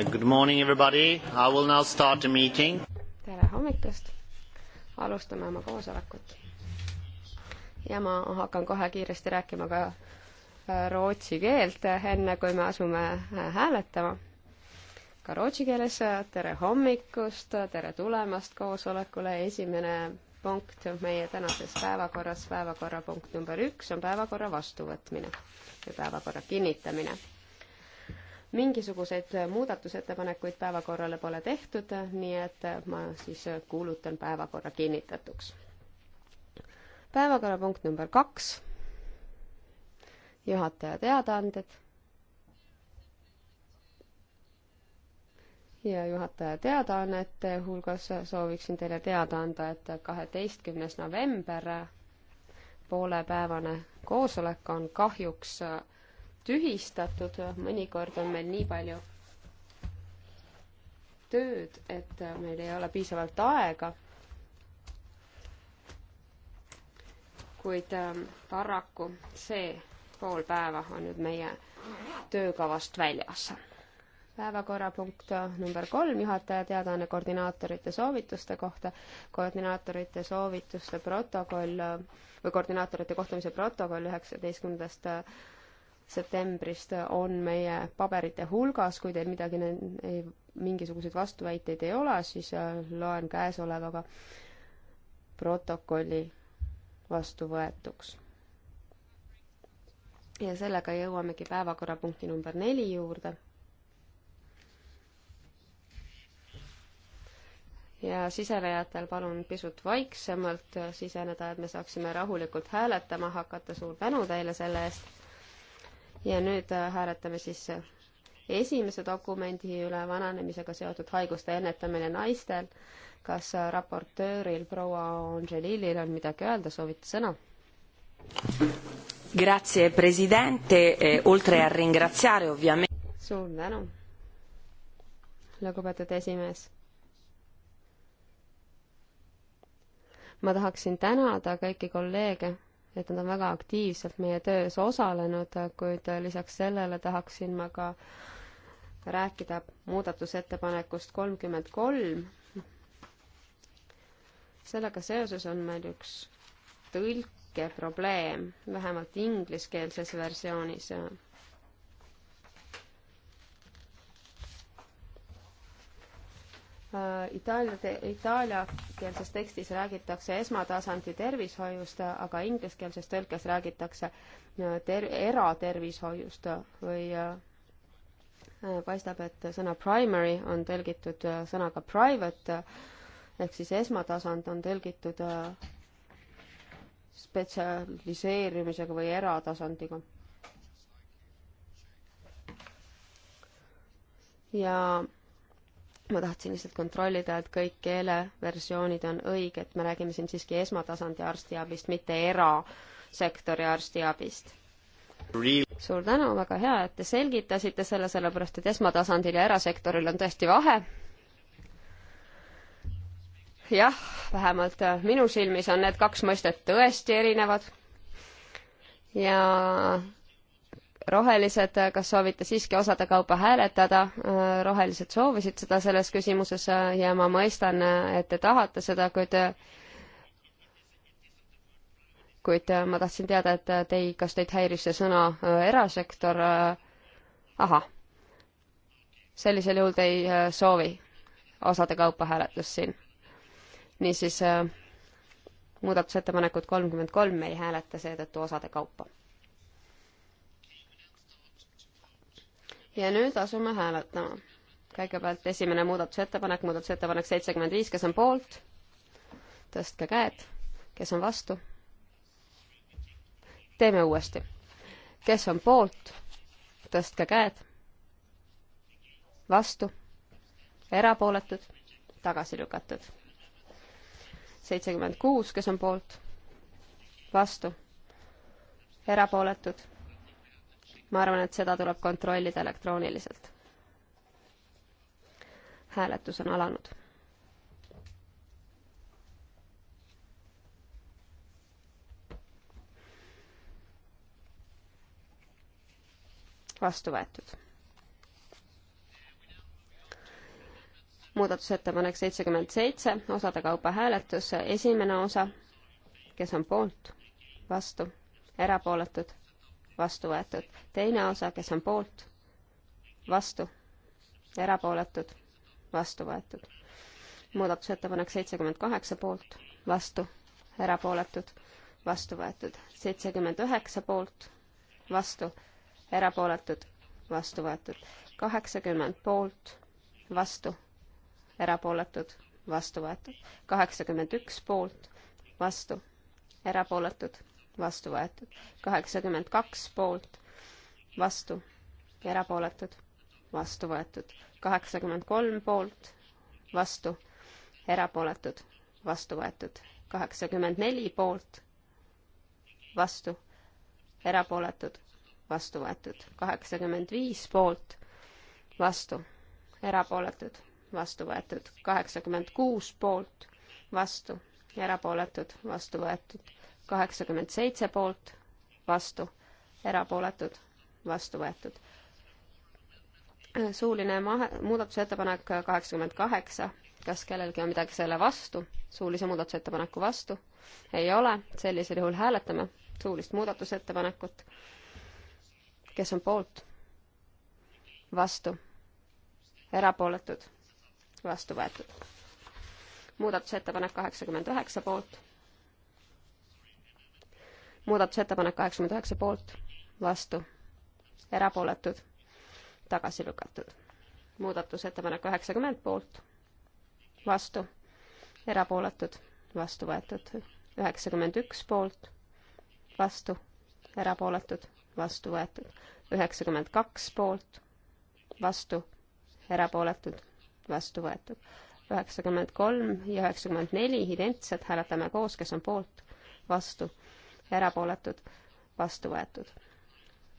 Uh, good morning everybody, I will now start the meeting. tere hommikust, alustame oma koosolekut. ja ma hakkan kohe kiiresti rääkima ka uh, rootsi keelt, uh, enne kui me asume hääletama. ka rootsi keeles tere hommikust, tere tulemast koosolekule, esimene punkt meie tänases päevakorras, päevakorrapunkt number üks on päevakorra vastuvõtmine ja päevakorra kinnitamine mingisuguseid muudatusettepanekuid päevakorrale pole tehtud, nii et ma siis kuulutan päevakorra kinnitatuks. päevakorrapunkt number kaks, juhataja teadaanded. ja juhataja teadaannete hulgas sooviksin teile teada anda, et kaheteistkümnes november poolepäevane koosolek on kahjuks tühistatud, mõnikord on meil nii palju tööd, et meil ei ole piisavalt aega. kuid ähm, paraku see pool päeva on nüüd meie töökavast väljas. päevakorrapunkt äh, number kolm, juhataja teadaanne koordinaatorite soovituste kohta. koordinaatorite soovituste protokoll äh, või koordinaatorite kohtumise protokoll üheksateistkümnendast 19 äh, septembrist on meie paberite hulgas, kui teil midagi, mingisuguseid vastuväiteid ei ole, siis äh, loen käesolevaga protokolli vastuvõetuks. ja sellega jõuamegi päevakorrapunkti number neli juurde. ja sisenejatel palun pisut vaiksemalt siseneda, et me saaksime rahulikult hääletama hakata, suur tänu teile selle eest ja nüüd äh, hääletame siis äh, esimese dokumendi üle vananemisega seotud haiguste ennetamine naistel. kas äh, raportööril proua Angelilil on midagi öelda, soovite sõna? Grazie Presidente, e, oltre a ringraziare ovviamente. suur tänu, lugupeetud esimees. ma tahaksin tänada kõiki kolleege et nad on väga aktiivselt meie töös osalenud, kuid lisaks sellele tahaksin ma ka rääkida muudatusettepanekust kolmkümmend kolm. sellega seoses on meil üks tõlkeprobleem, vähemalt ingliskeelses versioonis Äh, Itaalia, itaaliakeelses tekstis räägitakse esmatasandi tervishoiust, aga ingliskeelses tõlkes räägitakse äh, ter-, eratervishoiust või äh, paistab, et sõna primary on tõlgitud sõnaga private ehk siis esmatasand on tõlgitud spetsialiseerimisega või eratasandiga. ja ma tahtsin lihtsalt kontrollida, et kõik keeleversioonid on õiged, me räägime siin siiski esmatasandi arstiabist, mitte erasektori arstiabist. suur tänu, väga hea, et te selgitasite selle, sellepärast et esmatasandil ja erasektoril on tõesti vahe. jah, vähemalt minu silmis on need kaks mõistet tõesti erinevad ja rohelised, kas soovite siiski osade kaupa hääletada? rohelised soovisid seda selles küsimuses ja ma mõistan, et te tahate seda, kuid kuid ma tahtsin teada, et te ei, kas teid häiris see sõna erasektor? ahah, sellisel juhul te ei soovi osade kaupa hääletust siin. niisiis muudatusettepanekut kolmkümmend kolm ei hääleta seetõttu osade kaupa ja nüüd asume hääletama. kõigepealt esimene muudatusettepanek, muudatusettepanek seitsekümmend viis, kes on poolt, tõstke käed, kes on vastu. teeme uuesti. kes on poolt, tõstke käed, vastu, erapooletud, tagasi lükatud. seitsekümmend kuus, kes on poolt, vastu, erapooletud ma arvan, et seda tuleb kontrollida elektrooniliselt. hääletus on alanud. vastu võetud. muudatusettepanek seitsekümmend seitse, osade kaupa hääletus, esimene osa, kes on poolt, vastu, erapooletud, vastu võetud. teine osa, kes on poolt, vastu, erapooletud, vastu võetud. muudatusettepanek seitsekümmend kaheksa poolt, vastu, erapooletud, vastu võetud. seitsekümmend üheksa poolt, vastu, erapooletud, vastu võetud. kaheksakümmend poolt, vastu, erapooletud, vastu võetud. kaheksakümmend üks poolt, vastu, erapooletud vastu võetud. kaheksakümmend kaks poolt, vastu, erapooletud, vastu võetud. kaheksakümmend kolm poolt, vastu, erapooletud, vastu võetud. kaheksakümmend neli poolt, vastu, erapooletud, vastu võetud. kaheksakümmend viis poolt, vastu, erapooletud, vastu võetud. kaheksakümmend kuus poolt, vastu, erapooletud, vastu võetud kaheksakümmend seitse poolt, vastu, erapooletud, vastu võetud. suuline mahe, muudatusettepanek kaheksakümmend kaheksa, kas kellelgi on midagi selle vastu, suulise muudatusettepaneku vastu? ei ole, sellisel juhul hääletame suulist muudatusettepanekut. kes on poolt? vastu? erapooletud? vastu võetud. muudatusettepanek kaheksakümmend üheksa poolt muudatusettepanek kaheksakümmend üheksa poolt, vastu, erapooletud, tagasi lükatud. muudatusettepanek üheksakümmend poolt, vastu, erapooletud, vastu võetud. üheksakümmend üks poolt, vastu, erapooletud, vastu võetud. üheksakümmend kaks poolt, vastu, erapooletud, vastu võetud. üheksakümmend kolm ja üheksakümmend neli identsed, hääletame koos, kes on poolt, vastu erapooletud, vastu võetud.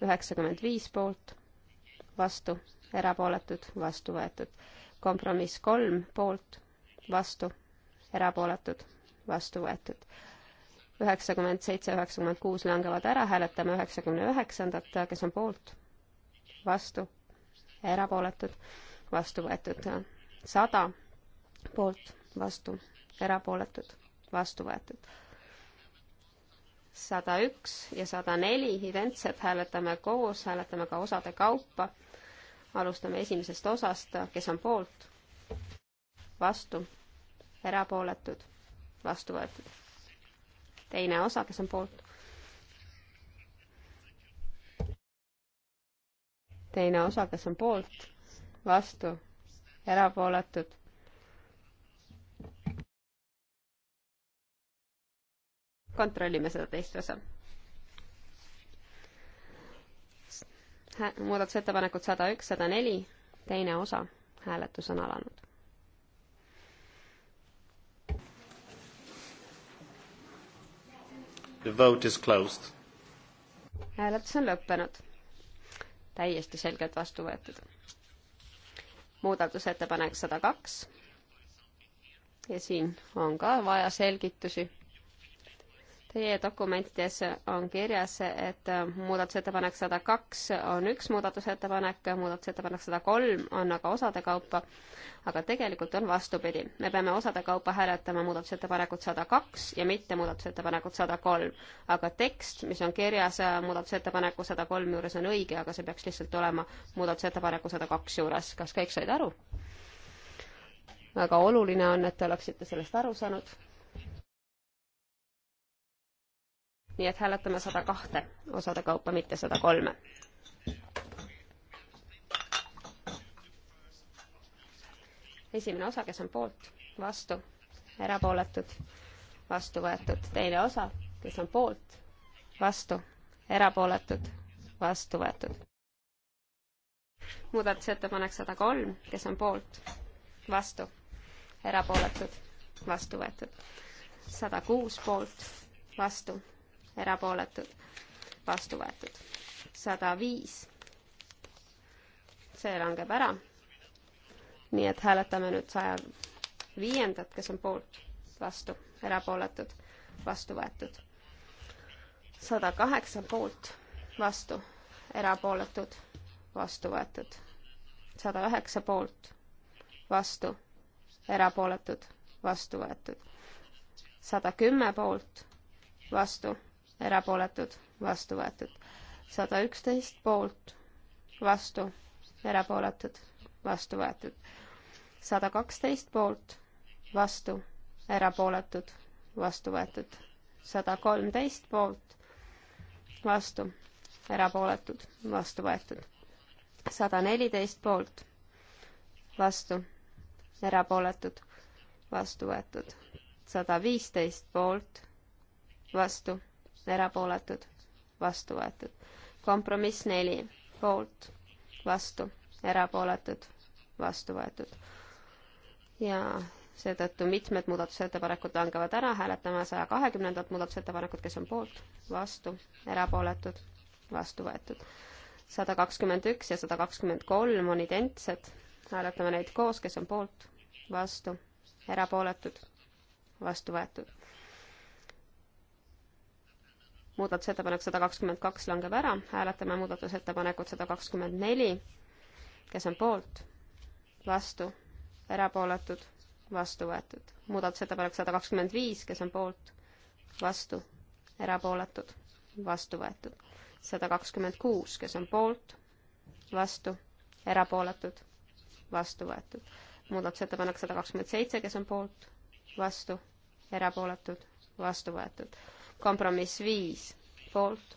üheksakümmend viis poolt, vastu, erapooletud, vastu võetud. kompromiss kolm poolt, vastu, erapooletud, vastu võetud. üheksakümmend seitse, üheksakümmend kuus langevad ära, hääletame üheksakümne üheksandat, kes on poolt, vastu, erapooletud, vastu võetud. sada poolt, vastu, erapooletud, vastu võetud sada üks ja sada neli identsed, hääletame koos, hääletame ka osade kaupa. alustame esimesest osast, kes on poolt, vastu, erapooletud, vastu võetud. teine osa, kes on poolt. teine osa, kes on poolt, vastu, erapooletud, kontrollime seda teist osa. muudatusettepanekud sada üks, sada neli, teine osa, hääletus on alanud. The vote is closed. hääletus on lõppenud. täiesti selgelt vastu võetud. muudatusettepanek sada kaks. ja siin on ka vaja selgitusi Teie dokumentides on kirjas, et äh, muudatusettepanek sada kaks on üks muudatusettepanek, muudatusettepanek sada kolm on aga osade kaupa, aga tegelikult on vastupidi. me peame osade kaupa hääletama muudatusettepanekut sada kaks ja mitte muudatusettepanekut sada kolm. aga tekst, mis on kirjas äh, muudatusettepaneku sada kolm juures, on õige, aga see peaks lihtsalt olema muudatusettepaneku sada kaks juures. kas kõik said aru? väga oluline on, et te oleksite sellest aru saanud nii et hääletame sada kahte osade kaupa, mitte sada kolme. esimene osa, kes on poolt, vastu, erapooletud, vastu võetud. teine osa, kes on poolt, vastu, erapooletud, vastu võetud. muudatusettepanek sada kolm, kes on poolt, vastu, erapooletud, vastu võetud. sada kuus poolt, vastu erapooletud, vastu võetud. sada viis, see langeb ära. nii et hääletame nüüd saja viiendat, kes on poolt, vastu, erapooletud, vastu võetud. sada kaheksa poolt, vastu, erapooletud, vastu võetud. sada üheksa poolt, vastu, erapooletud, vastu võetud. sada kümme poolt, vastu erapooletud, vastu võetud. sada üksteist poolt, vastu, erapooletud, vastu võetud. sada kaksteist poolt, vastu, erapooletud, vastu võetud. sada kolmteist poolt, vastu, erapooletud, vastu võetud. sada neliteist poolt, vastu, erapooletud, vastu võetud. sada viisteist poolt, vastu erapooletud, vastu võetud. kompromiss neli, poolt, vastu, erapooletud, vastu võetud. ja seetõttu mitmed muudatusettepanekud langevad ära, hääletame saja kahekümnendat muudatusettepanekut, kes on poolt, vastu, erapooletud, vastu võetud. sada kakskümmend üks ja sada kakskümmend kolm on identsed, hääletame neid koos, kes on poolt, vastu, erapooletud, vastu võetud muudatusettepanek sada kakskümmend kaks langeb ära, hääletame muudatusettepanekut sada kakskümmend neli, kes on poolt, vastu, erapooletud, vastu võetud. muudatusettepanek sada kakskümmend viis, kes on poolt, vastu, erapooletud, vastu võetud. sada kakskümmend kuus, kes on poolt, vastu, erapooletud, vastu võetud. muudatusettepanek sada kakskümmend seitse, kes on poolt, vastu, erapooletud, vastu võetud kompromiss viis poolt,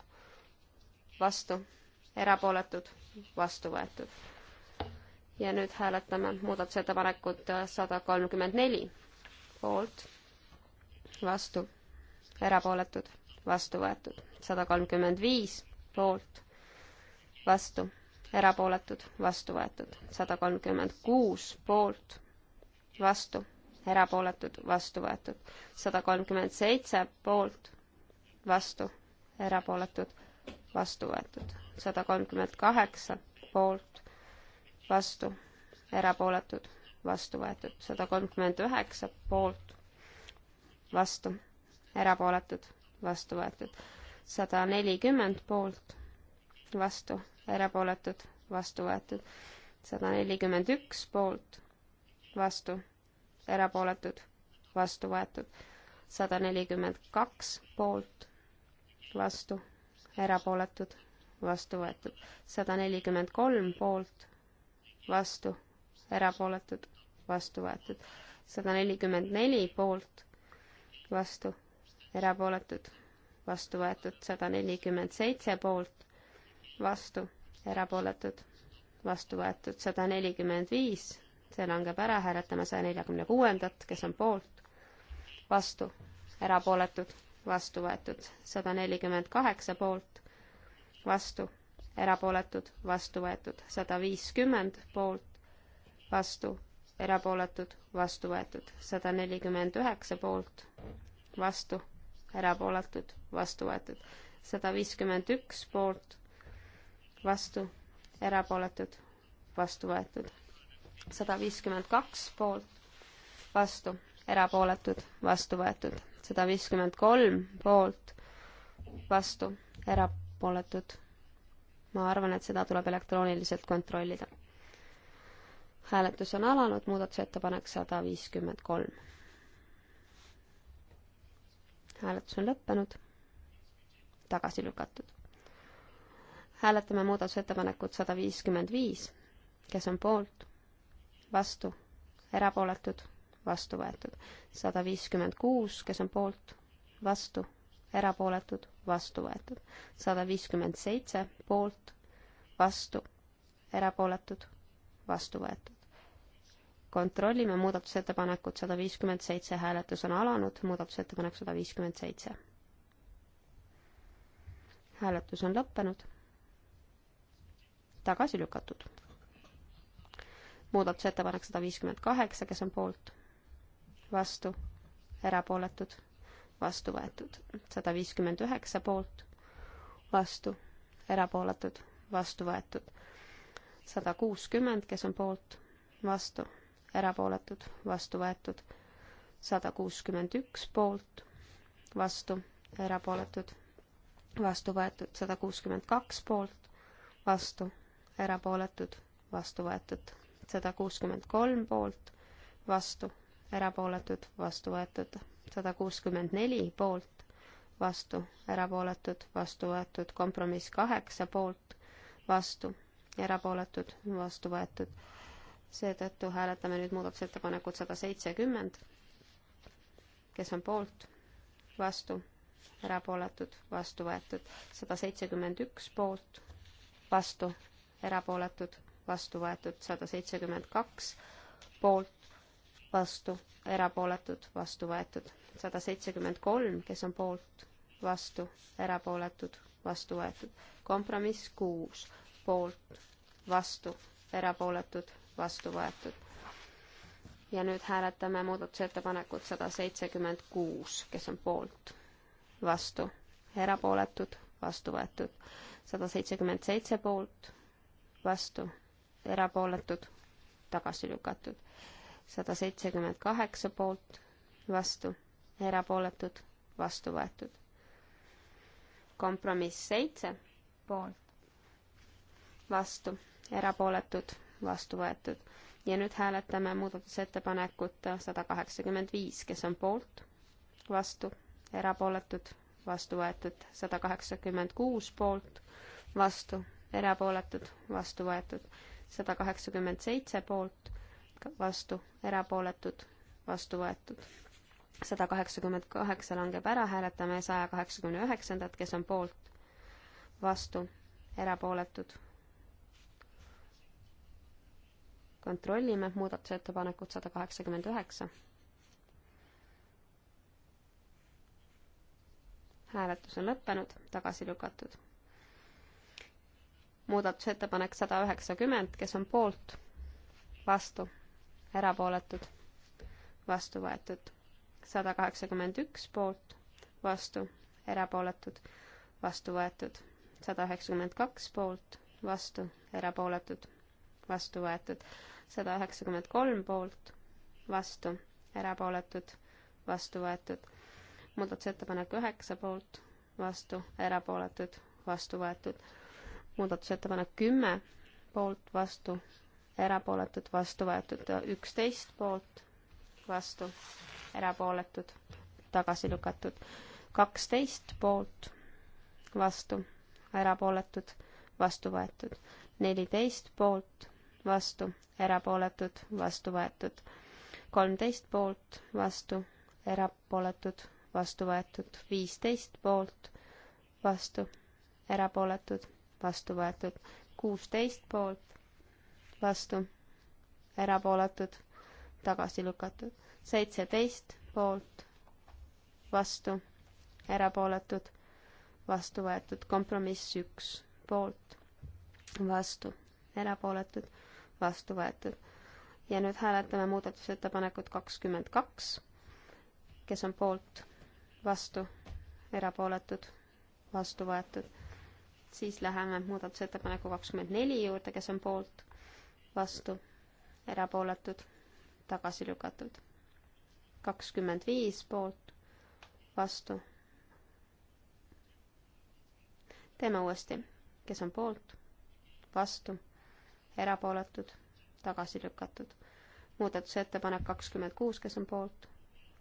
vastu, erapooletud, vastu võetud. ja nüüd hääletame muudatusettepanekut sada kolmkümmend neli poolt, vastu, erapooletud, vastu võetud, sada kolmkümmend viis poolt, vastu, erapooletud, vastu võetud, sada kolmkümmend kuus poolt, vastu, erapooletud, vastu võetud, sada kolmkümmend seitse poolt, vastu, erapooletud, vastu võetud. sada kolmkümmend kaheksa poolt, vastu, erapooletud, vastu võetud. sada kolmkümmend üheksa poolt, vastu, erapooletud, vastu võetud. sada nelikümmend poolt, vastu, erapooletud, vastu võetud. sada nelikümmend üks poolt, vastu, erapooletud, vastu võetud. sada nelikümmend kaks poolt, vastu, erapooletud, vastu võetud. sada nelikümmend kolm poolt, vastu, erapooletud, vastu võetud. sada nelikümmend neli poolt, vastu, erapooletud, vastu võetud. sada nelikümmend seitse poolt, vastu, erapooletud, vastu võetud. sada nelikümmend viis, see langeb ära, hääletame saja neljakümne kuuendat, kes on poolt, vastu, erapooletud vastu võetud. sada nelikümmend kaheksa poolt, vastu, erapooletud, vastu võetud. sada viiskümmend poolt, vastu, erapooletud, vastu võetud. sada nelikümmend üheksa poolt, vastu, erapooletud, vastu võetud. sada viiskümmend üks poolt, vastu, erapooletud, vastu võetud. sada viiskümmend kaks poolt, vastu, erapooletud, vastu võetud sada viiskümmend kolm poolt, vastu, erapooletud. ma arvan, et seda tuleb elektrooniliselt kontrollida. hääletus on alanud, muudatusettepanek sada viiskümmend kolm. hääletus on lõppenud, tagasi lükatud. hääletame muudatusettepanekut sada viiskümmend viis, kes on poolt, vastu, erapooletud vastu võetud. sada viiskümmend kuus, kes on poolt, vastu, erapooletud, vastu võetud. sada viiskümmend seitse, poolt, vastu, erapooletud, vastu võetud. kontrollime muudatusettepanekut sada viiskümmend seitse, hääletus on alanud, muudatusettepanek sada viiskümmend seitse. hääletus on lõppenud. tagasi lükatud muudatusettepanek sada viiskümmend kaheksa, kes on poolt, vastu, erapooletud, vastu võetud. sada viiskümmend üheksa poolt, vastu, erapooletud, vastu võetud. sada kuuskümmend, kes on poolt, vastu, erapooletud, vastu võetud. sada kuuskümmend üks poolt, vastu, erapooletud, vastu võetud. sada kuuskümmend kaks poolt, vastu, erapooletud, vastu võetud. sada kuuskümmend kolm poolt, vastu erapooletud, vastu võetud sada kuuskümmend neli poolt, vastu, erapooletud, vastu võetud, kompromiss kaheksa poolt, vastu, erapooletud, vastu võetud. seetõttu hääletame nüüd muudatusettepanekut sada seitsekümmend. kes on poolt, vastu, erapooletud, vastu võetud, sada seitsekümmend üks poolt, vastu, erapooletud, vastu võetud, sada seitsekümmend kaks poolt, vastu, erapooletud, vastu võetud. sada seitsekümmend kolm, kes on poolt, vastu, erapooletud, vastu võetud. kompromiss kuus, poolt, vastu, erapooletud, vastu võetud. ja nüüd hääletame muudatusettepanekut sada seitsekümmend kuus, kes on poolt, vastu, erapooletud, vastu võetud. sada seitsekümmend seitse poolt, vastu, erapooletud, tagasi lükatud sada seitsekümmend kaheksa poolt, vastu, erapooletud, vastu võetud. kompromiss seitse poolt, vastu, erapooletud, vastu võetud. ja nüüd hääletame muudatusettepanekut sada kaheksakümmend viis, kes on poolt, vastu, erapooletud, vastu võetud, sada kaheksakümmend kuus poolt, vastu, erapooletud, vastu võetud, sada kaheksakümmend seitse poolt kõik, vastu, erapooletud, vastu võetud. sada kaheksakümmend kaheksa langeb ära, hääletame saja kaheksakümne üheksandat, kes on poolt, vastu, erapooletud. kontrollime muudatusettepanekut sada kaheksakümmend üheksa. hääletus on lõppenud, tagasi lükatud. muudatusettepanek sada üheksakümmend, kes on poolt, vastu erapooletud, vastu võetud. sada kaheksakümmend üks poolt, vastu, erapooletud, vastu võetud. sada üheksakümmend kaks poolt, vastu, erapooletud, vastu võetud. sada üheksakümmend kolm poolt, vastu, erapooletud, vastu võetud. muudatusettepanek üheksa poolt, vastu, erapooletud, vastu võetud. muudatusettepanek kümme poolt, vastu, erapooletud, vastu võetud üksteist poolt, vastu, erapooletud, tagasi lükatud kaksteist poolt, vastu, erapooletud, vastu võetud neliteist poolt, vastu, erapooletud, vastu võetud kolmteist poolt, vastu, erapooletud, vastu võetud viisteist poolt, vastu, erapooletud, vastu võetud kuusteist poolt, vastu, erapooletud, tagasi lükatud. seitseteist poolt, vastu, erapooletud, vastu võetud. kompromiss üks poolt, vastu, erapooletud, vastu võetud. ja nüüd hääletame muudatusettepanekut kakskümmend kaks, kes on poolt, vastu, erapooletud, vastu võetud siis läheme muudatusettepaneku kakskümmend neli juurde, kes on poolt, vastu, erapooletud, tagasi lükatud. kakskümmend viis poolt, vastu. teeme uuesti, kes on poolt, vastu, erapooletud, tagasi lükatud. muudatusettepanek kakskümmend kuus, kes on poolt,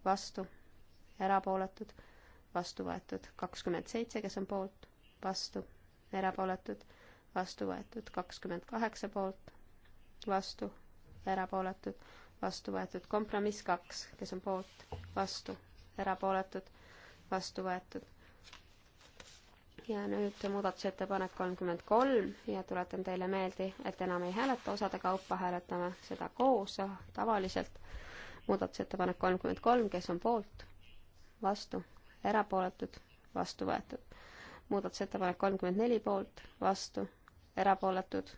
vastu, erapooletud, vastu võetud. kakskümmend seitse, kes on poolt, vastu, erapooletud, vastu võetud. kakskümmend kaheksa poolt, vastu, erapooletud, vastu võetud. kompromiss kaks, kes on poolt, vastu, erapooletud, vastu võetud. ja nüüd muudatusettepanek kolmkümmend kolm ja tuletan teile meelde, et enam ei hääleta osade kaupa, hääletame seda koos tavaliselt. muudatusettepanek kolmkümmend kolm, kes on poolt, vastu, erapooletud, vastu võetud. muudatusettepanek kolmkümmend neli poolt, vastu, erapooletud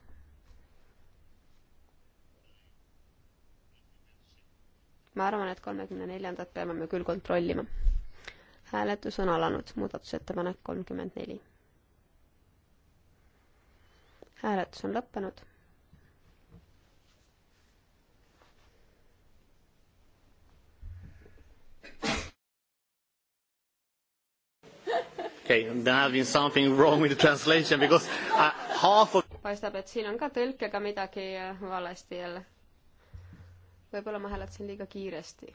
ma arvan, et kolmekümne neljandat peame me küll kontrollima. hääletus on alanud, muudatusettepanek kolmkümmend neli. hääletus on lõppenud. okei okay,, there has been something wrong with the translation because uh, half of paistab, et siin on ka tõlkega midagi äh, valesti jälle võib-olla ma hääletasin liiga kiiresti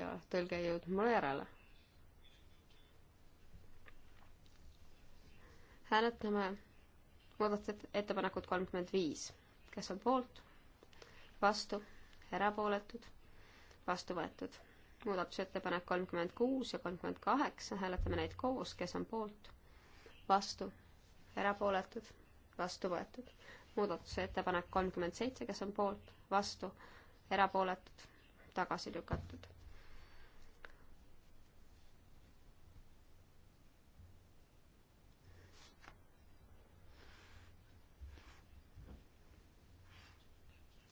ja tõlge ei jõudnud mulle järele. hääletame muudatusettepanekut kolmkümmend viis. kes on poolt? vastu? erapooletud? vastu võetud. muudatusettepanek kolmkümmend kuus ja kolmkümmend kaheksa, hääletame neid koos, kes on poolt? vastu? erapooletud? vastu võetud. muudatusettepanek kolmkümmend seitse, kes on poolt? vastu? erapooletud, tagasi lükatud.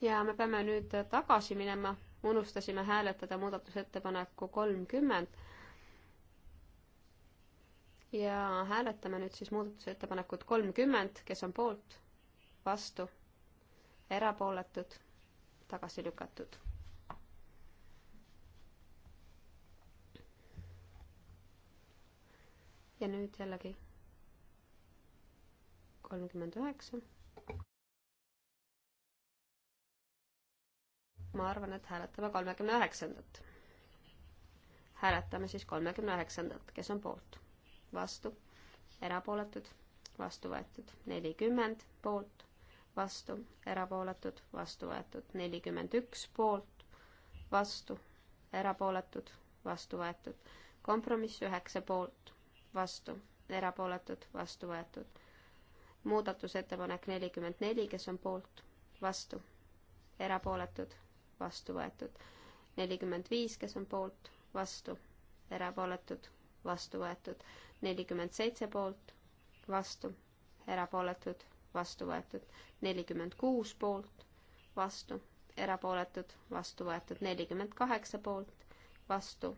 ja me peame nüüd tagasi minema, unustasime hääletada muudatusettepaneku kolmkümmend. ja hääletame nüüd siis muudatusettepanekut kolmkümmend, kes on poolt, vastu, erapooletud tagasi lükatud. ja nüüd jällegi kolmkümmend üheksa. ma arvan, et hääletame kolmekümne üheksandat. hääletame siis kolmekümne üheksandat, kes on poolt, vastu, erapooletud, vastu võetud, nelikümmend poolt vastu, erapooletud, vastu võetud. nelikümmend üks poolt, vastu, erapooletud, vastu võetud. kompromiss üheksa poolt, vastu, erapooletud, vastu võetud. muudatusettepanek nelikümmend neli, kes on poolt, vastu, erapooletud, vastu võetud. nelikümmend viis, kes on poolt, vastu, erapooletud, vastu võetud. nelikümmend seitse poolt, vastu, erapooletud, vastu võetud, nelikümmend kuus poolt, vastu, erapooletud, vastu võetud, nelikümmend kaheksa poolt, vastu,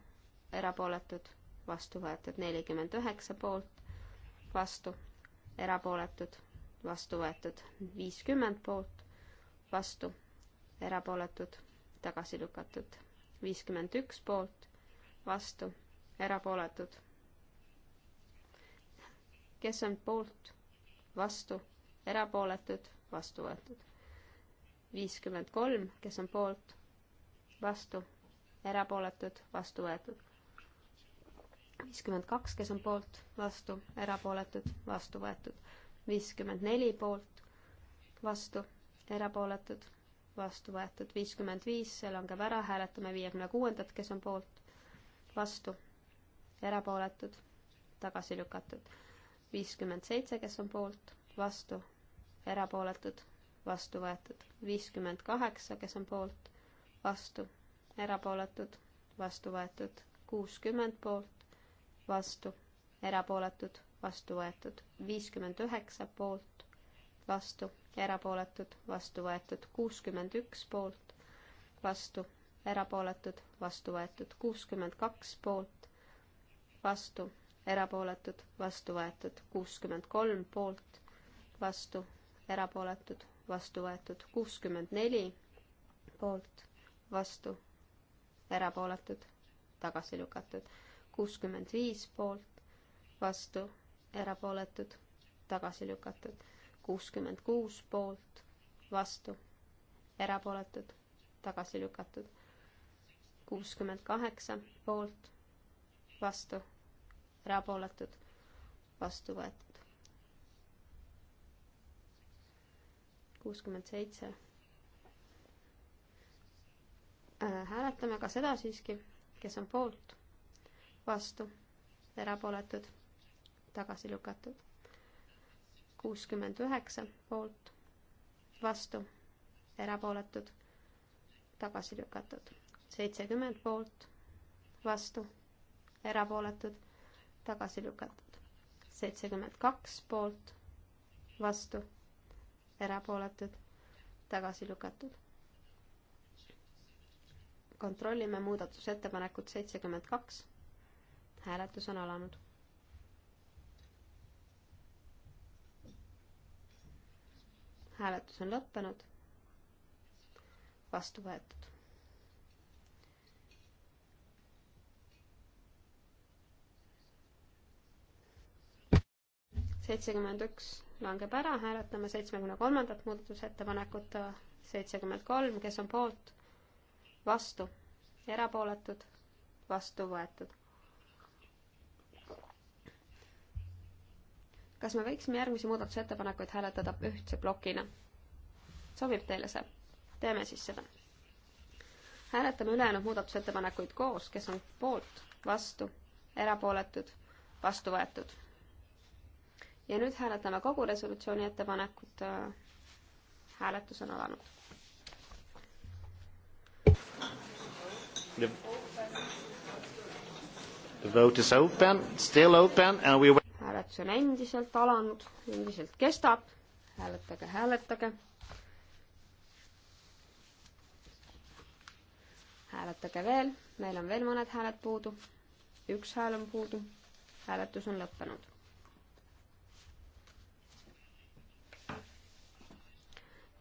erapooletud, vastu võetud, nelikümmend üheksa poolt, vastu, erapooletud, vastu võetud, viiskümmend poolt, vastu, erapooletud, tagasi lükatud, viiskümmend üks poolt, vastu, erapooletud. kes on poolt, vastu erapooletud, vastu võetud. viiskümmend kolm, kes on poolt, vastu, erapooletud, vastu võetud. viiskümmend kaks, kes on poolt, vastu, erapooletud, vastu võetud. viiskümmend neli poolt, vastu, erapooletud, vastu võetud. viiskümmend viis, see langeb ära, hääletame viiekümne kuuendat, kes on poolt, vastu, erapooletud, tagasi lükatud. viiskümmend seitse, kes on poolt, vastu, erapooletud, vastu võetud. viiskümmend kaheksa, kes on poolt, vastu, erapooletud, vastu võetud. kuuskümmend poolt, vastu, erapooletud, vastu võetud. viiskümmend üheksa poolt, vastu, erapooletud, vastu võetud. kuuskümmend üks poolt, vastu, erapooletud, vastu võetud. kuuskümmend kaks poolt, vastu, erapooletud, vastu võetud. kuuskümmend kolm poolt, vastu, erapooletud, vastu võetud kuuskümmend neli poolt, vastu, erapooletud, tagasi lükatud kuuskümmend viis poolt, vastu, erapooletud, tagasi lükatud kuuskümmend kuus poolt, vastu, erapooletud, tagasi lükatud kuuskümmend kaheksa poolt, vastu, erapooletud, vastu võetud kuuskümmend seitse. Äh, hääletame ka seda siiski, kes on poolt, vastu, erapooletud, tagasi lükatud. kuuskümmend üheksa poolt, vastu, erapooletud, tagasi lükatud. seitsekümmend poolt, vastu, erapooletud, tagasi lükatud. seitsekümmend kaks poolt, vastu erapooletud, tagasi lükatud. kontrollime muudatusettepanekut seitsekümmend kaks. hääletus on alanud. hääletus on lõppenud. vastu võetud. seitsekümmend üks langeb ära, hääletame seitsmekümne kolmandat muudatusettepanekut, seitsekümmend kolm, kes on poolt, vastu, erapooletud, vastu võetud. kas me võiksime järgmisi muudatusettepanekuid hääletada ühtse plokina? sobib teile see? teeme siis seda. hääletame ülejäänud muudatusettepanekuid koos, kes on poolt, vastu, erapooletud, vastu võetud ja nüüd hääletame kogu resolutsiooni ettepanekut. hääletus on alanud. The vote is open, still open and we hääletus on endiselt alanud, endiselt kestab. hääletage, hääletage. hääletage veel, meil on veel mõned hääled puudu. üks hääl on puudu. hääletus on lõppenud.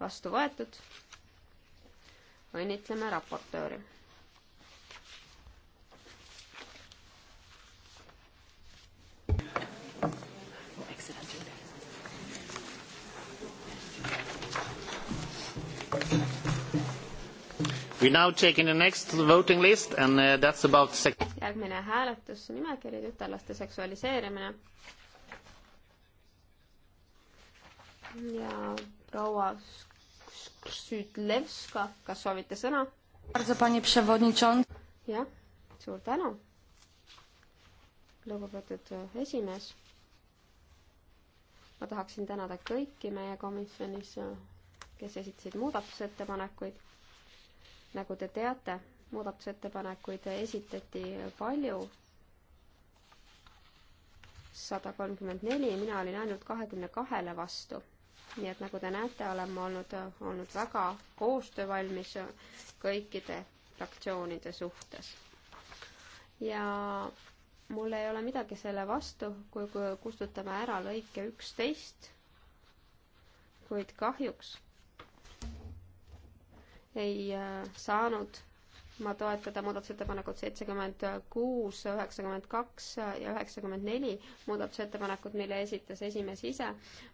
vastu võetud. õnnitleme raportööri. We now take in the next voting list and uh, that's about sec- järgmine hääletus, nimekiri tütarlaste seksualiseerimine. ja proua Süütlevska, kas soovite sõna? jah, suur tänu, lugupeetud äh, esimees. ma tahaksin tänada kõiki meie komisjonis, äh, kes esitasid muudatusettepanekuid. nagu te teate, muudatusettepanekuid esitati palju sada kolmkümmend neli, mina olin ainult kahekümne kahele vastu nii et nagu te näete, olen ma olnud, olnud väga koostöövalmis kõikide fraktsioonide suhtes. ja mul ei ole midagi selle vastu, kui kustutame ära lõike üksteist, kuid kahjuks ei äh, saanud ma toetada muudatusettepanekut seitsekümmend kuus, üheksakümmend kaks ja üheksakümmend neli muudatusettepanekut, mille esitas esimees ise.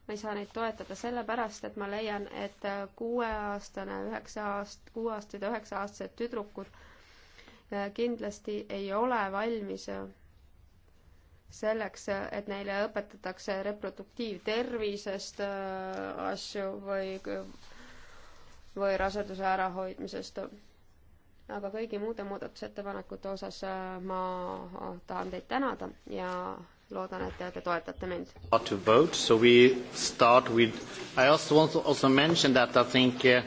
ma ei saa neid toetada sellepärast, et ma leian, et kuueaastane, üheksa aast-, kuueaastased ja üheksa-aastased tüdrukud äh, kindlasti ei ole valmis äh, selleks, äh, et neile õpetatakse reproduktiivtervisest asju või, või raseduse ärahoidmisest aga kõigi muude muudatusettepanekute osas äh, ma äh, tahan teid tänada ja loodan, et te toetate mind. To vote, so we start with, I also want to also mention that I think uh,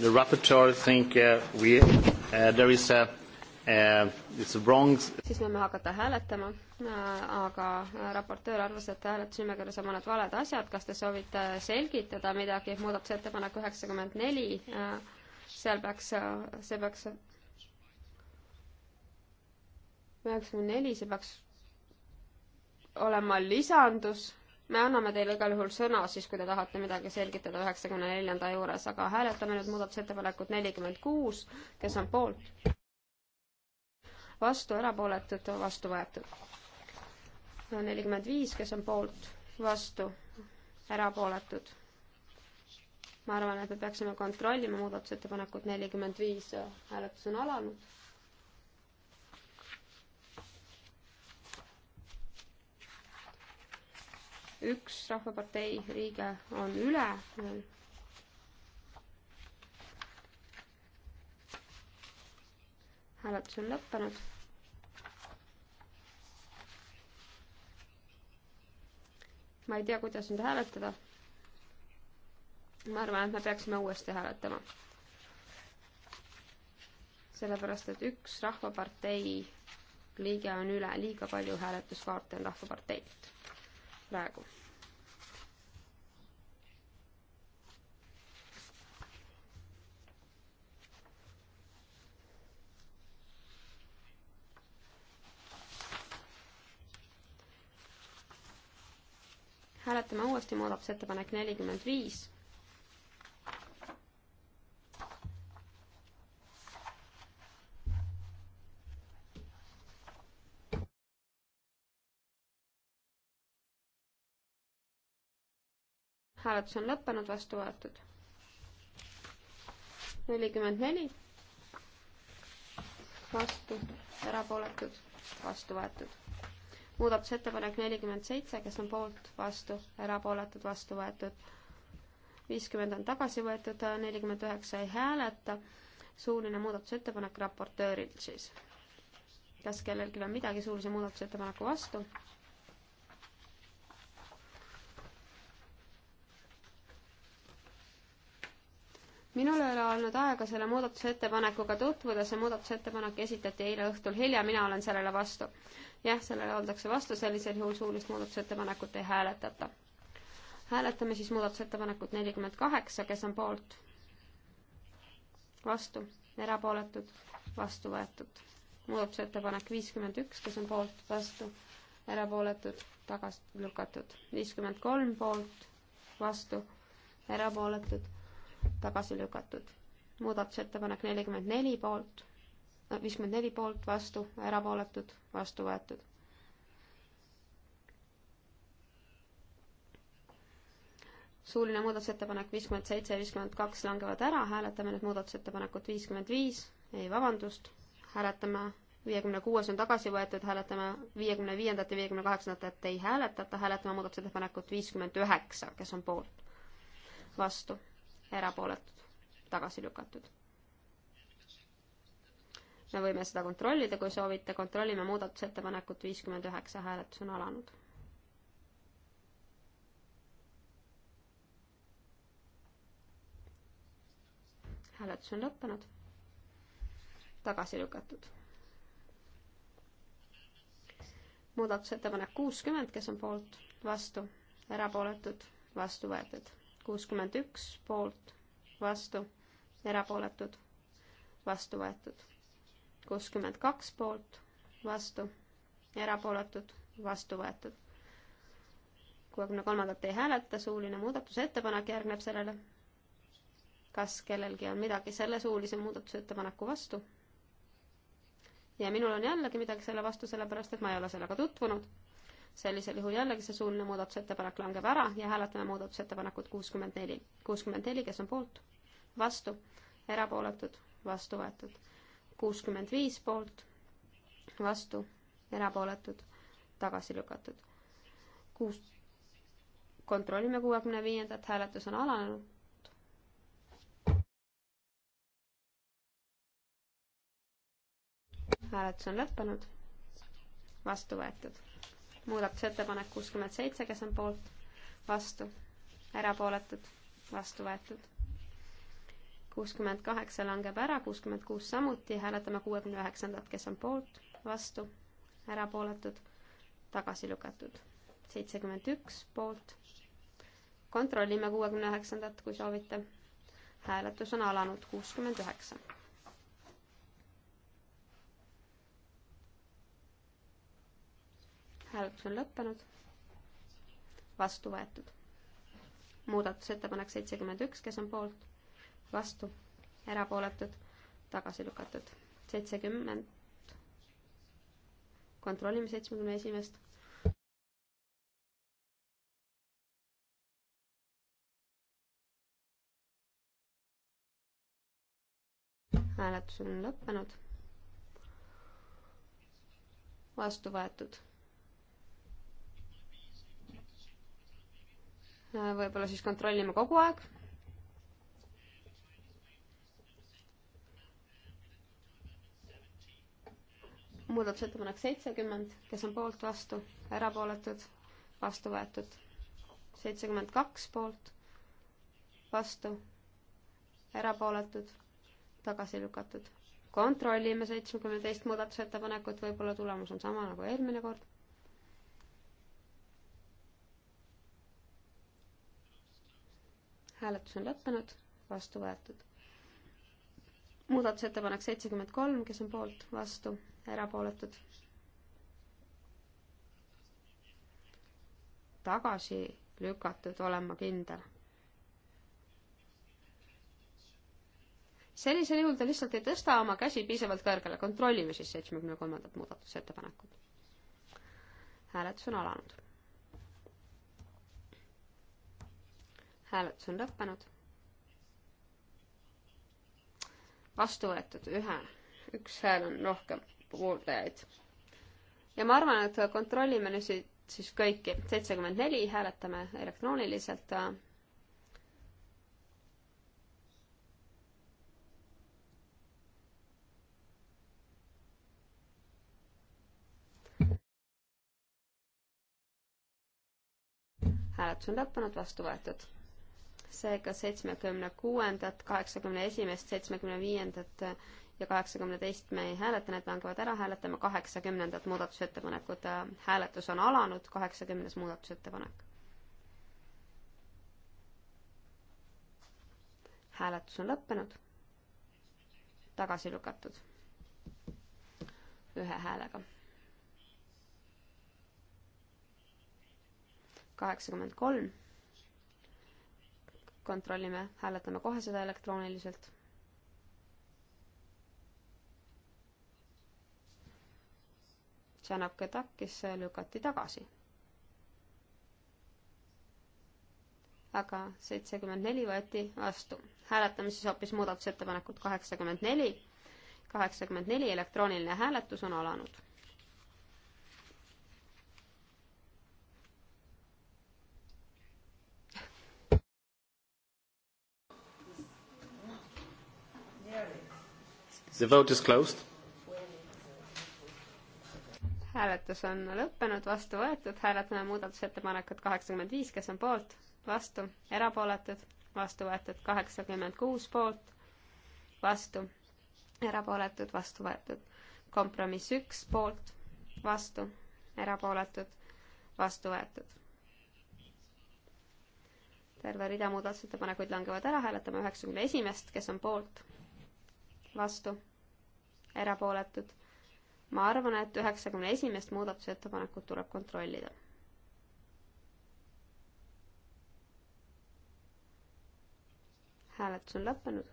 the rapporteur think uh, we uh,, there is a Uh, it's wrong. siis võime hakata hääletama, äh, aga raportöör arvas, et hääletusnimekirjas on mõned valed asjad, kas te soovite selgitada midagi, muudatusettepanek üheksakümmend neli, seal peaks, see peaks üheksakümmend neli, see peaks olema lisandus. me anname teile igal juhul sõna siis, kui te tahate midagi selgitada üheksakümne neljanda juures, aga hääletame nüüd muudatusettepanekut nelikümmend kuus, kes on poolt? vastu, erapooletud, vastu võetud. nelikümmend viis, kes on poolt, vastu, erapooletud. ma arvan, et me peaksime kontrollima muudatusettepanekut nelikümmend viis, hääletus on alanud üks Rahvapartei liige on üle. hääletus on lõppenud. ma ei tea, kuidas nüüd hääletada. ma arvan, et me peaksime uuesti hääletama. sellepärast, et üks Rahvapartei liige on üle, liiga palju hääletuskaarte on Rahvaparteilt praegu. hääletame uuesti muudatusettepanek nelikümmend viis hääletus on lõppenud, vastu võetud. nelikümmend neli, vastu, erapooletud, vastu võetud. muudatusettepanek nelikümmend seitse, kes on poolt, vastu, erapooletud, vastu võetud. viiskümmend on tagasi võetud, nelikümmend üheksa ei hääleta, suuline muudatusettepanek raportöörilt siis. kas kellelgi on midagi suulise muudatusettepaneku vastu? minul ei ole olnud aega selle muudatusettepanekuga tutvuda, see muudatusettepanek esitati eile õhtul hilja, mina olen sellele vastu. jah, sellele oldakse vastu, sellisel juhul suulist muudatusettepanekut ei hääletata. hääletame siis muudatusettepanekut nelikümmend kaheksa, kes on poolt? vastu, erapooletud, vastu võetud. muudatusettepanek viiskümmend üks, kes on poolt, vastu, erapooletud, tagasi lükatud. viiskümmend kolm poolt, vastu, erapooletud tagasi lükatud. muudatusettepanek nelikümmend neli poolt, äh, viiskümmend neli poolt, vastu, erapooletud, vastu võetud. suuline muudatusettepanek viiskümmend seitse ja viiskümmend kaks langevad ära, hääletame nüüd muudatusettepanekut viiskümmend viis, ei vabandust, hääletame viiekümne kuues on tagasi võetud, hääletame viiekümne viiendat ja viiekümne kaheksandat, et ei hääletata, hääletame muudatusettepanekut viiskümmend üheksa, kes on poolt, vastu erapooletud, tagasi lükatud. me võime seda kontrollida, kui soovite, kontrollime muudatusettepanekut viiskümmend üheksa, hääletus on alanud hääletus on lõppenud, tagasi lükatud. muudatusettepanek kuuskümmend, kes on poolt, vastu, erapooletud, vastu võetud kuuskümmend üks poolt, vastu, erapooletud, vastu võetud. kuuskümmend kaks poolt, vastu, erapooletud, vastu võetud. kuuekümne kolmandat ei hääleta, suuline muudatusettepanek järgneb sellele. kas kellelgi on midagi selle suulise muudatusettepaneku vastu? ja minul on jällegi midagi selle vastu, sellepärast et ma ei ole sellega tutvunud sellisel juhul jällegi see suuline muudatusettepanek langeb ära ja hääletame muudatusettepanekut kuuskümmend neli. kuuskümmend neli, kes on poolt, vastu, erapooletud, vastu võetud. kuuskümmend viis poolt, vastu, erapooletud, tagasi lükatud. kuus, kontrollime kuuekümne viiendat, hääletus on alanud. hääletus on lõppenud, vastu võetud muudatusettepanek kuuskümmend seitse, kes on poolt, vastu, erapooletud, vastu võetud. kuuskümmend kaheksa langeb ära, kuuskümmend kuus samuti, hääletame kuuekümne üheksandat, kes on poolt, vastu, erapooletud, tagasi lükatud. seitsekümmend üks poolt. kontrollime kuuekümne üheksandat, kui soovite. hääletus on alanud, kuuskümmend üheksa hääletus on lõppenud, vastu võetud. muudatusettepanek seitsekümmend üks, kes on poolt, vastu, erapooletud, tagasi lükatud. seitsekümmend, kontrollime seitsmekümne esimest. hääletus on lõppenud. vastu võetud Äh, võib-olla siis kontrollime kogu aeg. muudatusettepanek seitsekümmend, kes on poolt, vastu, erapooletud, vastu võetud. seitsekümmend kaks poolt, vastu, erapooletud, tagasi lükatud kontrollime seitsmekümne teist muudatusettepanekut, võib-olla tulemus on sama nagu eelmine kord. hääletus on lõppenud, vastu võetud. muudatusettepanek seitsekümmend kolm, kes on poolt, vastu, erapooletud. tagasi lükatud, olen ma kindel. sellisel juhul te lihtsalt ei tõsta oma käsi piisavalt kõrgele, kontrollime siis seitsmekümne kolmandat muudatusettepanekut. hääletus on alanud hääletus on lõppenud. vastu võetud ühe, üks hääl on rohkem pooldajaid. ja ma arvan, et kontrollime nüüd siit siis kõiki, seitsekümmend neli hääletame elektrooniliselt. hääletus on lõppenud, vastu võetud seega seitsmekümne kuuendat, kaheksakümne esimest, seitsmekümne viiendat ja kaheksakümne teist me ei hääleta, need langevad ära, hääletame kaheksakümnendat muudatusettepanekut. hääletus on alanud, kaheksakümnes muudatusettepanek. hääletus on lõppenud, tagasi lükatud ühe häälega. kaheksakümmend kolm kontrollime, hääletame kohe seda elektrooniliselt. Janake takkis lükati tagasi. aga seitsekümmend neli võeti vastu. hääletame siis hoopis muudatusettepanekut kaheksakümmend neli. kaheksakümmend neli elektrooniline hääletus on alanud The vote is closed. hääletus on lõppenud, vastu võetud, hääletame muudatusettepanekut kaheksakümmend viis, kes on poolt, vastu, erapooletud, vastu võetud kaheksakümmend kuus poolt, vastu, erapooletud, vastu võetud. kompromiss üks poolt, vastu, erapooletud, vastu võetud. terve rida muudatusettepanekuid langevad ära, hääletame üheksakümne esimest, kes on poolt vastu, erapooletud. ma arvan, et üheksakümne esimest muudatusettepanekut tuleb kontrollida. hääletus on lõppenud.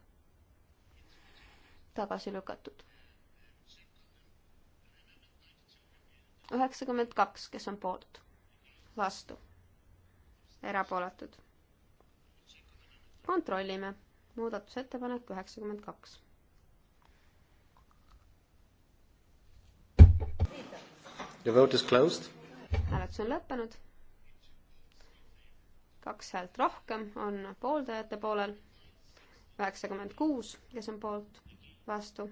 tagasi lükatud. üheksakümmend kaks, kes on poolt, vastu, erapooletud. kontrollime muudatusettepanek üheksakümmend kaks The vote is closed. hääletus on lõppenud. kaks häält rohkem on pooldajate poolel. üheksakümmend kuus, kes on poolt, vastu,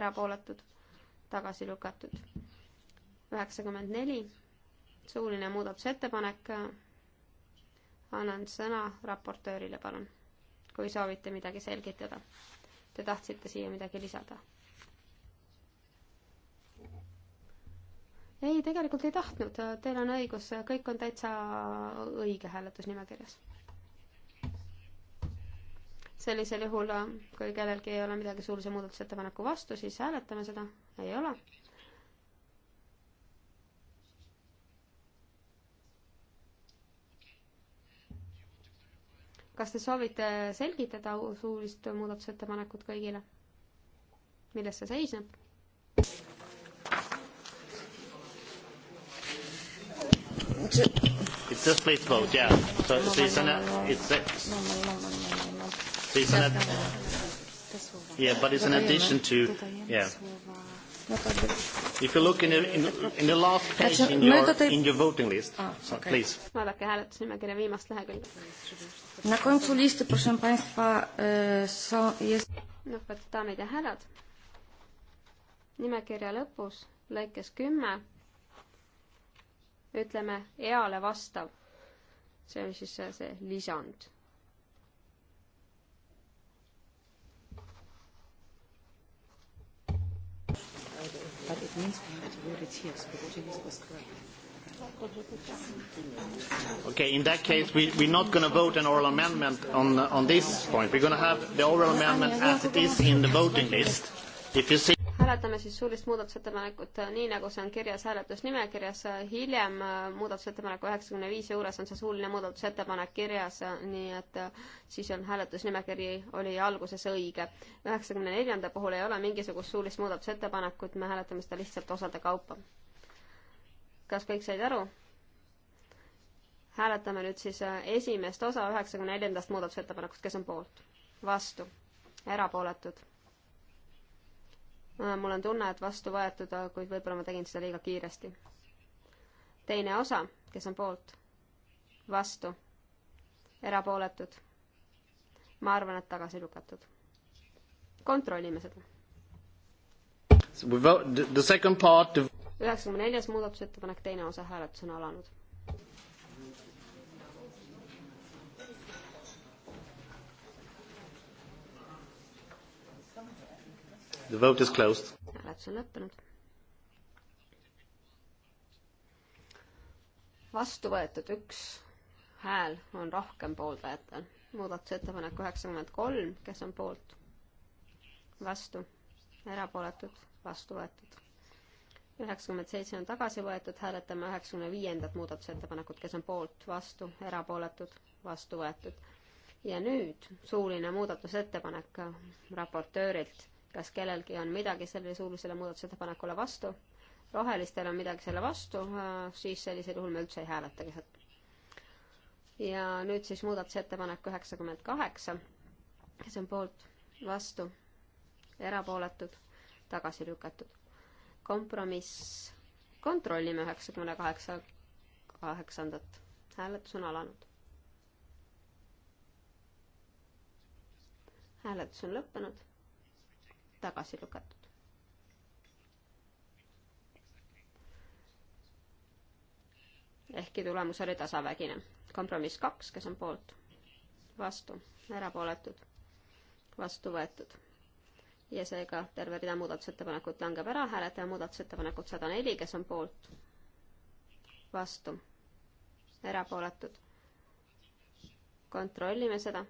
erapooletud, tagasi lükatud. üheksakümmend neli, suuline muudatusettepanek. annan sõna raportöörile, palun, kui soovite midagi selgitada. Te tahtsite siia midagi lisada ei, tegelikult ei tahtnud, teil on õigus, kõik on täitsa õige hääletusnimekirjas. sellisel juhul, kui kellelgi ei ole midagi suulise muudatusettepaneku vastu, siis hääletame seda, ei ole. kas te soovite selgitada suulist muudatusettepanekut kõigile? milles see seisneb? It's a split vote, yeah. So no, it's an... It's a, so it's an... Yeah, but it's an addition to... Yeah. If you look in the, in, in the last page in your, in your voting list, ah, so, okay. please. Vaadake hääletusnimekirja viimast lehekülge. Na końcu listy, proszę Państwa, e, są, jest... No, daamid ja härrad. Nimekirja lõpus, lõikes kümme ütleme, eale vastav. see on siis see, see lisand. But it means we had to do it here, so the voting list was correct. Okay, in that case, we, we're not going to vote an oral amendment on, on this point. We're going to have the oral amendment as it is in the voting list. If you see hääletame siis suulist muudatusettepanekut äh, nii, nagu see on kirjas hääletusnimekirjas. Äh, hiljem äh, muudatusettepaneku üheksakümne viis juures on see suuline muudatusettepanek kirjas, nii et siis on hääletusnimekiri, oli alguses õige. üheksakümne neljanda puhul ei ole mingisugust suulist muudatusettepanekut, me hääletame seda lihtsalt osade kaupa. kas kõik said aru? hääletame nüüd siis esimest osa üheksakümne neljandast muudatusettepanekust, kes on poolt? vastu? erapooletud? Äh, mul on tunne, et vastu võetud, äh, kuid võib-olla ma tegin seda liiga kiiresti. teine osa, kes on poolt, vastu, erapooletud, ma arvan, et tagasi lükatud. kontrollime seda. üheksakümne neljas muudatusettepanek, teine osa, hääletus on alanud The vote is closed. hääletus on lõppenud. vastu võetud üks hääl on rohkem pooldajatel. muudatusettepanek üheksakümmend kolm, kes on poolt? vastu, erapooletud, vastu võetud. üheksakümmend seitse on tagasi võetud, hääletame üheksakümne viiendat muudatusettepanekut, kes on poolt, vastu, erapooletud, vastu võetud. ja nüüd suuline muudatusettepanek raportöörilt kas kellelgi on midagi sellele suulisele muudatusettepanekule vastu? rohelistel on midagi selle vastu, äh, siis sellisel juhul me üldse ei hääleta keset. ja nüüd siis muudatusettepanek üheksakümmend kaheksa, kes on poolt, vastu, erapooletud, tagasi lükatud. kompromiss, kontrollime üheksakümne kaheksa, kaheksandat, hääletus on alanud. hääletus on lõppenud tagasi lükatud. ehkki tulemus oli tasavägine. kompromiss kaks, kes on poolt, vastu, erapooletud, vastu võetud. ja seega terve rida muudatusettepanekut langeb ära, hääletame muudatusettepanekut sada neli, kes on poolt, vastu, erapooletud. kontrollime seda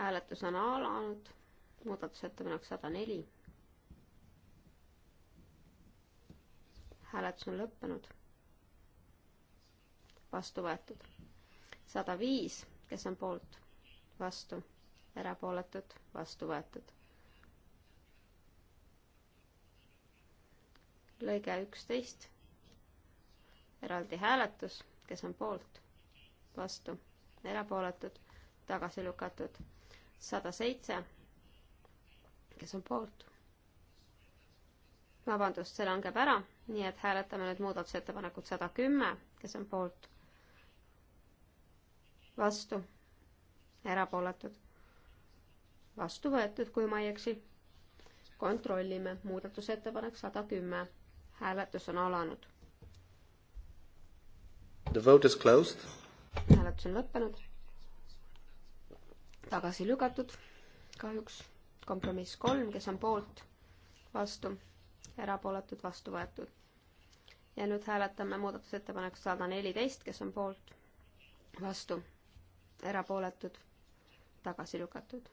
hääletus on alanud, muudatusettepanek sada neli. hääletus on lõppenud. vastu võetud. sada viis, kes on poolt, vastu, erapooletud, vastu võetud lõige üksteist, eraldi hääletus, kes on poolt, vastu, erapooletud, tagasi lükatud sada seitse, kes on poolt. vabandust, see langeb ära, nii et hääletame nüüd muudatusettepanekut sada kümme, kes on poolt. vastu, erapooletud, vastu võetud, kui ma ei eksi. kontrollime, muudatusettepanek sada kümme, hääletus on alanud. The vote is closed. hääletus on lõppenud tagasi lükatud, kahjuks kompromiss kolm, kes on poolt, vastu, erapooletud, vastu võetud. ja nüüd hääletame muudatusettepanekut sada neliteist, kes on poolt, vastu, erapooletud, tagasi lükatud.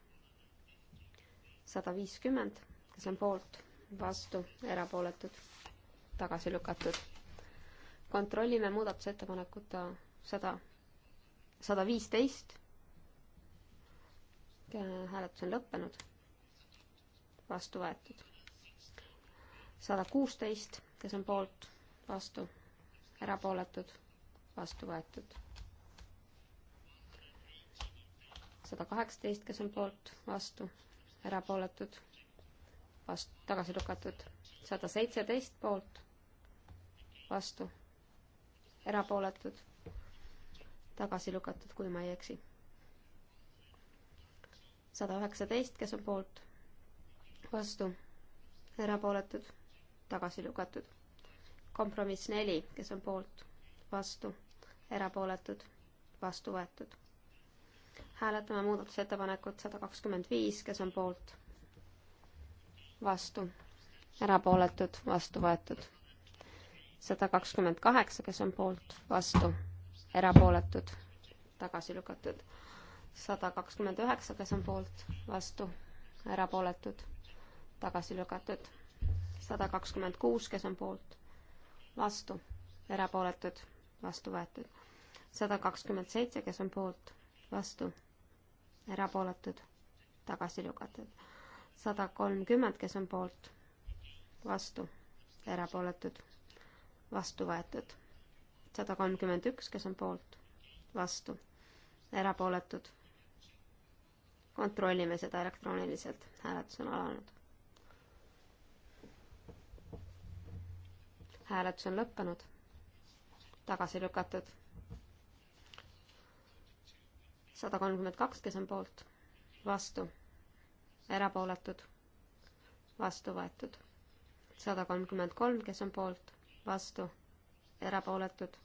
sada viiskümmend, kes on poolt, vastu, erapooletud, tagasi lükatud. kontrollime muudatusettepanekut sada, sada viisteist hääletus on lõppenud. vastu võetud. sada kuusteist, kes on poolt, vastu, erapooletud, vastu võetud. sada kaheksateist, kes on poolt, vastu, erapooletud, vastu, tagasi lükatud. sada seitseteist poolt, vastu, erapooletud, tagasi lükatud, kui ma ei eksi sada üheksateist, kes on poolt, vastu, erapooletud, tagasi lükatud. kompromiss neli, kes on poolt, vastu, erapooletud, vastu võetud. hääletame muudatusettepanekut sada kakskümmend viis, kes on poolt, vastu, erapooletud, vastu võetud. sada kakskümmend kaheksa, kes on poolt, vastu, erapooletud, tagasi lükatud sada kakskümmend üheksa, kes on poolt, vastu, erapooletud, tagasi lükatud. sada kakskümmend kuus, kes on poolt, vastu, erapooletud, vastu võetud. sada kakskümmend seitse, kes on poolt, vastu, erapooletud, tagasi lükatud. sada kolmkümmend, kes on poolt, vastu, erapooletud, vastu võetud. sada kolmkümmend üks, kes on poolt, vastu, erapooletud kontrollime seda elektrooniliselt, hääletus on alanud. hääletus on lõppenud, tagasi lükatud. sada kolmkümmend kaks, kes on poolt, vastu, erapooletud, vastu võetud. sada kolmkümmend kolm, kes on poolt, vastu, erapooletud,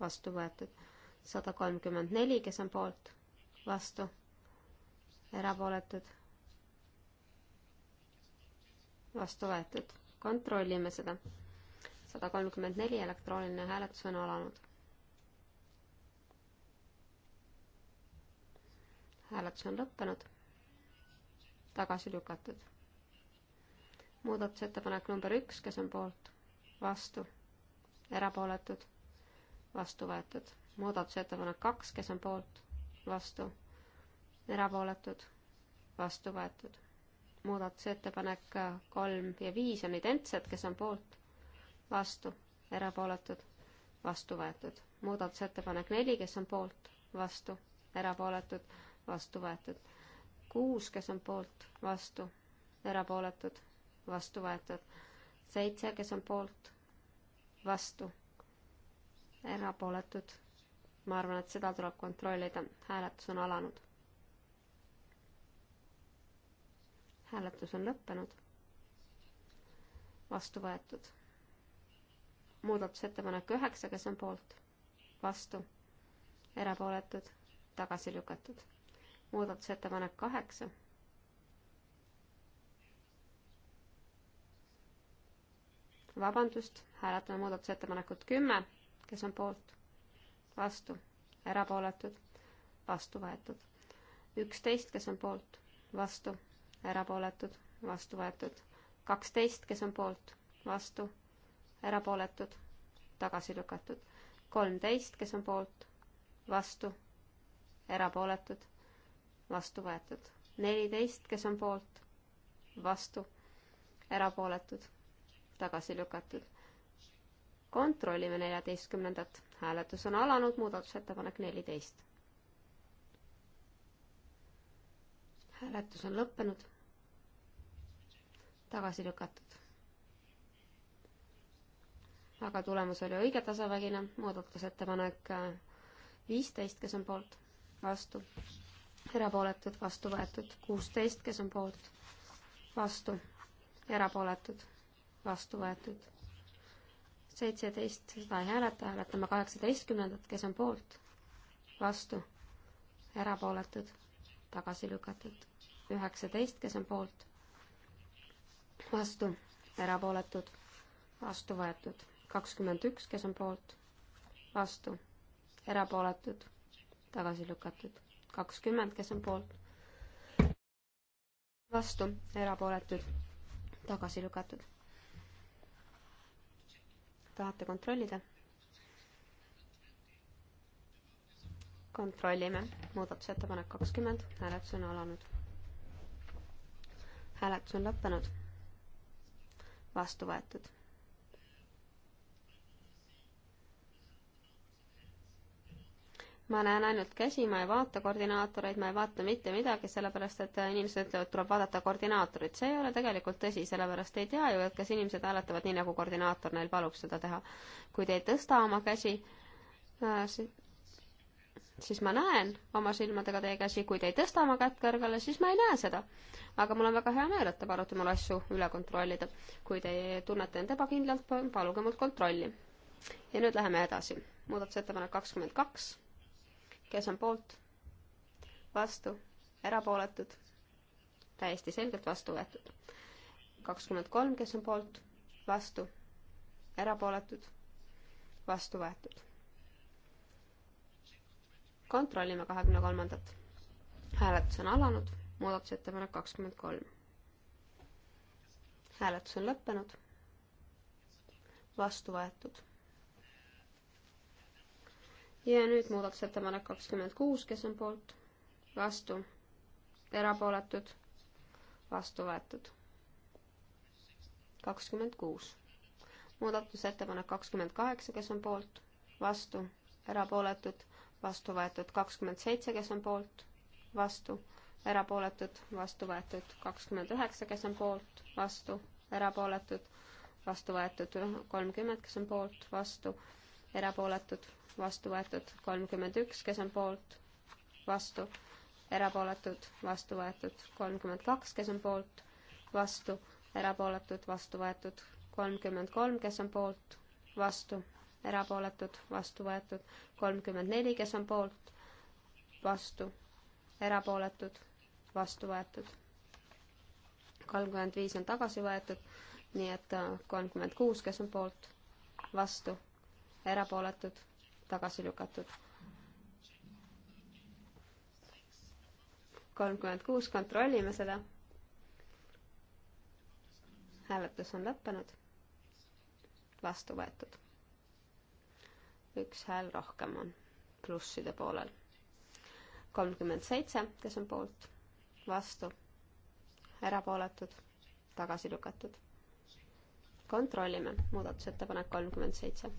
vastu võetud. sada kolmkümmend neli, kes on poolt, vastu erapooletud, vastu võetud. kontrollime seda. sada kolmkümmend neli elektrooniline hääletus on alanud. hääletus on lõppenud, tagasi lükatud. muudatusettepanek number üks, kes on poolt, vastu, erapooletud, vastu võetud. muudatusettepanek kaks, kes on poolt, vastu erapooletud, vastu võetud. muudatusettepanek kolm ja viis on identsed, kes on poolt, vastu, erapooletud, vastu võetud. muudatusettepanek neli, kes on poolt, vastu, erapooletud, vastu võetud. kuus, kes on poolt, vastu, erapooletud, vastu võetud. seitse, kes on poolt, vastu, erapooletud. ma arvan, et seda tuleb kontrollida, hääletus on alanud hääletus on lõppenud. vastu võetud. muudatusettepanek üheksa, kes on poolt? vastu. erapooletud, tagasi lükatud. muudatusettepanek kaheksa vabandust, hääletame muudatusettepanekut kümme, kes on poolt, vastu, erapooletud, vastu võetud. üksteist, kes on poolt, vastu, erapooletud, vastu võetud. kaksteist, kes on poolt, vastu, erapooletud, tagasi lükatud. kolmteist, kes on poolt, vastu, erapooletud, vastu võetud. neliteist, kes on poolt, vastu, erapooletud, tagasi lükatud. kontrollime neljateistkümnendat. hääletus on alanud, muudatusettepanek neliteist hääletus on lõppenud. tagasi lükatud. aga tulemus oli õige tasavägine, muudatusettepanek äh, viisteist, kes on poolt, vastu, erapooletud, vastu võetud, kuusteist, kes on poolt, vastu, erapooletud, vastu võetud, seitseteist, seda ei hääleta, hääletame kaheksateistkümnendat, kes on poolt, vastu, erapooletud, tagasi lükatud üheksateist, kes on poolt, vastu, erapooletud, vastu võetud. kakskümmend üks, kes on poolt, vastu, erapooletud, tagasi lükatud. kakskümmend, kes on poolt, vastu, erapooletud, tagasi lükatud. tahate kontrollida? kontrollime muudatusettepanek kakskümmend, hääletus on alanud hääletus on lõppenud. vastu võetud. ma näen ainult käsi, ma ei vaata koordinaatoreid, ma ei vaata mitte midagi, sellepärast et inimesed ütlevad, tuleb vaadata koordinaatorit. see ei ole tegelikult tõsi, sellepärast ei tea ju, et kas inimesed hääletavad nii, nagu koordinaator neil palub seda teha. kui te ei tõsta oma käsi, äh, siis ma näen oma silmadega teie käsi, kui te ei tõsta oma kätt kõrgele, siis ma ei näe seda. aga mul on väga hea meel, et te palute mul asju üle kontrollida. kui te tunnete end ebakindlalt, paluge mult kontrolli. ja nüüd läheme edasi. muudatusettepanek kakskümmend kaks. kes on poolt? vastu? erapooletud? täiesti selgelt vastu võetud. kakskümmend kolm, kes on poolt? vastu? erapooletud? vastu võetud kontrollime kahekümne kolmandat. hääletus on alanud, muudatusettepanek kakskümmend kolm. hääletus on lõppenud, vastu võetud. ja nüüd muudatusettepanek kakskümmend kuus, kes on poolt, vastu, erapooletud, vastu võetud. kakskümmend kuus muudatusettepanek kakskümmend kaheksa, kes on poolt, vastu, erapooletud, vastu võetud kakskümmend seitse, kes on poolt, vastu, erapooletud, vastu võetud kakskümmend üheksa, kes on poolt, vastu, erapooletud, vastu võetud kolmkümmend, kes on poolt, vastu, erapooletud, vastu võetud kolmkümmend üks, kes on poolt, vastu, erapooletud, vastu võetud kolmkümmend kaks, kes on poolt, vastu, erapooletud, vastu võetud kolmkümmend kolm, kes on poolt, vastu, erapooletud, vastu võetud, kolmkümmend neli, kes on poolt, vastu, erapooletud, vastu võetud. kolmkümmend viis on tagasi võetud, nii et äh, kolmkümmend kuus, kes on poolt, vastu, erapooletud, tagasi lükatud. kolmkümmend kuus, kontrollime seda. hääletus on lõppenud, vastu võetud üks hääl rohkem on plusside poolel. kolmkümmend seitse, kes on poolt, vastu, erapooletud, tagasi lükatud. kontrollime, muudatusettepanek kolmkümmend seitse.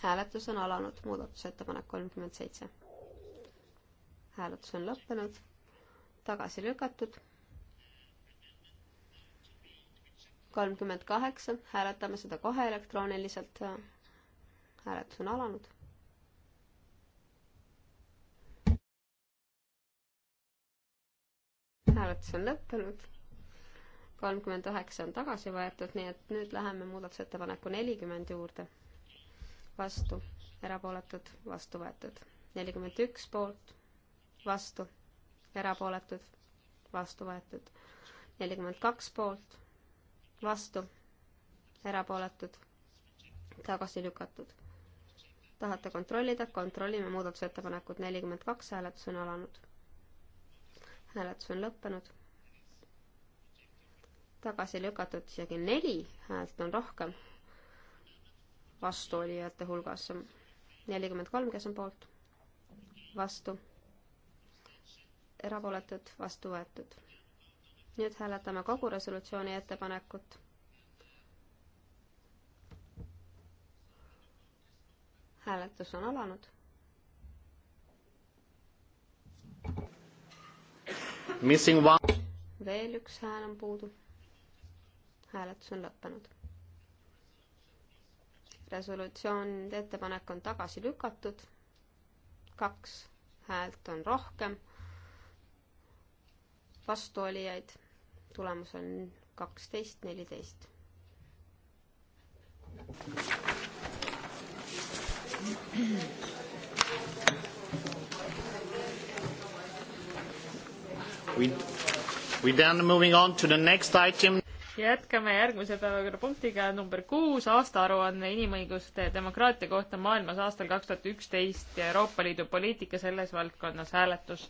hääletus on alanud, muudatusettepanek kolmkümmend seitse. hääletus on lõppenud, tagasi lükatud. kolmkümmend kaheksa, hääletame seda kohe elektrooniliselt hääletus on alanud. hääletus on lõppenud. kolmkümmend üheksa on tagasi võetud, nii et nüüd läheme muudatusettepaneku nelikümmend juurde. vastu, erapooletud, vastu võetud. nelikümmend üks poolt, vastu, erapooletud, vastu võetud. nelikümmend kaks poolt, vastu, erapooletud, tagasi lükatud tahate kontrollida, kontrollime muudatusettepanekut nelikümmend kaks, hääletus on alanud. hääletus on lõppenud. tagasi lükatud isegi neli häält on rohkem vastuolijate hulgas. nelikümmend kolm, kes on poolt, vastu, erapooletud, vastu võetud. nüüd hääletame kogu resolutsiooni ettepanekut hääletus on alanud. Missing one. veel üks hääl on puudu. hääletus on lõppenud. resolutsioon, ettepanek on tagasi lükatud. kaks häält on rohkem. vastuolijaid, tulemus on kaksteist, neliteist. We, we then moving on to the next item. jätkame järgmise päevakorrapunktiga number kuus, aastaaruanne inimõiguste ja demokraatia kohta maailmas aastal kaks tuhat üksteist ja Euroopa Liidu poliitika selles valdkonnas hääletus.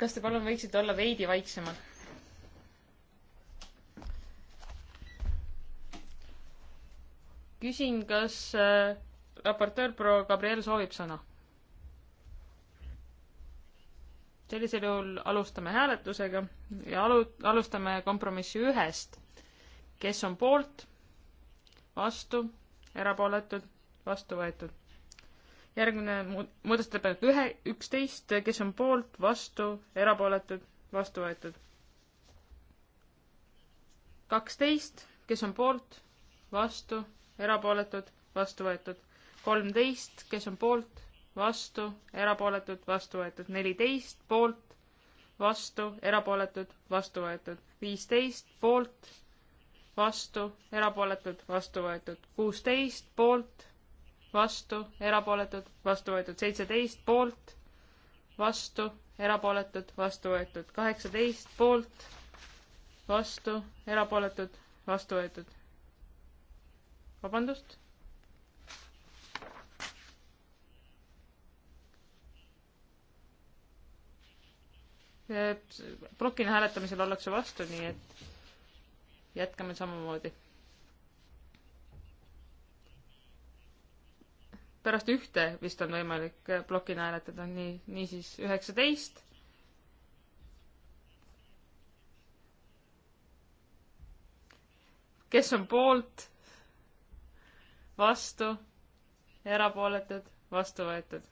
kas te palun võiksite olla veidi vaiksemad? küsin, kas äh, raportöör proua Gabriel soovib sõna? sellisel juhul alustame hääletusega ja alu-, alustame kompromissi ühest. kes on poolt, vastu, erapooletud, vastu võetud. järgmine mu-, muudatusettepanek ühe, üksteist, kes on poolt, vastu, erapooletud, vastu võetud. kaksteist, kes on poolt, vastu, erapooletud, vastu võetud. kolmteist, kes on poolt, vastu, erapooletud, vastu võetud. neliteist, poolt, vastu, erapooletud, vastu võetud. viisteist, poolt, vastu, erapooletud, vastu võetud. kuusteist, poolt, vastu, erapooletud, vastu võetud. seitseteist, poolt, vastu, erapooletud, vastu võetud. kaheksateist, poolt, vastu, erapooletud, vastu võetud vabandust. Äh, plokina hääletamisel ollakse vastu, nii et jätkame samamoodi. pärast ühte vist on võimalik plokina hääletada, nii, niisiis üheksateist kes on poolt, vastu, erapooletud, vastu võetud.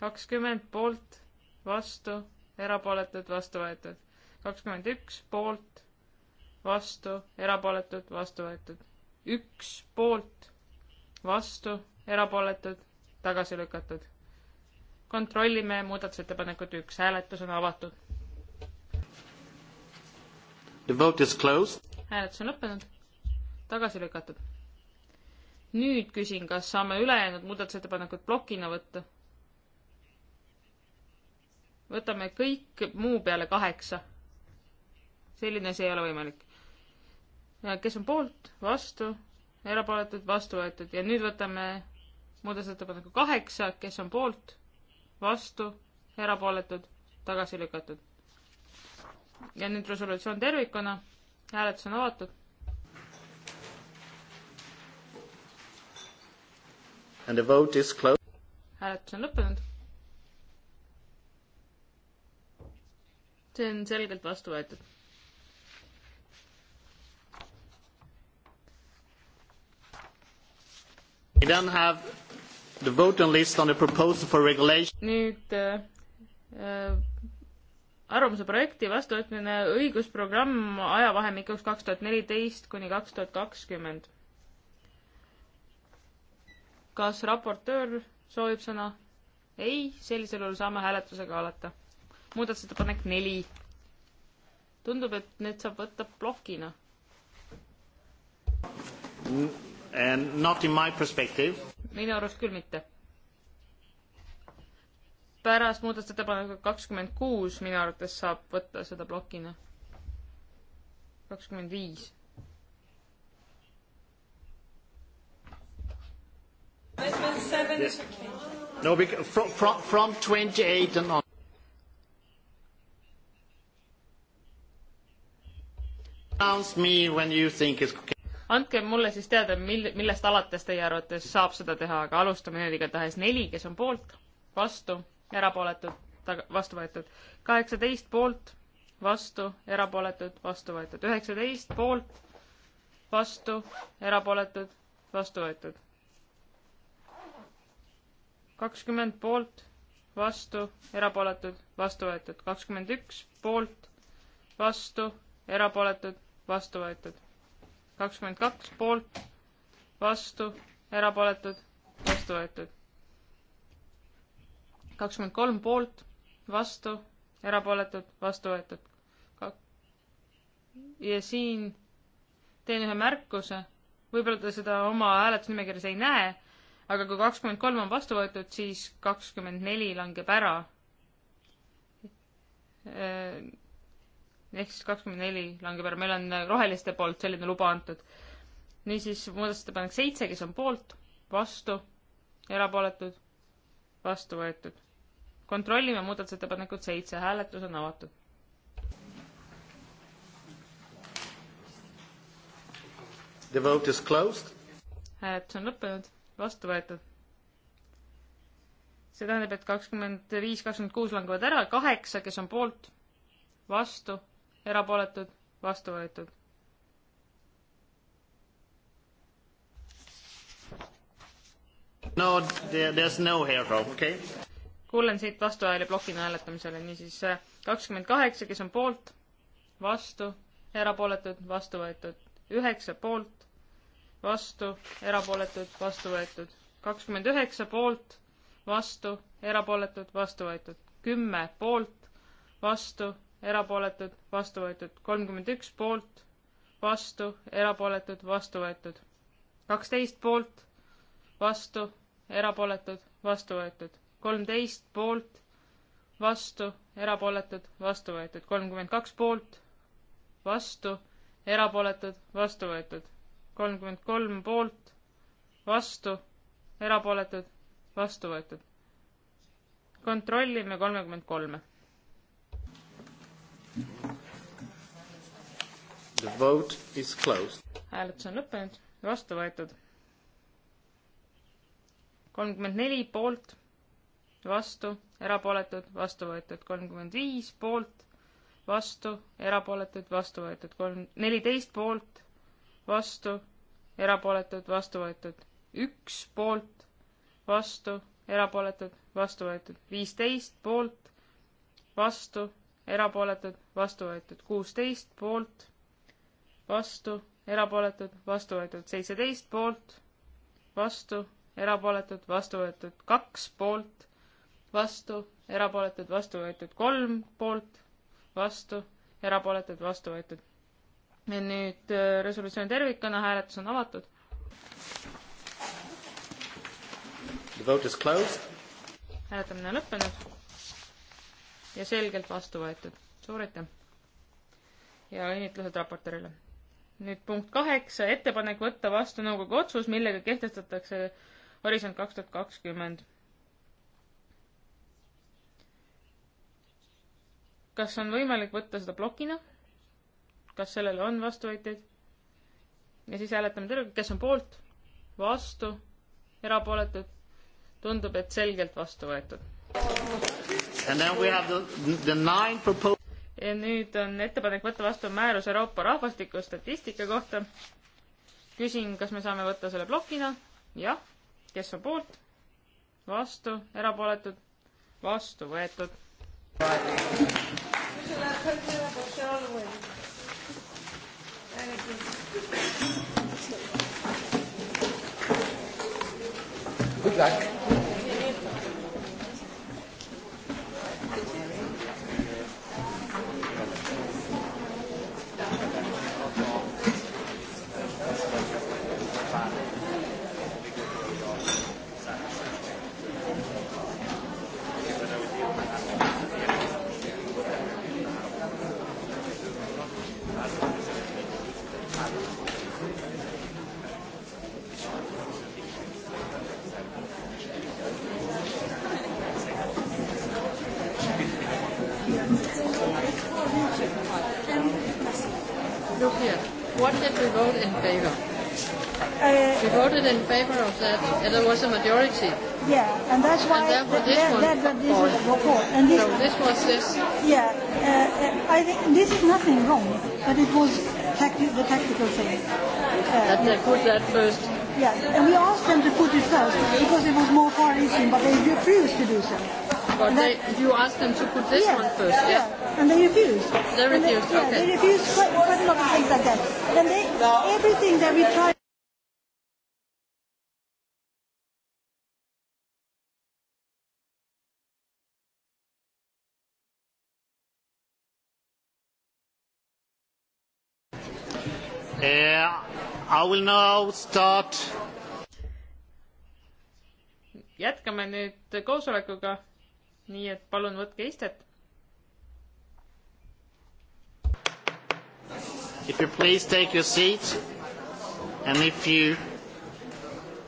kakskümmend poolt, vastu, erapooletud, vastu võetud. kakskümmend üks poolt, vastu, erapooletud, vastu võetud. üks poolt, vastu, erapooletud, tagasi lükatud. kontrollime muudatusettepanekut üks, hääletus on avatud. The vote is closed. hääletus on lõppenud, tagasi lükatud nüüd küsin, kas saame ülejäänud muudatusettepanekud plokina võtta? võtame kõik muu peale kaheksa. selline asi ei ole võimalik. kes on poolt, vastu, erapooletud, vastu võetud ja nüüd võtame muudatusettepaneku kaheksa, kes on poolt, vastu, erapooletud, tagasi lükatud. ja nüüd resolutsioon tervikuna, hääletus on avatud. And the vote is closed. hääletus on lõppenud. see on selgelt vastu võetud. We then have the voting list on the proposal for regulation. nüüd äh, äh arvamuse projekti vastuvõtmine õigusprogramm ajavahemikuks kaks tuhat neliteist kuni kaks tuhat kakskümmend kas raportöör soovib sõna? ei, sellisel juhul saame hääletusega alata. muudatusettepanek neli. tundub, et need saab võtta plokina. Eh, not in my perspective. minu arust küll mitte. pärast muudatusettepanekut kakskümmend kuus minu arvates saab võtta seda plokina. kakskümmend viis Amendment seven is okay. No, from, from, from 28 and on. Announce me when you think is okay. andke mulle siis teada, mil-, millest alates teie arvates saab seda teha, aga alustame nüüd igatahes neli, kes on poolt, vastu, erapooletud, taga, vastu võetud. kaheksateist poolt, vastu, erapooletud, vastu võetud. üheksateist poolt, vastu, erapooletud, vastu võetud kakskümmend poolt, vastu, erapooletud, vastu võetud. kakskümmend üks poolt, vastu, erapooletud, vastu võetud. kakskümmend kaks poolt, vastu, erapooletud, vastu võetud. kakskümmend kolm poolt, vastu, erapooletud, vastu võetud. ja siin teen ühe märkuse, võib-olla te seda oma hääletusnimekirjas ei näe aga kui kakskümmend kolm on vastu võetud, siis kakskümmend neli langeb ära. ehk siis kakskümmend neli langeb ära, meil on roheliste poolt selline luba antud. niisiis muudatusettepanek seitse, kes on poolt, vastu, erapooletud, vastu võetud. kontrollime muudatusettepanekut seitse, hääletus on avatud. The vote is closed. hääletus on lõppenud vastu võetud. see tähendab, et kakskümmend viis, kakskümmend kuus langevad ära, kaheksa, kes on poolt, vastu, erapooletud, vastu võetud. no there, there's no here, okei okay.? kuulen siit vastuhääli plokina hääletamisele, niisiis äh, kakskümmend kaheksa, kes on poolt, vastu, erapooletud, vastu võetud, üheksa poolt, vastu, erapooletud, vastu võetud. kakskümmend üheksa poolt, vastu, erapooletud, vastu võetud. kümme poolt, vastu, erapooletud, vastu võetud. kolmkümmend üks poolt, vastu, erapooletud, vastu võetud. kaksteist poolt, vastu, erapooletud, vastu võetud. kolmteist poolt, vastu, erapooletud, vastu võetud. kolmkümmend kaks poolt, vastu, erapooletud, vastu võetud kolmkümmend kolm poolt, vastu, erapooletud, vastu võetud. kontrollime kolmekümmend kolme. The vote is closed. hääletus on lõppenud, vastu võetud. kolmkümmend neli poolt, vastu, erapooletud, vastu võetud, kolmkümmend viis poolt, vastu, erapooletud, vastu võetud, kolm, neliteist poolt vastu, erapooletud, vastu võetud. üks poolt, vastu, erapooletud, vastu võetud. viisteist poolt, vastu, erapooletud, vastu võetud. kuusteist poolt, vastu, erapooletud, vastu võetud. seitseteist poolt, vastu, erapooletud, vastu võetud. kaks poolt, vastu, erapooletud, vastu võetud. kolm poolt, vastu, erapooletud, vastu võetud nüüd äh, resolutsioon tervikuna, hääletus on avatud. hääletamine on lõppenud ja selgelt vastu võetud. suur aitäh! ja õnnitlused raportöörile. nüüd punkt kaheksa, ettepanek võtta vastu nõukogu otsus, millega kehtestatakse Horisont kaks tuhat kakskümmend. kas on võimalik võtta seda plokina? kas sellele on vastuvõtjaid? ja siis hääletame tervega, kes on poolt, vastu, erapooletud. tundub, et selgelt vastu võetud. ja nüüd on ettepanek võtta vastu määrus Euroopa rahvastikustatistika kohta. küsin, kas me saame võtta selle plokina? jah. kes on poolt? vastu, erapooletud? vastu võetud. Good luck. What did we vote in favor? Uh, we voted in favor of that, and there was a majority. Yeah, and that's why and therefore this that, one that, that this is a report. And this, so this was this. Yeah, uh, I think this is nothing wrong, but it was tacti- the tactical thing. Uh, that they put that first. Yeah, and we asked them to put it first because it was more far-reaching, but they refused to do so. But they, you asked them to put this yeah, one first, yeah? yeah? And they refused. They refused, and they, okay. Yeah, they refused quite, quite a lot of things like that. And they, no. everything that we tried... Uh, I will now start. jätkame nüüd koosolekuga nii et palun võtke istet. If you please take your seats and if you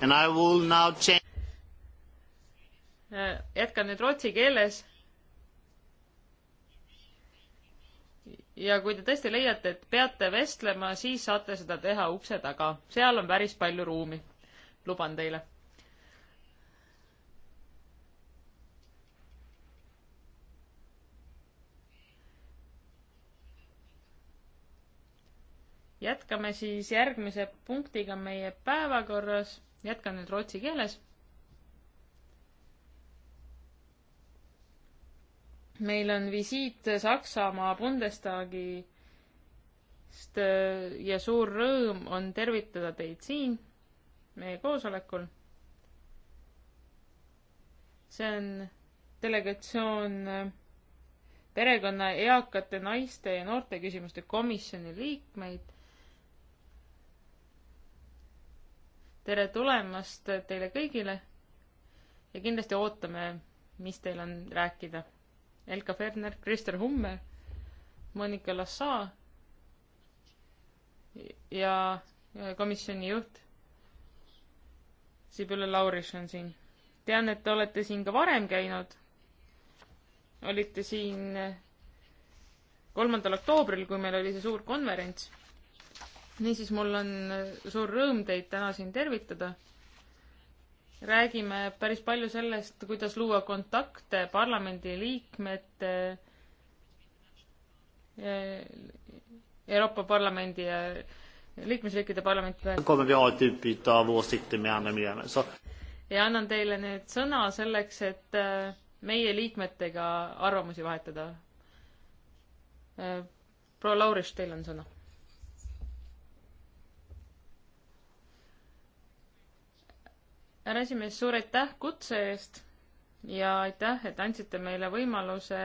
and I will now change. Äh, jätkan nüüd rootsi keeles. ja kui te tõesti leiate, et peate vestlema, siis saate seda teha ukse taga, seal on päris palju ruumi. luban teile jätkame siis järgmise punktiga meie päevakorras, jätkan nüüd rootsi keeles. meil on visiit Saksamaa Bundestagist äh, ja suur rõõm on tervitada teid siin meie koosolekul. see on delegatsioon äh, perekonna, eakate, naiste ja noorte küsimuste komisjoni liikmeid tere tulemast teile kõigile ja kindlasti ootame, mis teil on rääkida. Elka Ferner, Krister Hummer, Monika Lassa ja komisjoni juht Sibüla Lauris on siin. tean, et te olete siin ka varem käinud. olite siin kolmandal oktoobril, kui meil oli see suur konverents niisiis, mul on äh, suur rõõm teid täna siin tervitada. räägime päris palju sellest, kuidas luua kontakte parlamendiliikmete, äh, Euroopa Parlamendi ja liikmesriikide parlamenti vahel. ja annan teile nüüd sõna selleks, et äh, meie liikmetega arvamusi vahetada. proua Lauris, teil on sõna härra esimees, suur aitäh kutse eest ja aitäh, et andsite meile võimaluse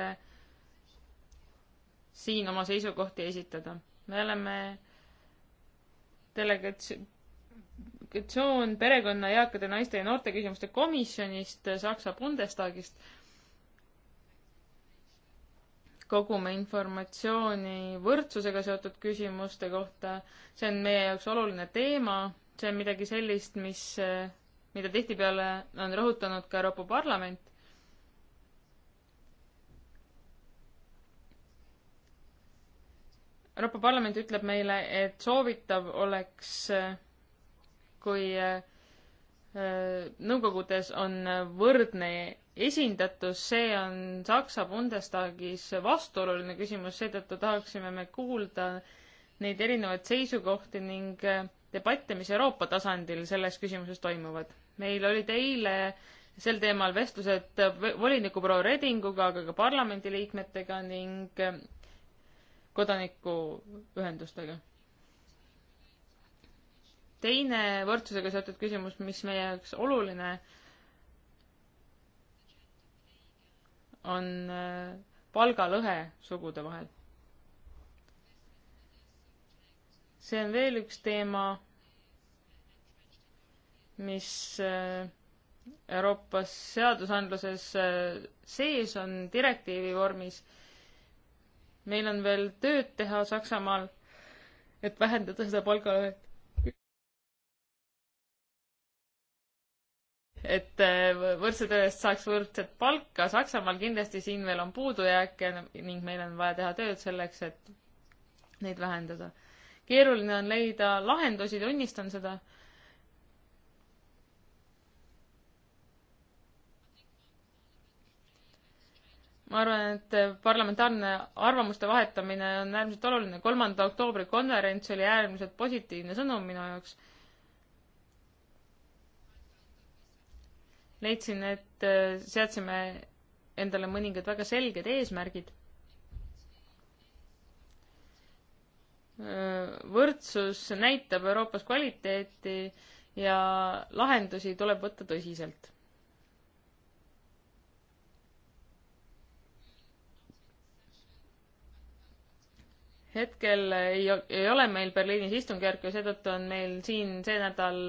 siin oma seisukohti esitada. me oleme delegatsioon perekonna, eakate naiste ja noorte küsimuste komisjonist Saksa Bundestagist. kogume informatsiooni võrdsusega seotud küsimuste kohta. see on meie jaoks oluline teema, see on midagi sellist, mis mida tihtipeale on rõhutanud ka Euroopa Parlament. Euroopa Parlament ütleb meile, et soovitav oleks, kui äh, nõukogudes on võrdne esindatus, see on Saksa Bundestagis vastuoluline küsimus, seetõttu tahaksime me kuulda neid erinevaid seisukohti ning äh, debatte, mis Euroopa tasandil selles küsimuses toimuvad meil olid eile sel teemal vestlused voliniku proua Redinguga, aga ka parlamendiliikmetega ning eh, kodanikuühendustega. teine võrdsusega seotud küsimus, mis meie jaoks oluline on eh, palgalõhe sugude vahel. see on veel üks teema mis äh, Euroopas seadusandluses äh, sees on direktiivi vormis. meil on veel tööd teha Saksamaal, et vähendada seda palgalõhet. et äh, võrdse töö eest saaks võrdset palka, Saksamaal kindlasti siin veel on puudujääke ning meil on vaja teha tööd selleks, et neid vähendada. keeruline on leida lahendusi, tunnistan seda ma arvan, et parlamentaarne arvamuste vahetamine on äärmiselt oluline. kolmanda oktoobri konverents oli äärmiselt positiivne sõnum minu jaoks. leidsin, et äh, seadsime endale mõningad väga selged eesmärgid. Äh, võrdsus näitab Euroopas kvaliteeti ja lahendusi tuleb võtta tõsiselt hetkel ei, ei ole meil Berliinis istungjärk ja seetõttu on meil siin see nädal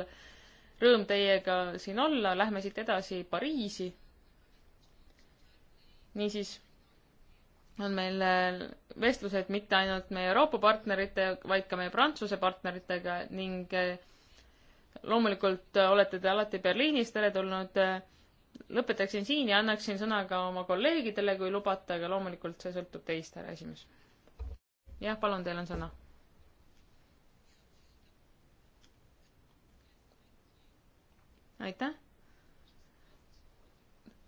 rõõm teiega siin olla, lähme siit edasi Pariisi. niisiis on meil äh, vestlused mitte ainult meie Euroopa partnerite, vaid ka meie Prantsuse partneritega ning äh, loomulikult olete te alati Berliinis teretulnud. lõpetaksin siin ja annaksin sõna ka oma kolleegidele, kui lubate, aga loomulikult see sõltub teist, härra esimees jah, palun, teil on sõna. aitäh.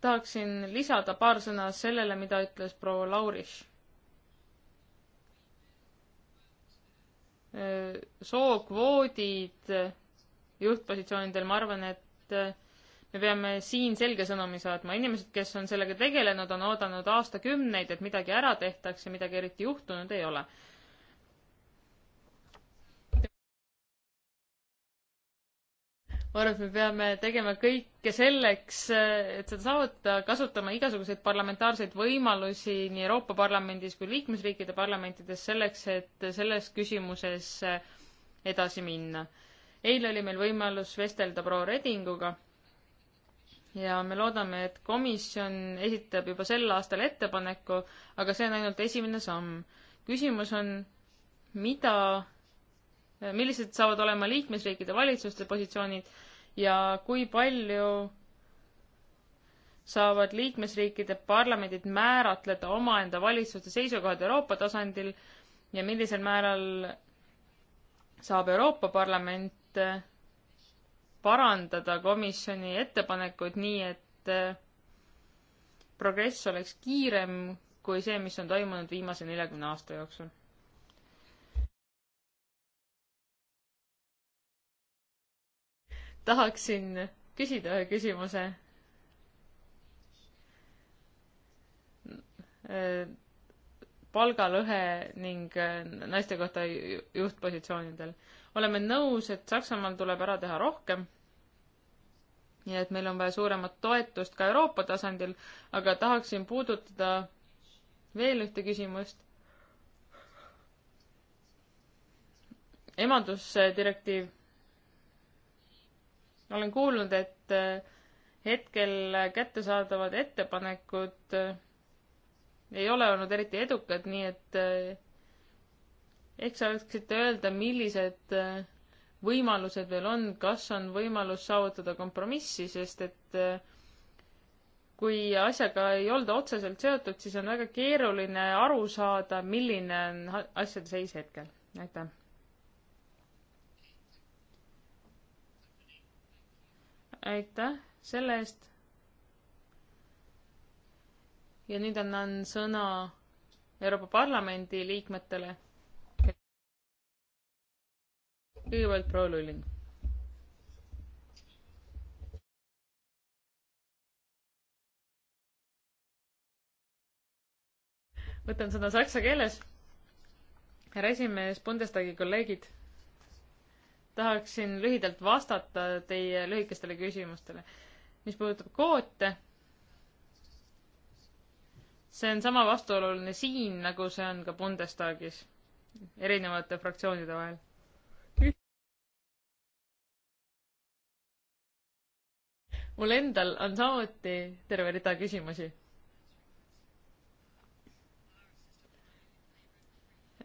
tahaksin lisada paar sõna sellele, mida ütles proua Lauriš. sookvoodid juhtpositsioonidel, ma arvan, et me peame siin selge sõnumi saatma. inimesed, kes on sellega tegelenud, on oodanud aastakümneid, et midagi ära tehtaks ja midagi eriti juhtunud ei ole. ma arvan, et me peame tegema kõike selleks, et seda saavutada, kasutama igasuguseid parlamentaarseid võimalusi nii Euroopa Parlamendis kui liikmesriikide parlamentides selleks, et selles küsimuses edasi minna. eile oli meil võimalus vestelda proua Redinguga ja me loodame, et komisjon esitab juba sel aastal ettepaneku, aga see on ainult esimene samm. küsimus on, mida, millised saavad olema liikmesriikide valitsuste positsioonid ja kui palju saavad liikmesriikide parlamendid määratleda omaenda valitsuste seisukohad Euroopa tasandil ja millisel määral saab Euroopa Parlament parandada komisjoni ettepanekuid nii, et äh, progress oleks kiirem kui see, mis on toimunud viimase neljakümne aasta jooksul. tahaksin küsida ühe küsimuse äh, palgalõhe ning äh, naiste kohta juhtpositsioonidel oleme nõus, et Saksamaal tuleb ära teha rohkem nii et meil on vaja suuremat toetust ka Euroopa tasandil, aga tahaksin puudutada veel ühte küsimust. emandusdirektiiv. olen kuulnud, et eh, hetkel kättesaadavad ettepanekud eh, ei ole olnud eriti edukad, nii et eh, ehk sa võiksite öelda, millised äh, võimalused veel on, kas on võimalus saavutada kompromissi, sest et äh, kui asjaga ei olda otseselt seotud, siis on väga keeruline aru saada, milline on asjade seis hetkel. aitäh. aitäh selle eest. ja nüüd annan sõna Euroopa Parlamendi liikmetele kõigepealt proua Lulling. võtan sõna saksa keeles. härra esimees, Bundestagi kolleegid, tahaksin lühidalt vastata teie lühikestele küsimustele. mis puudutab kvoote, see on sama vastuoluline siin, nagu see on ka Bundestagis erinevate fraktsioonide vahel mul endal on samuti terve rida küsimusi.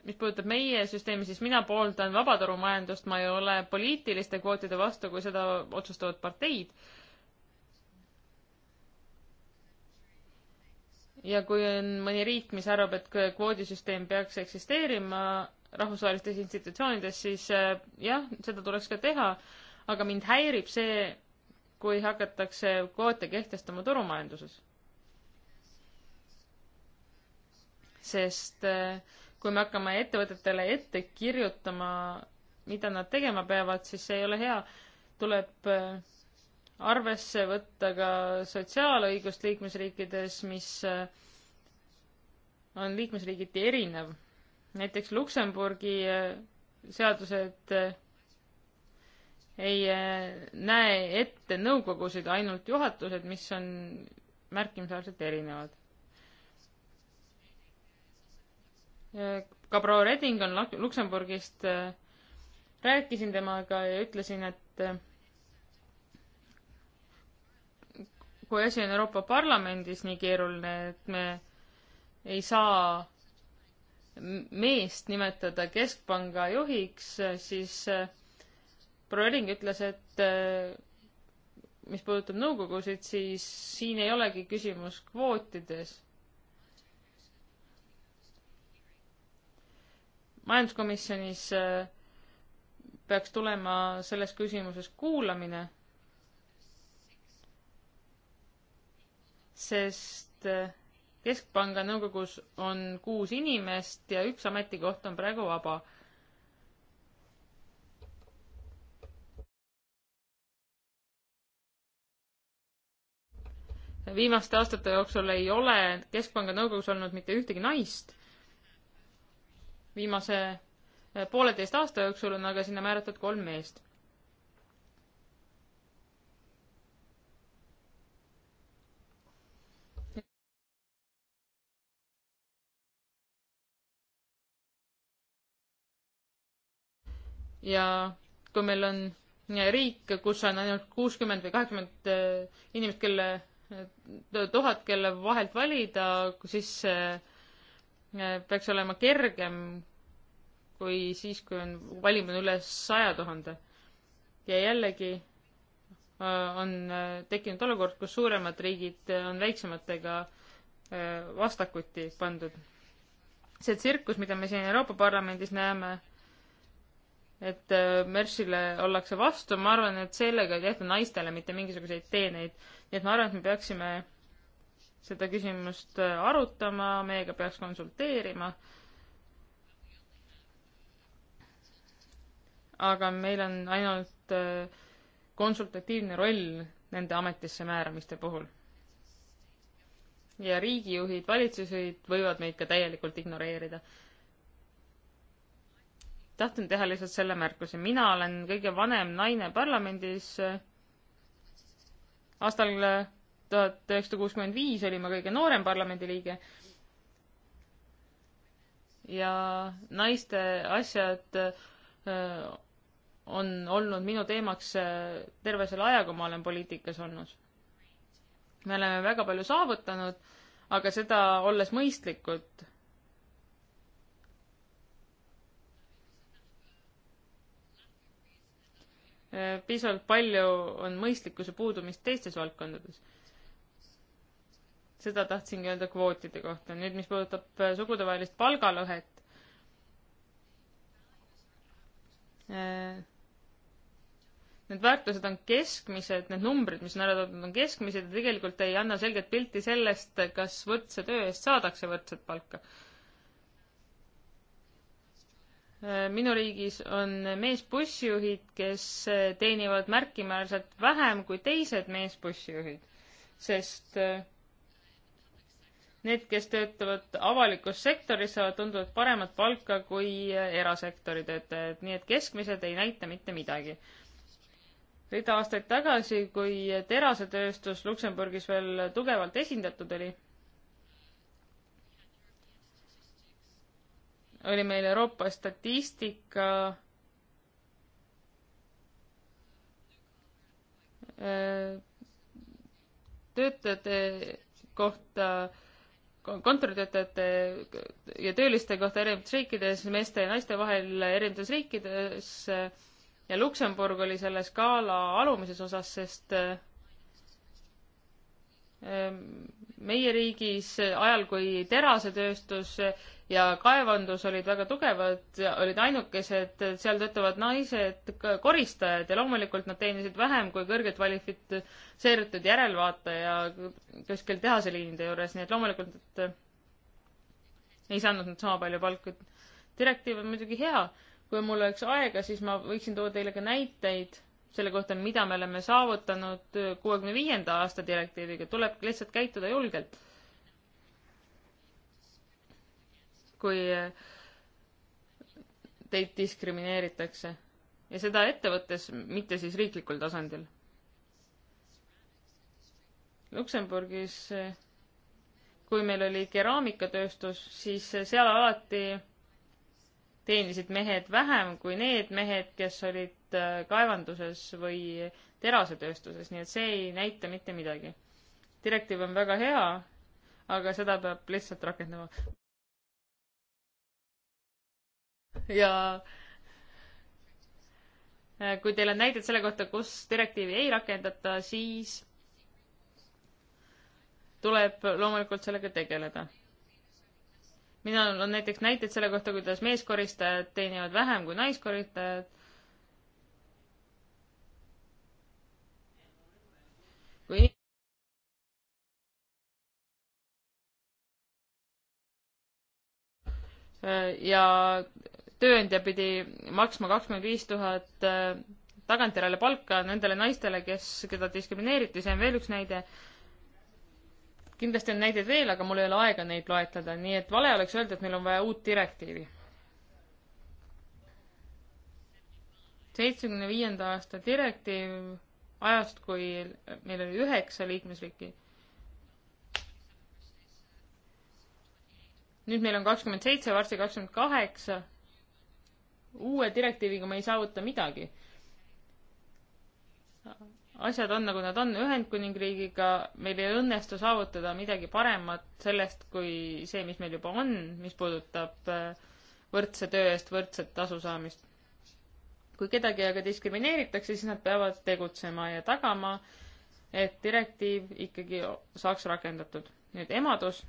mis puudutab meie süsteemi, siis mina pooldan vabaturumajandust, ma ei ole poliitiliste kvootide vastu, kui seda otsustavad parteid ja kui on mõni riik, mis arvab, et kvoodisüsteem peaks eksisteerima rahvusvahelistes institutsioonides, siis äh, jah, seda tuleks ka teha, aga mind häirib see, kui hakatakse kvoote kehtestama turumajanduses. sest eh, kui me hakkame ettevõtetele ette kirjutama, mida nad tegema peavad, siis see ei ole hea. tuleb eh, arvesse võtta ka sotsiaalõigust liikmesriikides, mis eh, on liikmesriigiti erinev. näiteks Luksemburgi seadused ei äh, näe ette nõukogusid, ainult juhatused, mis on märkimisväärselt erinevad. ka proua Reding on Luksemburgist, äh, rääkisin temaga ja ütlesin, et äh, kui asi on Euroopa Parlamendis nii keeruline, et me ei saa meest nimetada keskpanga juhiks, siis proua Ering ütles, et äh, mis puudutab nõukogusid, siis siin ei olegi küsimus kvootides. majanduskomisjonis äh, peaks tulema selles küsimuses kuulamine, sest äh, Keskpanga nõukogus on kuus inimest ja üks ametikoht on praegu vaba viimaste aastate jooksul ei ole Keskpanga nõukogus olnud mitte ühtegi naist. viimase eh, pooleteist aasta jooksul on aga sinna määratud kolm meest. ja kui meil on eh, riik, kus on ainult kuuskümmend või kaheksakümmend eh, inimest, kelle tuhat, kelle vahelt valida, siis eh, peaks olema kergem kui siis, kui on valimine üle saja tuhande. ja jällegi eh, on eh, tekkinud olukord, kus suuremad riigid on väiksematega vastakuti pandud. see tsirkus, mida me siin Euroopa Parlamendis näeme, et äh, Mershile ollakse vastu, ma arvan, et sellega ei tehta naistele mitte mingisuguseid teeneid. nii et ma arvan, et me peaksime seda küsimust äh, arutama, meiega peaks konsulteerima. aga meil on ainult äh, konsultatiivne roll nende ametisse määramiste puhul. ja riigijuhid, valitsusjuhid võivad meid ka täielikult ignoreerida tahtnud teha lihtsalt selle märkuse, mina olen kõige vanem naine parlamendis. aastal tuhat üheksasada kuuskümmend viis olin ma kõige noorem parlamendiliige. ja naiste asjad äh, on olnud minu teemaks äh, terve selle aja, kui ma olen poliitikas olnud. me oleme väga palju saavutanud, aga seda olles mõistlikud Äh, piisavalt palju on mõistlikkuse puudumist teistes valdkondades. seda tahtsingi öelda kvootide kohta. nüüd, mis puudutab äh, sugudevahelist palgalõhet, äh, need väärtused on keskmised, need numbrid, mis on ära toodud, on keskmised ja tegelikult ei anna selget pilti sellest, kas võrdse töö eest saadakse võrdset palka minu riigis on meesbussijuhid, kes teenivad märkimäärselt vähem kui teised meesbussijuhid, sest eh, need, kes töötavad avalikus sektoris, saavad tunduvalt paremat palka kui eh, erasektori töötajad, nii et keskmised ei näita mitte midagi. rida aastaid tagasi, kui terasetööstus Luksemburgis veel tugevalt esindatud oli oli meil Euroopa statistika töötajate kohta, kontoritöötajate ja tööliste kohta erinevates riikides, meeste ja naiste vahel erinevates riikides ja Luksemburg oli selle skaala alumises osas, sest ehm, meie riigis ajal, kui terasetööstus ja kaevandus olid väga tugevad, olid ainukesed seal töötavad naised, koristajad ja loomulikult nad teenisid vähem kui kõrgelt kvalifitseeritud järelvaataja kuskil tehaseliinide juures, nii et loomulikult et ei saanud nad sama palju palka. direktiiv on muidugi hea, kui mul oleks aega, siis ma võiksin tuua teile ka näiteid selle kohta, mida me oleme saavutanud kuuekümne viienda aasta direktiiviga, tuleb lihtsalt käituda julgelt kui teid diskrimineeritakse ja seda ettevõttes, mitte siis riiklikul tasandil. Luksemburgis, kui meil oli keraamikatööstus, siis seal alati teenisid mehed vähem kui need mehed, kes olid kaevanduses või terasetööstuses, nii et see ei näita mitte midagi. direktiiv on väga hea, aga seda peab lihtsalt rakendama ja äh, kui teil on näited selle kohta, kus direktiivi ei rakendata, siis tuleb loomulikult sellega tegeleda. minul on näiteks näited selle kohta, kuidas meeskoristajad teenivad vähem kui naiskoristajad. kui äh, ja tööandja pidi maksma kakskümmend viis tuhat äh, tagantjärele palka nendele naistele, kes, keda diskrimineeriti, see on veel üks näide. kindlasti on näideid veel, aga mul ei ole aega neid loetleda, nii et vale oleks öelda, et meil on vaja uut direktiivi. seitsmekümne viienda aasta direktiiv ajast, kui meil oli üheksa liikmesriiki nüüd meil on kakskümmend seitse, varsti kakskümmend kaheksa uue direktiiviga me ei saavuta midagi. asjad on, nagu nad on, Ühendkuningriigiga meil ei õnnestu saavutada midagi paremat sellest, kui see, mis meil juba on, mis puudutab äh, võrdse töö eest võrdset tasu saamist. kui kedagi aga diskrimineeritakse, siis nad peavad tegutsema ja tagama, et direktiiv ikkagi saaks rakendatud. nüüd emadus.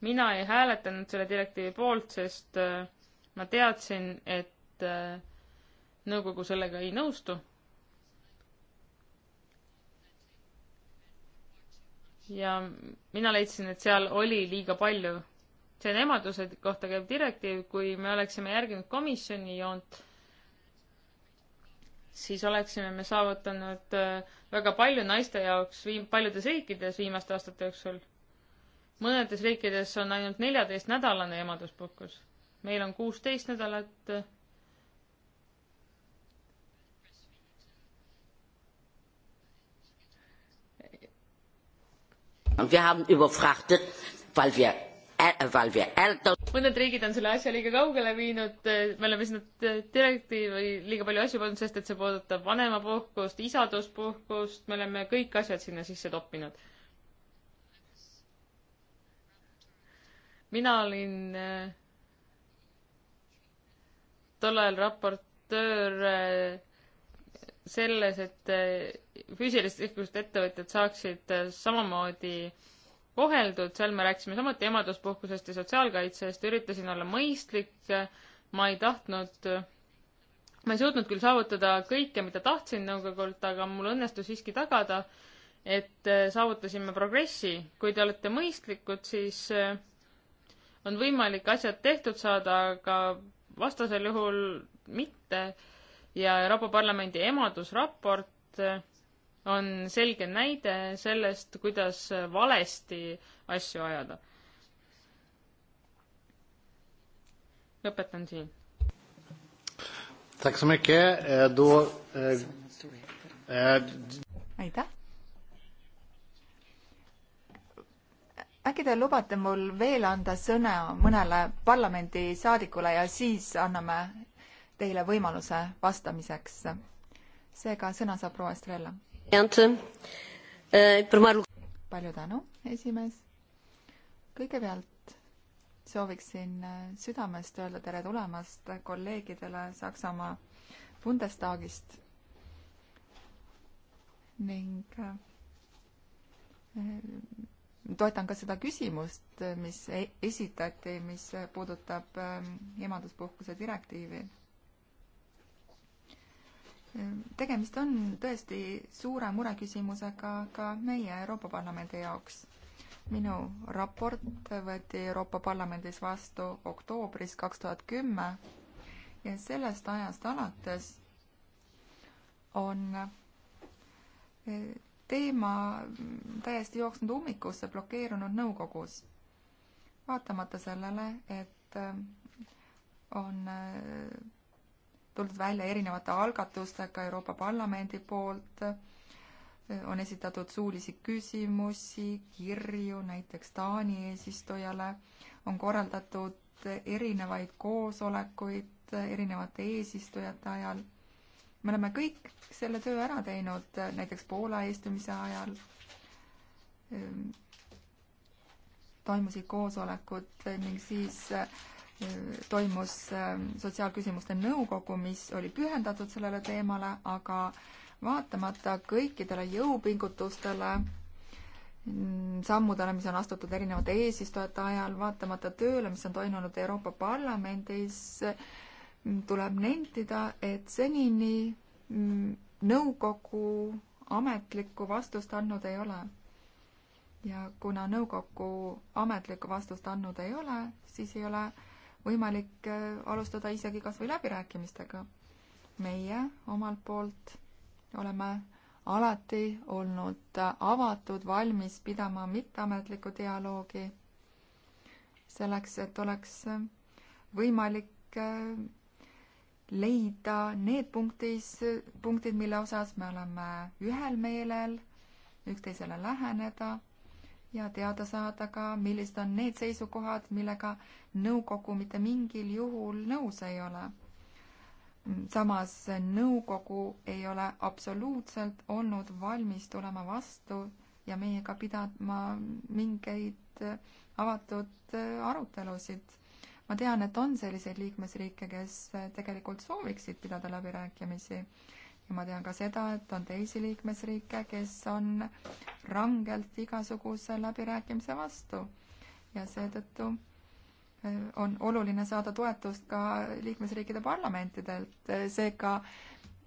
mina ei hääletanud selle direktiivi poolt, sest äh, ma teadsin, et äh, nõukogu sellega ei nõustu. ja mina leidsin, et seal oli liiga palju. see on emaduse kohta käiv direktiiv, kui me oleksime järginud komisjoni joont, siis oleksime me saavutanud äh, väga palju naiste jaoks viim-, paljudes riikides viimaste aastate jooksul. mõnedes riikides on ainult neljateistnädalane emaduspuhkus meil on kuusteist nädalat äh, mõned riigid on selle asja liiga kaugele viinud, me oleme sinna direktiivi liiga palju asju pannud, sest et see puudutab vanemapuhkust, isaduspuhkust, me oleme kõik asjad sinna sisse toppinud. mina olin äh, tol ajal raportöör äh, selles, et äh, füüsilisest isikust ettevõtjad saaksid äh, samamoodi koheldud, seal me rääkisime samuti emaduspuhkusest ja sotsiaalkaitsest, üritasin olla mõistlik, ma ei tahtnud, ma ei suutnud küll saavutada kõike, mida tahtsin nõukogult, aga mul õnnestus siiski tagada, et saavutasime progressi. kui te olete mõistlikud, siis on võimalik asjad tehtud saada, aga vastasel juhul mitte ja Euroopa Parlamendi emadusraport äh, on selge näide sellest, kuidas valesti asju ajada. lõpetan siin. Eh, eh, aitäh. äkki te lubate mul veel anda sõna mõnele parlamendisaadikule ja siis anname teile võimaluse vastamiseks. seega sõna saab proua Estrella. Eh, palju tänu, esimees. kõigepealt sooviksin eh, südamest öelda tere tulemast kolleegidele Saksamaa Bundestagist ning eh, toetan ka seda küsimust, mis e-, esitati, mis puudutab ähm, emaduspuhkuse direktiivi. Ähm, tegemist on tõesti suure mureküsimusega ka meie Euroopa Parlamendi jaoks. minu raport võeti Euroopa Parlamendis vastu oktoobris kaks tuhat kümme ja sellest ajast alates on äh, teema täiesti jooksnud ummikusse, blokeerunud nõukogus. vaatamata sellele, et äh, on äh, tuldud välja erinevate algatustega Euroopa Parlamendi poolt, äh, on esitatud suulisi küsimusi, kirju näiteks Taani eesistujale, on korraldatud erinevaid koosolekuid erinevate eesistujate ajal me oleme kõik selle töö ära teinud, äh, näiteks Poola eestumise ajal ehm, toimusid koosolekud äh, ning siis äh, toimus ähm, Sotsiaalküsimuste Nõukogu, mis oli pühendatud sellele teemale, aga vaatamata kõikidele jõupingutustele, mm, sammudele, mis on astutud erinevate eesistujate ajal, vaatamata tööle, mis on toimunud Euroopa Parlamendis, tuleb nentida, et senini mm, nõukogu ametlikku vastust andnud ei ole. ja kuna nõukogu ametlikku vastust andnud ei ole, siis ei ole võimalik äh, alustada isegi kas või läbirääkimistega. meie omalt poolt oleme alati olnud avatud, valmis pidama mitteametlikku dialoogi selleks, et oleks võimalik äh, leida need punktis, punktid, mille osas me oleme ühel meelel, üksteisele läheneda ja teada saada ka, millised on need seisukohad, millega nõukogu mitte mingil juhul nõus ei ole. samas nõukogu ei ole absoluutselt olnud valmis tulema vastu ja meiega pidama mingeid avatud arutelusid ma tean, et on selliseid liikmesriike, kes tegelikult sooviksid pidada läbirääkimisi ja ma tean ka seda, et on teisi liikmesriike, kes on rangelt igasuguse läbirääkimise vastu ja seetõttu eh, on oluline saada toetust ka liikmesriikide parlamentidelt, eh, seega ka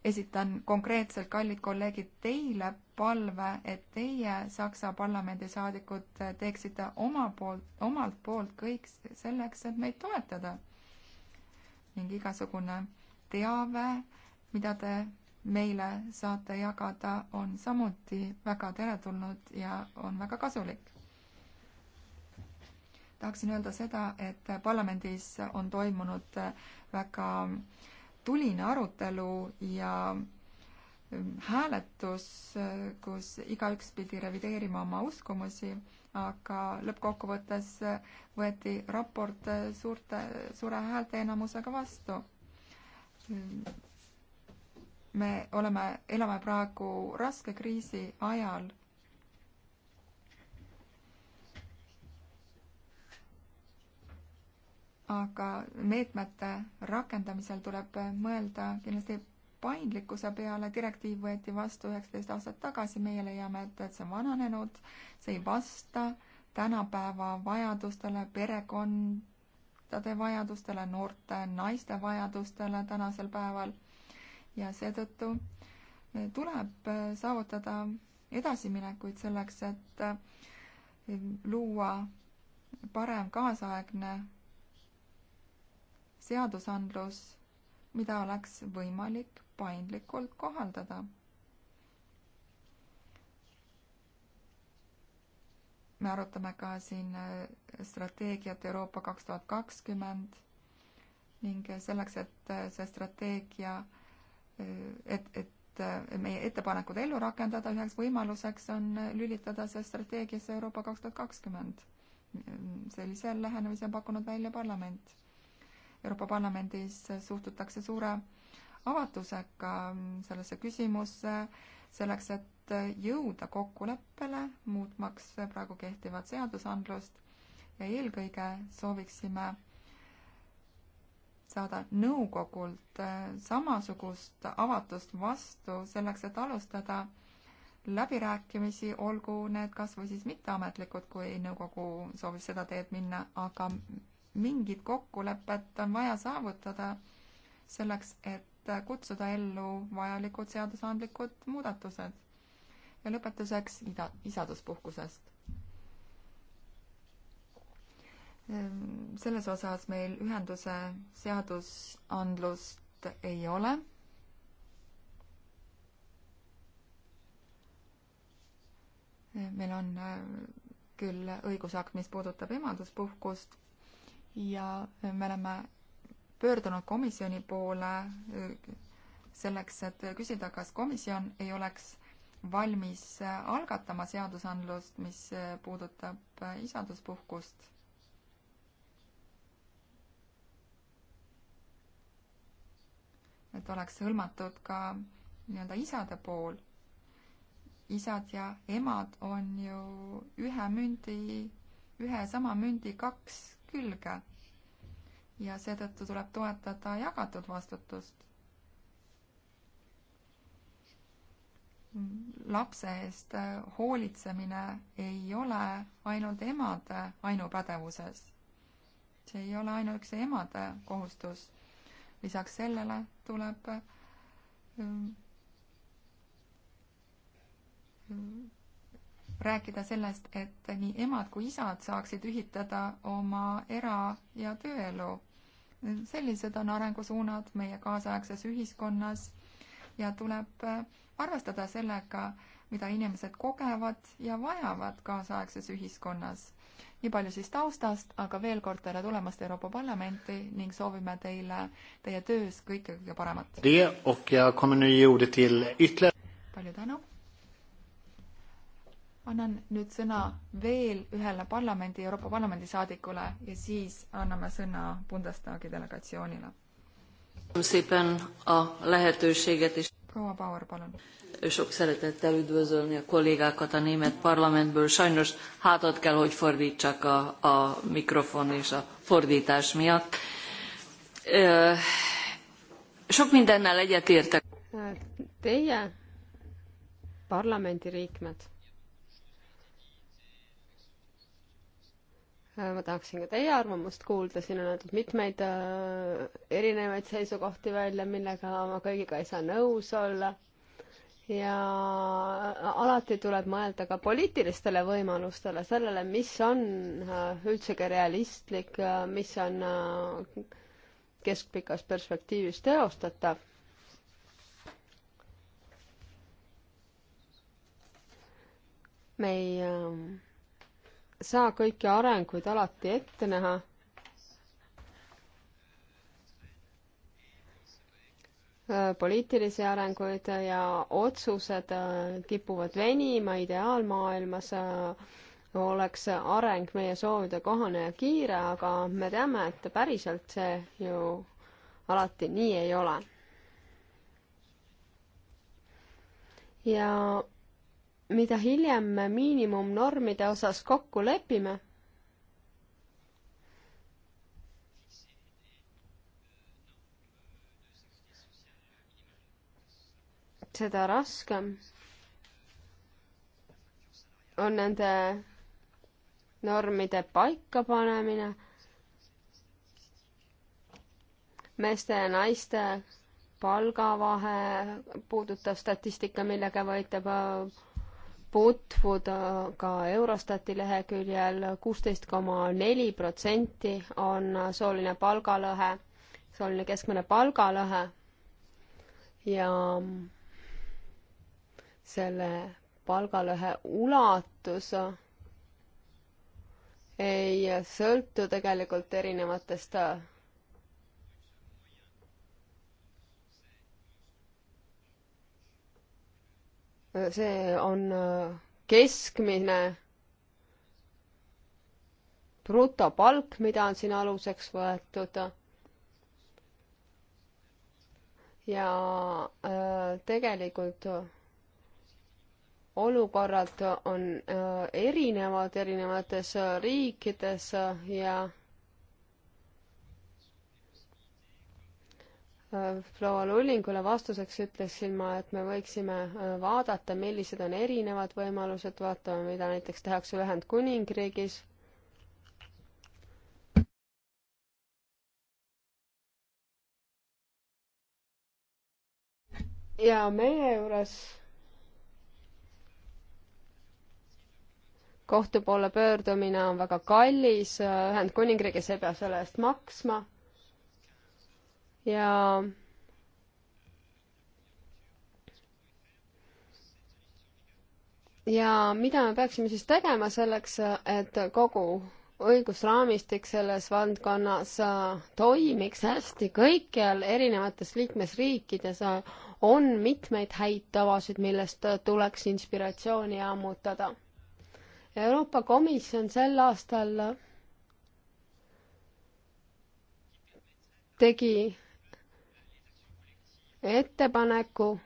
esitan konkreetselt, kallid kolleegid, teile palve, et teie, Saksa parlamendi saadikud, teeksite oma poolt, omalt poolt kõik selleks, et meid toetada. ning igasugune teave, mida te meile saate jagada, on samuti väga teretulnud ja on väga kasulik. tahaksin öelda seda, et parlamendis on toimunud väga äh, tuline arutelu ja ähm, hääletus, äh, kus igaüks pidi revideerima oma uskumusi, aga lõppkokkuvõttes äh, võeti raport äh, suurte, suure häälteenamusega vastu. me oleme, elame praegu raske kriisi ajal aga meetmete rakendamisel tuleb mõelda kindlasti paindlikkuse peale, direktiiv võeti vastu üheksateist aastat tagasi, meie leiame, et, et see on vananenud, see ei vasta tänapäeva vajadustele, perekondade vajadustele, noorte naiste vajadustele tänasel päeval ja seetõttu tuleb saavutada edasiminekuid selleks, et luua parem kaasaegne seadusandlus, mida oleks võimalik paindlikult kohaldada. me arutame ka siin äh, strateegiat Euroopa kaks tuhat kakskümmend ning selleks, et äh, see strateegia, äh, et, et meie ettepanekud ellu rakendada, üheks võimaluseks on lülitada see strateegiasse Euroopa kaks tuhat kakskümmend. sellise lähenemise on pakkunud välja parlament Euroopa Parlamendis suhtutakse suure avatusega sellesse küsimusse, selleks et jõuda kokkuleppele, muutmaks praegu kehtivat seadusandlust ja eelkõige sooviksime saada nõukogult samasugust avatust vastu selleks, et alustada läbirääkimisi, olgu need kas või siis mitteametlikud, kui nõukogu soovib seda teed minna, aga mingit kokkulepet on vaja saavutada selleks, et kutsuda ellu vajalikud seadusandlikud muudatused. ja lõpetuseks ida, isaduspuhkusest. Ehm, selles osas meil ühenduse seadusandlust ei ole. Ehm, meil on ehm, küll õigusakt, mis puudutab emaduspuhkust ja me oleme pöördunud komisjoni poole äh, selleks, et küsida, kas komisjon ei oleks valmis äh, algatama seadusandlust, mis äh, puudutab isaduspuhkust. et oleks hõlmatud ka nii-öelda isade pool. isad ja emad on ju ühe mündi, ühe sama mündi kaks külge. ja seetõttu tuleb toetada jagatud vastutust. lapse eest äh, hoolitsemine ei ole ainult emade ainupädevuses. see ei ole ainuüksi emade kohustus. lisaks sellele tuleb äh, rääkida sellest, et nii emad kui isad saaksid ühitada oma era- ja tööelu. sellised on arengusuunad meie kaasaegses ühiskonnas ja tuleb äh, arvestada sellega, mida inimesed kogevad ja vajavad kaasaegses ühiskonnas. nii palju siis taustast, aga veel kord tere tulemast Euroopa Parlamenti ning soovime teile teie töös kõike kõige paremat. palju tänu annan nüüd sõna veel ühele parlamendi, Euroopa Parlamendi saadikule ja siis anname sõna Bundestagi delegatsioonile. proua Bauer, palun. Sok szeretettel üdvözölni a kollégákat a német parlamentből. Sajnos hátat kell, hogy fordítsak a, a mikrofon és a fordítás miatt. Sok mindennel egyetértek. Teie parlamendiliikmed Äh, ma tahaksin ka teie arvamust kuulda, siin on antud mitmeid äh, erinevaid seisukohti välja, millega ma kõigiga ei saa nõus olla. ja äh, alati tuleb mõelda ka poliitilistele võimalustele, sellele, mis on üldsegi realistlik, mis on keskpikas perspektiivis teostatav me ei ähm, saa kõiki arenguid alati ette näha. poliitilisi arenguid ja otsused äh, kipuvad venima ideaalmaailmas äh, oleks areng meie soovide kohane ja kiire, aga me teame, et päriselt see ju alati nii ei ole. ja mida hiljem me miinimumnormide osas kokku lepime, seda raskem on nende normide paikapanemine meeste ja naiste palgavahe puudutav statistika, millega võitleb äh, tutvuda ka Eurostati leheküljel, kuusteist koma neli protsenti on sooline palgalõhe, sooline keskmine palgalõhe ja selle palgalõhe ulatus ei sõltu tegelikult erinevatest see on äh, keskmine brutopalk, mida on siin aluseks võetud. ja äh, tegelikult olukorrad on äh, erinevad erinevates riikides ja proua Lullingule vastuseks ütleksin ma, et me võiksime äh, vaadata, millised on erinevad võimalused, vaatame, mida näiteks tehakse Ühendkuningriigis. ja meie juures kohtu poole pöördumine on väga kallis, äh, Ühendkuningriigis ei pea selle eest maksma ja ja mida me peaksime siis tegema selleks, et kogu õigusraamistik selles valdkonnas äh, toimiks hästi kõikjal erinevates liikmesriikides, äh, on mitmeid häid tavasid, millest äh, tuleks inspiratsiooni ammutada. Euroopa Komisjon sel aastal tegi ettepaneku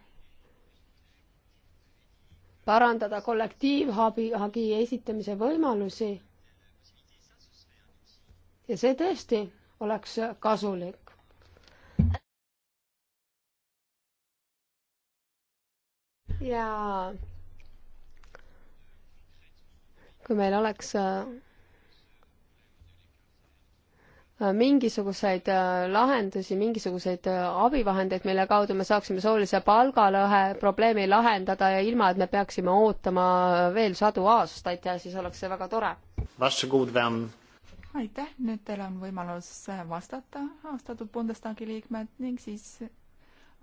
parandada kollektiivhabi, hagi esitamise võimalusi. ja see tõesti oleks kasulik. ja kui meil oleks äh, Äh, mingisuguseid äh, lahendusi, mingisuguseid äh, abivahendeid, mille kaudu me saaksime soolise palgalõhe probleemi lahendada ja ilma, et me peaksime ootama veel sadu aastaid ja siis oleks see väga tore. aitäh, nüüd teil on võimalus vastata, austatud Bundestagi liikmed, ning siis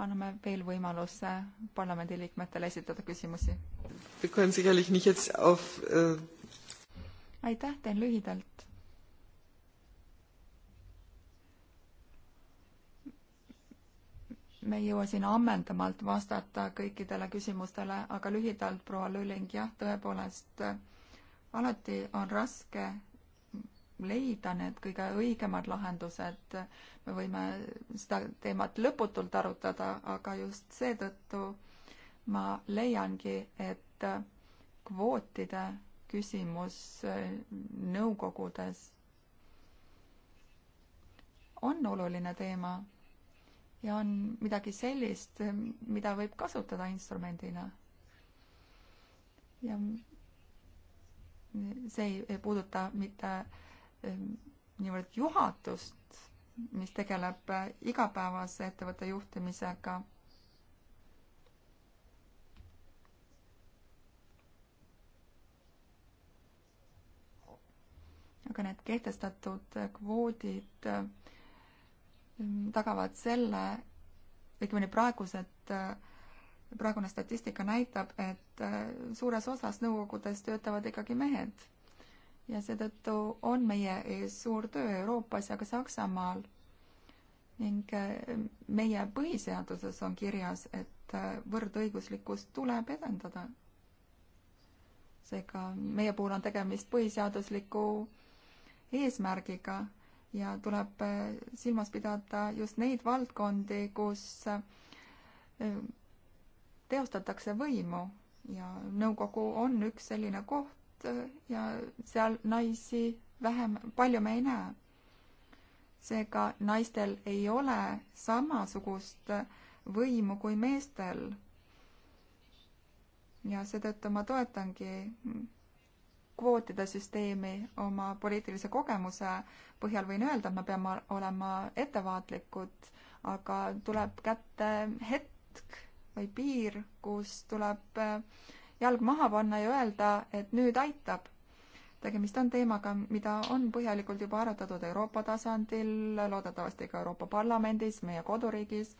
anname veel võimaluse parlamendiliikmetele esitada küsimusi. aitäh, teen lühidalt me ei jõua siin ammendavalt vastata kõikidele küsimustele, aga lühidalt, proua Lülling, jah, tõepoolest alati on raske leida need kõige õigemad lahendused. me võime seda teemat lõputult arutada, aga just seetõttu ma leiangi, et kvootide küsimus äh, nõukogudes on oluline teema ja on midagi sellist, mida võib kasutada instrumendina. ja see ei puuduta mitte ähm, niivõrd juhatust, mis tegeleb äh, igapäevase ettevõtte juhtimisega. aga need kehtestatud äh, kvoodid äh, Mm, tagavad selle, õigemini praegused, äh, praegune statistika näitab, et äh, suures osas nõukogudes töötavad ikkagi mehed. ja seetõttu on meie ees suur töö Euroopas ja ka Saksamaal. ning äh, meie põhiseaduses on kirjas, et võrdõiguslikkust tuleb edendada. seega meie puhul on tegemist põhiseadusliku eesmärgiga ja tuleb äh, silmas pidada just neid valdkondi, kus äh, teostatakse võimu ja nõukogu on üks selline koht äh, ja seal naisi vähem, palju me ei näe. seega naistel ei ole samasugust võimu kui meestel. ja seetõttu ma toetangi kvootide süsteemi oma poliitilise kogemuse põhjal võin öelda, et me peame olema ettevaatlikud, aga tuleb kätte hetk või piir, kus tuleb äh, jalg maha panna ja öelda, et nüüd aitab. tegemist on teemaga, mida on põhjalikult juba arutatud Euroopa tasandil, loodetavasti ka Euroopa Parlamendis, meie koduriigis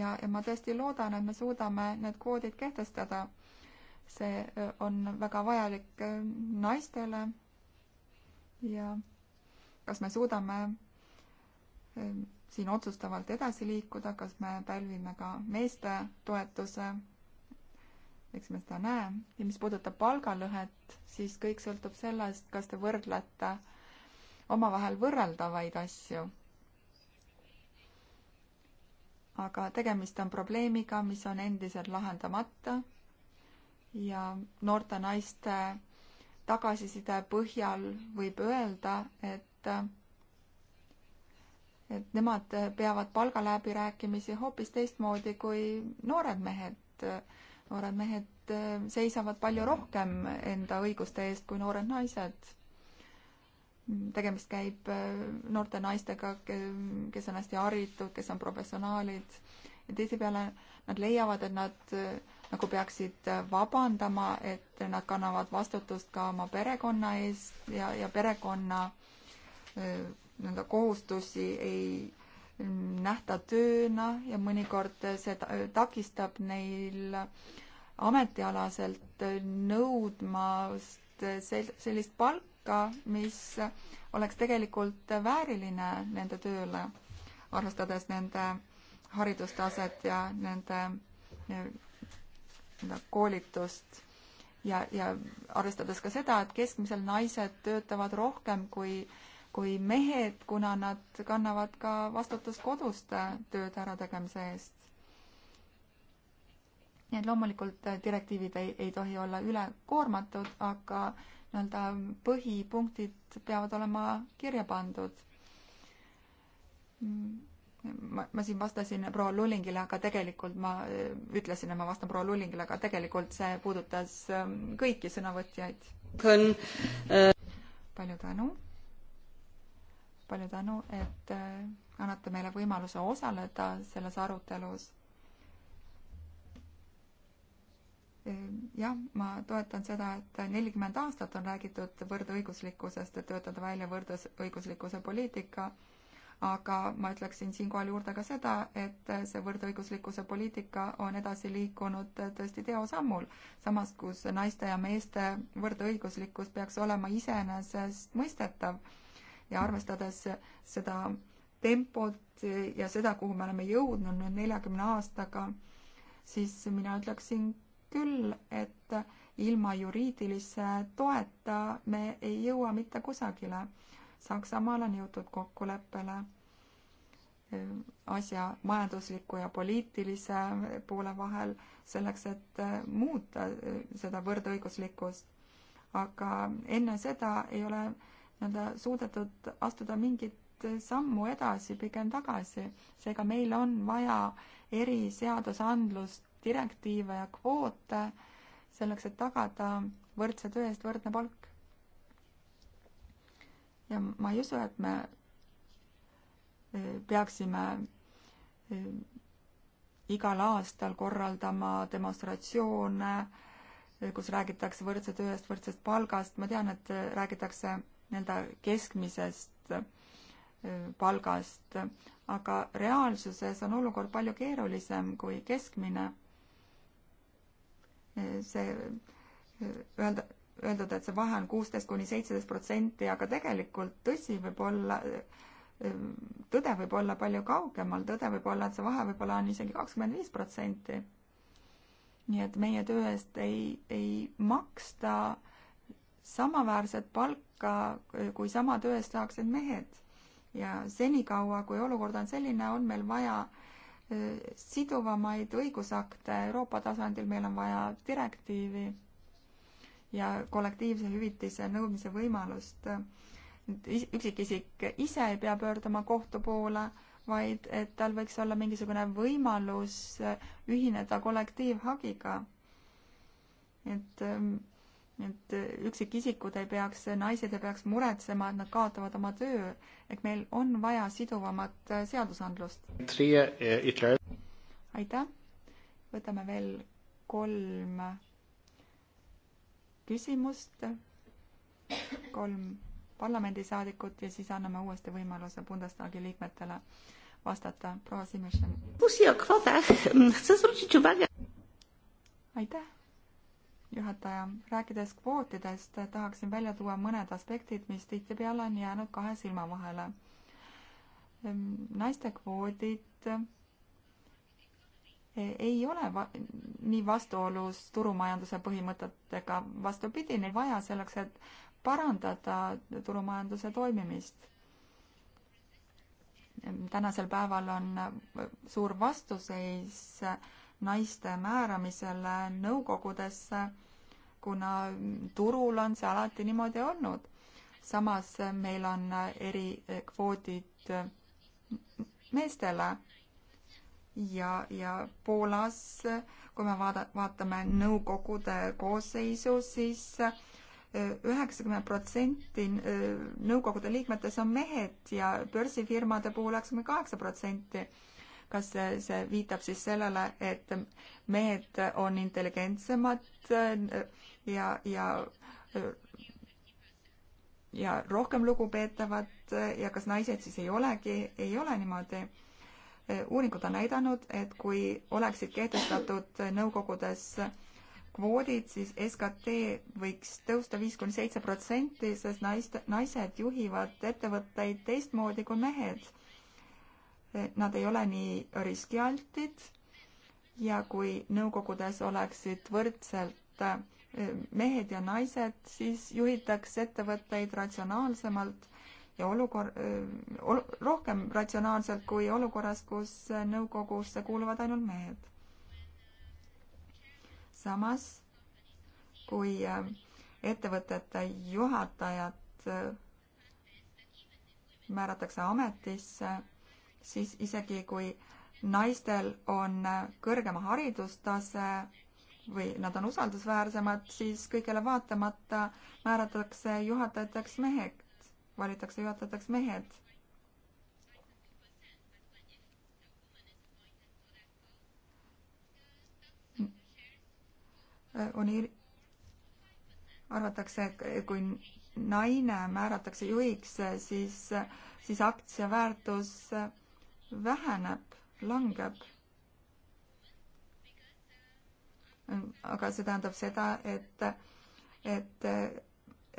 ja, ja ma tõesti loodan, et me suudame need kvoodid kehtestada see on väga vajalik naistele ja kas me suudame siin otsustavalt edasi liikuda, kas me pälvime ka meeste toetuse, eks me seda näe. ja mis puudutab palgalõhet, siis kõik sõltub sellest, kas te võrdlete omavahel võrreldavaid asju. aga tegemist on probleemiga, mis on endiselt lahendamata ja noorte naiste tagasiside põhjal võib öelda, et et nemad peavad palgaläbirääkimisi hoopis teistmoodi kui noored mehed. noored mehed seisavad palju rohkem enda õiguste eest kui noored naised. tegemist käib äh, noorte naistega, kes on hästi haritud, kes on professionaalid ja tihtipeale nad leiavad, et nad äh, nagu peaksid vabandama, et nad kannavad vastutust ka oma perekonna ees ja, ja perekonna nii-öelda kohustusi ei nähta tööna ja mõnikord see takistab neil ametialaselt nõudmast sellist palka, mis oleks tegelikult vääriline nende tööle, arvestades nende haridustaset ja nende koolitust ja, ja arvestades ka seda, et keskmisel naised töötavad rohkem kui, kui mehed, kuna nad kannavad ka vastutust koduste tööde ärategemise eest. nii et loomulikult äh, direktiivid ei, ei tohi olla ülekoormatud, aga nii-öelda põhipunktid peavad olema kirja pandud mm ma, ma siin vastasin proua Lullingile, aga tegelikult ma ütlesin, et ma vastan proua Lullingile, aga tegelikult see puudutas ähm, kõiki sõnavõtjaid. Äh, palju tänu. palju tänu, et äh, annate meile võimaluse osaleda selles arutelus. Äh, jah, ma toetan seda, et nelikümmend aastat on räägitud võrdõiguslikkusest, et töötada välja võrdõiguslikkuse poliitika aga ma ütleksin siinkohal juurde ka seda, et see võrdõiguslikkuse poliitika on edasi liikunud tõesti teosammul, samas kus naiste ja meeste võrdõiguslikkus peaks olema iseenesestmõistetav ja arvestades seda tempot ja seda, kuhu me oleme jõudnud nüüd neljakümne aastaga, siis mina ütleksin küll, et ilma juriidilise toeta me ei jõua mitte kusagile Saksamaal on jõutud kokkuleppele eh, asja majandusliku ja poliitilise poole vahel selleks, et eh, muuta eh, seda võrdõiguslikkust. aga enne seda ei ole nii-öelda suudetud astuda mingit sammu edasi, pigem tagasi. seega meil on vaja eriseadusandlust, direktiive ja kvoote selleks, et tagada võrdse töö eest võrdne palk ja ma ei usu, et me e, peaksime e, igal aastal korraldama demonstratsioone, e, kus räägitakse võrdse töö eest, võrdsest palgast, ma tean, et räägitakse nii-öelda keskmisest palgast, aga reaalsuses on olukord palju keerulisem kui keskmine. see öelda, öeldud, et see vahe on kuusteist kuni seitseteist protsenti, aga tegelikult tõsi võib olla, ehm, tõde võib olla palju kaugemal, tõde võib olla, et see vahe võib-olla on isegi kakskümmend viis protsenti. nii et meie töö eest ei, ei maksta samaväärset palka, eh, kui sama töö eest saaksid mehed. ja senikaua, kui olukord on selline, on meil vaja eh, siduvamaid õigusakte Euroopa tasandil, meil on vaja direktiivi ja kollektiivse hüvitise nõudmise võimalust. üksikisik ise ei pea pöörduma kohtu poole, vaid et tal võiks olla mingisugune võimalus ühineda kollektiivhagiga. et, et üksikisikud ei peaks, naised ei peaks muretsema, et nad kaotavad oma töö, et meil on vaja siduvamat seadusandlust. Eh, aitäh, võtame veel kolm küsimust, kolm parlamendisaadikut ja siis anname uuesti võimaluse Bundestagi liikmetele vastata. proua Simešen. aitäh, juhataja. rääkides kvootidest, tahaksin välja tuua mõned aspektid, mis tihtipeale on jäänud kahe silma vahele. Ehm, naiste kvoodid ei ole va nii vastuolus turumajanduse põhimõtetega, vastupidi, neil vaja selleks, et parandada turumajanduse toimimist. tänasel päeval on suur vastuseis naiste määramisele nõukogudesse, kuna turul on see alati niimoodi olnud. samas meil on erikvoodid meestele ja, ja Poolas, kui me vaada, vaatame nõukogude koosseisu, siis äh, üheksakümmend protsenti äh, nõukogude liikmetes on mehed ja börsifirmade puhul üheksakümmend kaheksa protsenti. kas see, see viitab siis sellele, et mehed on intelligentsemad äh, ja, ja ja rohkem lugupeetavad ja kas naised siis ei olegi, ei ole niimoodi uuringud on näidanud, et kui oleksid kehtestatud nõukogudes kvoodid, siis SKT võiks tõusta viis kuni seitse protsenti, sest naist, naised juhivad ettevõtteid teistmoodi kui mehed. Nad ei ole nii riskialtid ja kui nõukogudes oleksid võrdselt eh, mehed ja naised, siis juhitakse ettevõtteid ratsionaalsemalt ja olukor- ol,, rohkem ratsionaalselt kui olukorras, kus nõukogusse kuuluvad ainult mehed. samas, kui ettevõtete juhatajad määratakse ametisse, siis isegi kui naistel on kõrgema haridustase või nad on usaldusväärsemad, siis kõigele vaatamata määratakse juhatajateks mehed valitaks ja juhatataks mehed. on arvatakse, kui naine määratakse juhiks, siis, siis aktsia väärtus väheneb, langeb aga see tähendab seda, et, et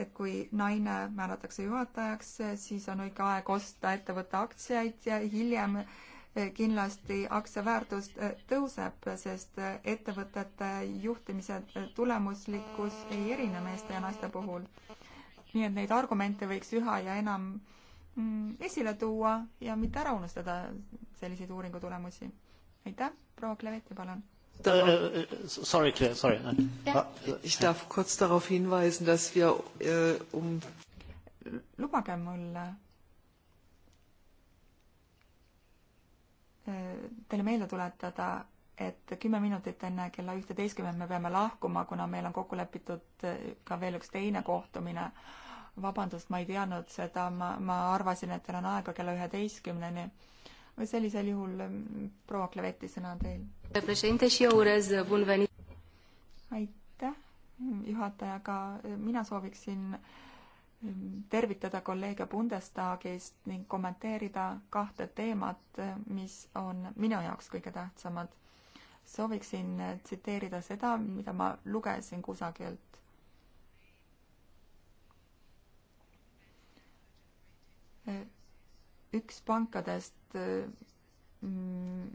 et kui naine määratakse juhatajaks, siis on õige aeg osta ettevõtte aktsiaid ja hiljem eh, kindlasti aktsia väärtus eh, tõuseb, sest eh, ettevõtete juhtimise tulemuslikkus ei erine meeste ja naiste puhul. nii et neid argumente võiks üha ja enam mm, esile tuua ja mitte ära unustada selliseid uuringu tulemusi. aitäh, proua Kleveti, palun Äh, äh, äh, sorry, Claire, sorry. Ich darf kurz darauf hinweisen, dass wir äh, um lubage mul teile meelde tuletada, et kümme minutit enne kella ühteteistkümmet me peame lahkuma, kuna meil on kokku lepitud ka veel üks teine kohtumine. vabandust, ma ei teadnud seda, ma, ma arvasin, et teil on aega kella üheteistkümneni sellisel juhul ähm, proua Kleveti sõna on teil. Äh, aitäh, juhataja, ka äh, mina sooviksin ähm, tervitada kolleege Bundestagist ning kommenteerida kahte teemat, äh, mis on minu jaoks kõige tähtsamad. sooviksin tsiteerida seda, mida ma lugesin kusagilt üks pankadest,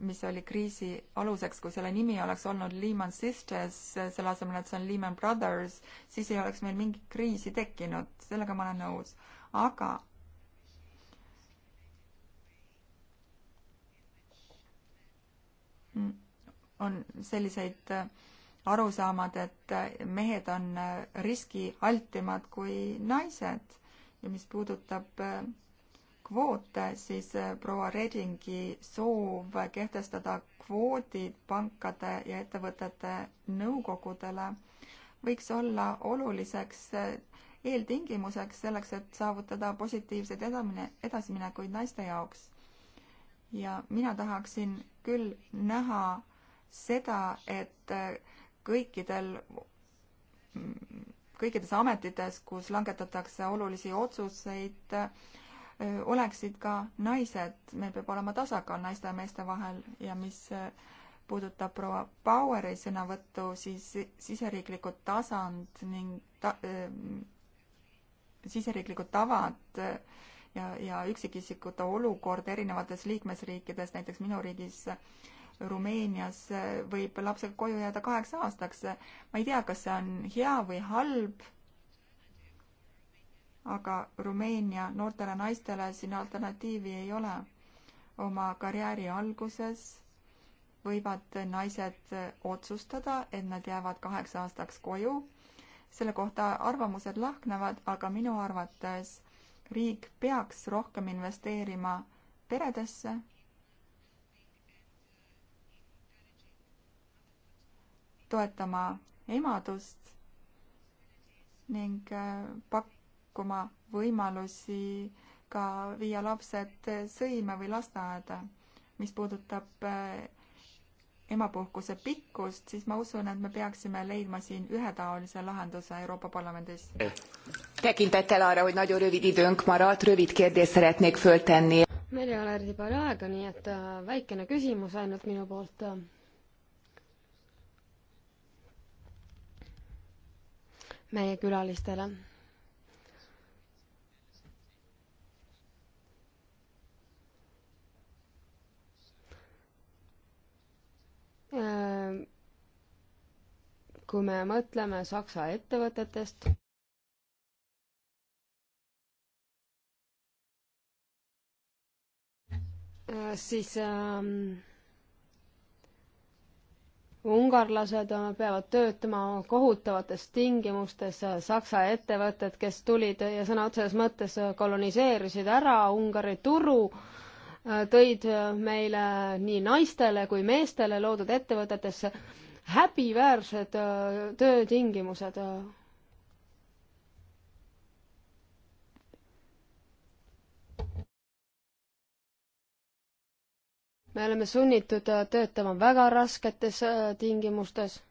mis oli kriisi aluseks, kui selle nimi oleks olnud Lehman Sisters, selle asemel, et see on Lehman Brothers, siis ei oleks meil mingit kriisi tekkinud, sellega ma olen nõus. aga on selliseid arusaamad, et mehed on riskialtimad kui naised ja mis puudutab kvoote, siis äh, proua Redingi soov kehtestada kvoodid pankade ja ettevõtete nõukogudele võiks olla oluliseks äh, eeltingimuseks selleks, et saavutada positiivseid edamine, edasiminekuid naiste jaoks. ja mina tahaksin küll näha seda, et äh, kõikidel, mm, kõikides ametites, kus langetatakse olulisi otsuseid, oleksid ka naised, meil peab olema tasakaal naiste ja meeste vahel ja mis puudutab proua Baueri sõnavõttu, siis siseriikliku tasand ning ta, äh, siseriiklikud tavad ja, ja üksikisikute olukord erinevates liikmesriikides, näiteks minu riigis Rumeenias võib lapsega koju jääda kaheks aastaks. ma ei tea, kas see on hea või halb aga Rumeenia noortele naistele siin alternatiivi ei ole. oma karjääri alguses võivad naised otsustada, et nad jäävad kaheks aastaks koju. selle kohta arvamused lahknevad, aga minu arvates riik peaks rohkem investeerima peredesse. toetama emadust ning äh, pak-, pakkuma võimalusi ka viia lapsed sõime või lasteaeda. mis puudutab eh, emapuhkuse pikkust, siis ma usun, et me peaksime leidma siin ühetaolise lahenduse Euroopa Parlamendis. tekintettel arra, hogy nagyon rövid időnk maradt, rövid kérdést szeretnék föltenni. meil ei ole eriti palju aega, nii et äh, väikene küsimus ainult minu poolt. meie külalistele Äh, kui me mõtleme Saksa ettevõtetest, äh, siis ähm, ungarlased äh, peavad töötama kohutavates tingimustes, Saksa ettevõtted, kes tulid ja sõna otseses mõttes koloniseerisid ära Ungari turu äh,, tõid meile nii naistele kui meestele loodud ettevõtetesse häbiväärsed äh, töötingimused. me oleme sunnitud äh, töötama väga rasketes äh, tingimustes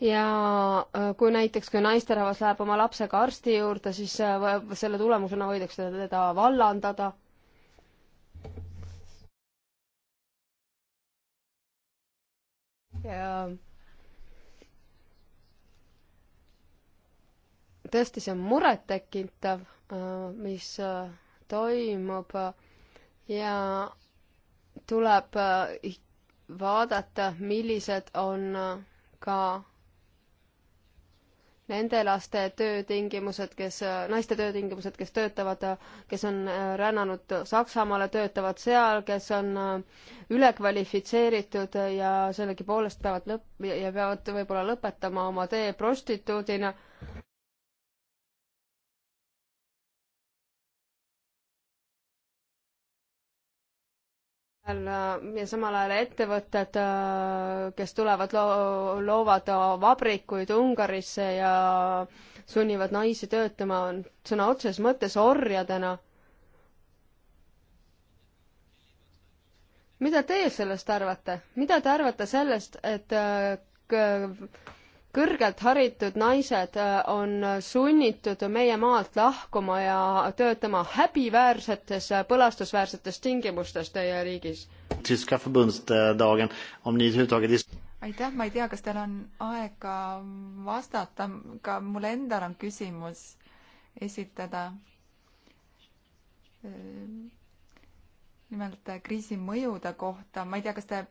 ja äh, kui näiteks, kui naisterahvas läheb oma lapsega arsti juurde, siis äh, selle tulemusena võidakse teda vallandada. ja tõesti, see on murettekitav, äh, mis toimub ja tuleb vaadata, millised on ka nende laste töötingimused, kes, naiste töötingimused, kes töötavad, kes on äh, rännanud Saksamaale, töötavad seal, kes on äh, ülekvalifitseeritud ja sellegipoolest peavad lõpp- ja peavad võib-olla lõpetama oma tee prostituudina Äh, ja samal ajal ettevõtted, äh, kes tulevad loo-, loovad äh, vabrikuid Ungarisse ja sunnivad naisi töötama sõna otseses mõttes orjadena. mida teie sellest arvate, mida te arvate sellest, et kõrgelt haritud naised äh, on sunnitud meie maalt lahkuma ja töötama häbiväärsetes, äh, põlastusväärsetes tingimustes teie riigis. aitäh, ma ei tea, kas teil on aega vastata, ka mul endal on küsimus esitada. Äh, nimelt kriisi mõjude kohta, ma ei tea, kas te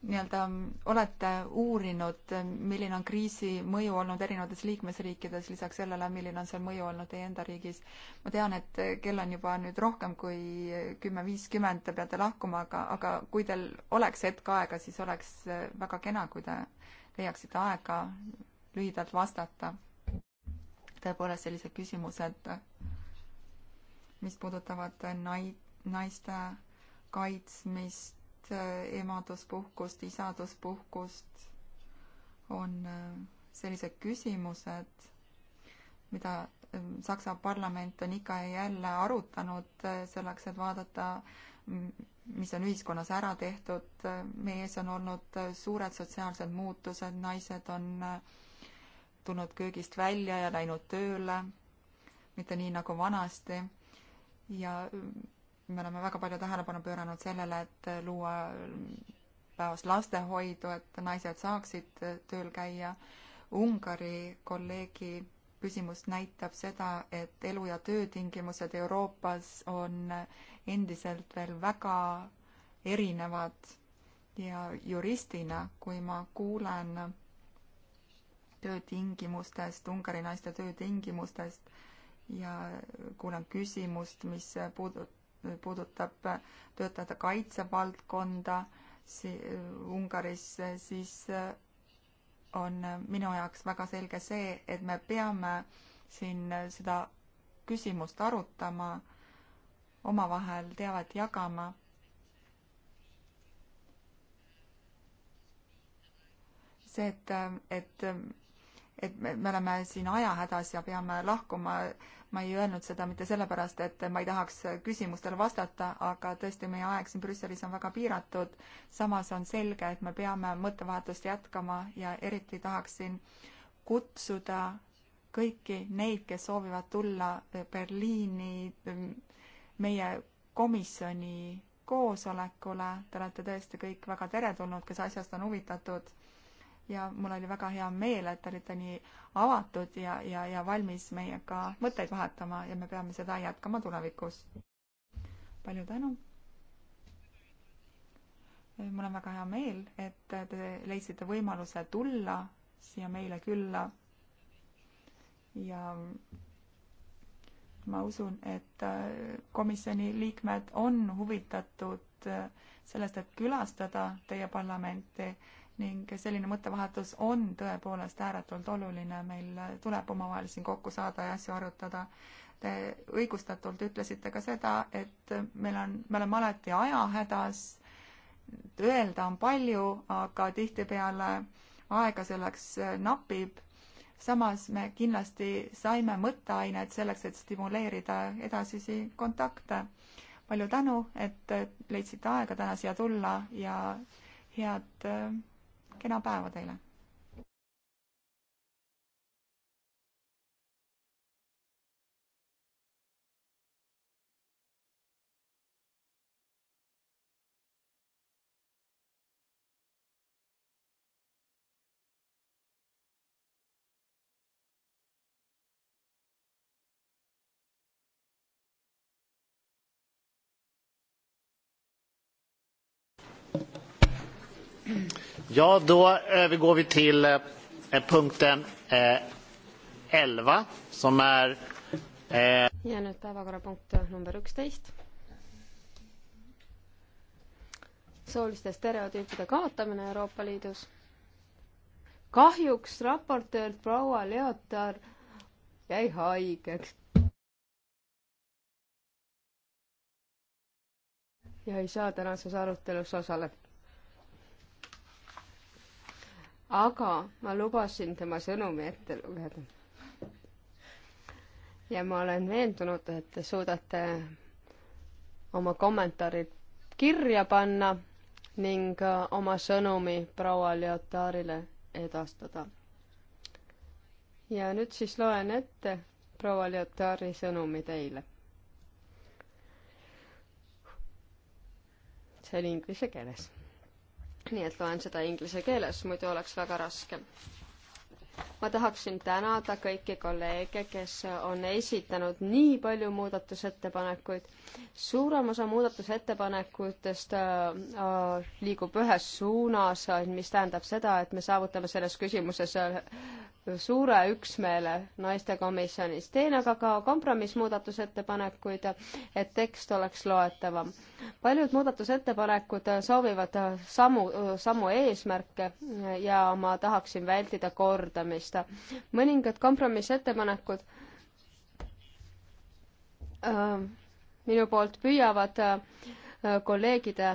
nii-öelda olete uurinud, milline on kriisi mõju olnud erinevates liikmesriikides, lisaks sellele, milline on see mõju olnud teie enda riigis? ma tean, et kell on juba nüüd rohkem kui kümme viiskümmend, te peate lahkuma, aga, aga kui teil oleks hetk aega, siis oleks väga kena, kui te leiaksite aega lühidalt vastata. tõepoolest sellised küsimused, mis puudutavad nai-, naiste kaitsmist, Äh, emaduspuhkust, isaduspuhkust, on äh, sellised küsimused, mida äh, Saksa parlament on ikka ja jälle arutanud selleks, et vaadata, mis on ühiskonnas ära tehtud, meie ees on olnud suured sotsiaalsed muutused, naised on tulnud köögist välja ja läinud tööle, mitte nii nagu vanasti ja me oleme väga palju tähelepanu pööranud sellele, et luua päevas lastehoidu, et naised saaksid tööl käia. Ungari kolleegi küsimus näitab seda, et elu- ja töötingimused Euroopas on endiselt veel väga erinevad ja juristina, kui ma kuulen töötingimustest, Ungari naiste töötingimustest ja kuulen küsimust, mis puudutab puudutab töötajate kaitsevaldkonda si Ungaris, siis on minu jaoks väga selge see, et me peame siin seda küsimust arutama, omavahel teavet jagama. see, et, et, et me, me oleme siin ajahädas ja peame lahkuma ma ei öelnud seda mitte sellepärast, et ma ei tahaks küsimustele vastata, aga tõesti, meie aeg siin Brüsselis on väga piiratud. samas on selge, et me peame mõttevahetust jätkama ja eriti tahaksin kutsuda kõiki neid, kes soovivad tulla Berliini meie komisjoni koosolekule, te olete tõesti kõik väga teretulnud, kes asjast on huvitatud ja mul oli väga hea meel, et te olite nii avatud ja, ja, ja valmis meiega mõtteid vahetama ja me peame seda jätkama tulevikus. palju tänu! mul on väga hea meel, et te leidsite võimaluse tulla siia meile külla. ja ma usun, et äh, komisjoni liikmed on huvitatud äh, sellest, et külastada teie parlamenti ning selline mõttevahetus on tõepoolest ääretult oluline, meil tuleb omavahel siin kokku saada ja asju arutada. Te õigustatult ütlesite ka seda, et meil on, me oleme alati ajahädas, öelda on palju, aga tihtipeale aega selleks napib. samas me kindlasti saime mõtteainet selleks, et stimuleerida edasisi kontakte. palju tänu, et leidsite aega täna siia tulla ja head kena päeva teile! Ja, då övergår eh, vi till eh, eh punkten eh, 11 som är eh... ja nüüd päevakorrapunkt eh, number üksteist. sooliste stereotüüpide kaotamine Euroopa Liidus. kahjuks raportöör proua Leotar jäi haigeks. ja ei saa tänases arutelus osaleda. aga ma lubasin tema sõnumi ette lugeda. ja ma olen veendunud, et te suudate oma kommentaarid kirja panna ning äh, oma sõnumi proua Leotaarile edastada. ja nüüd siis loen ette proua Leotaari sõnumi teile. see oli inglise keeles nii et loen seda inglise keeles, muidu oleks väga raske ma tahaksin tänada kõiki kolleege, kes on esitanud nii palju muudatusettepanekuid. suurem osa muudatusettepanekutest äh, äh, liigub ühes suunas, mis tähendab seda, et me saavutame selles küsimuses äh, suure üksmeele naistekomisjonis. teen aga ka kompromissmuudatusettepanekuid, et tekst oleks loetavam. paljud muudatusettepanekud soovivad samu, samu eesmärke ja ma tahaksin vältida korda parandamist. mõningad kompromissettepanekud äh, minu poolt püüavad äh, kolleegide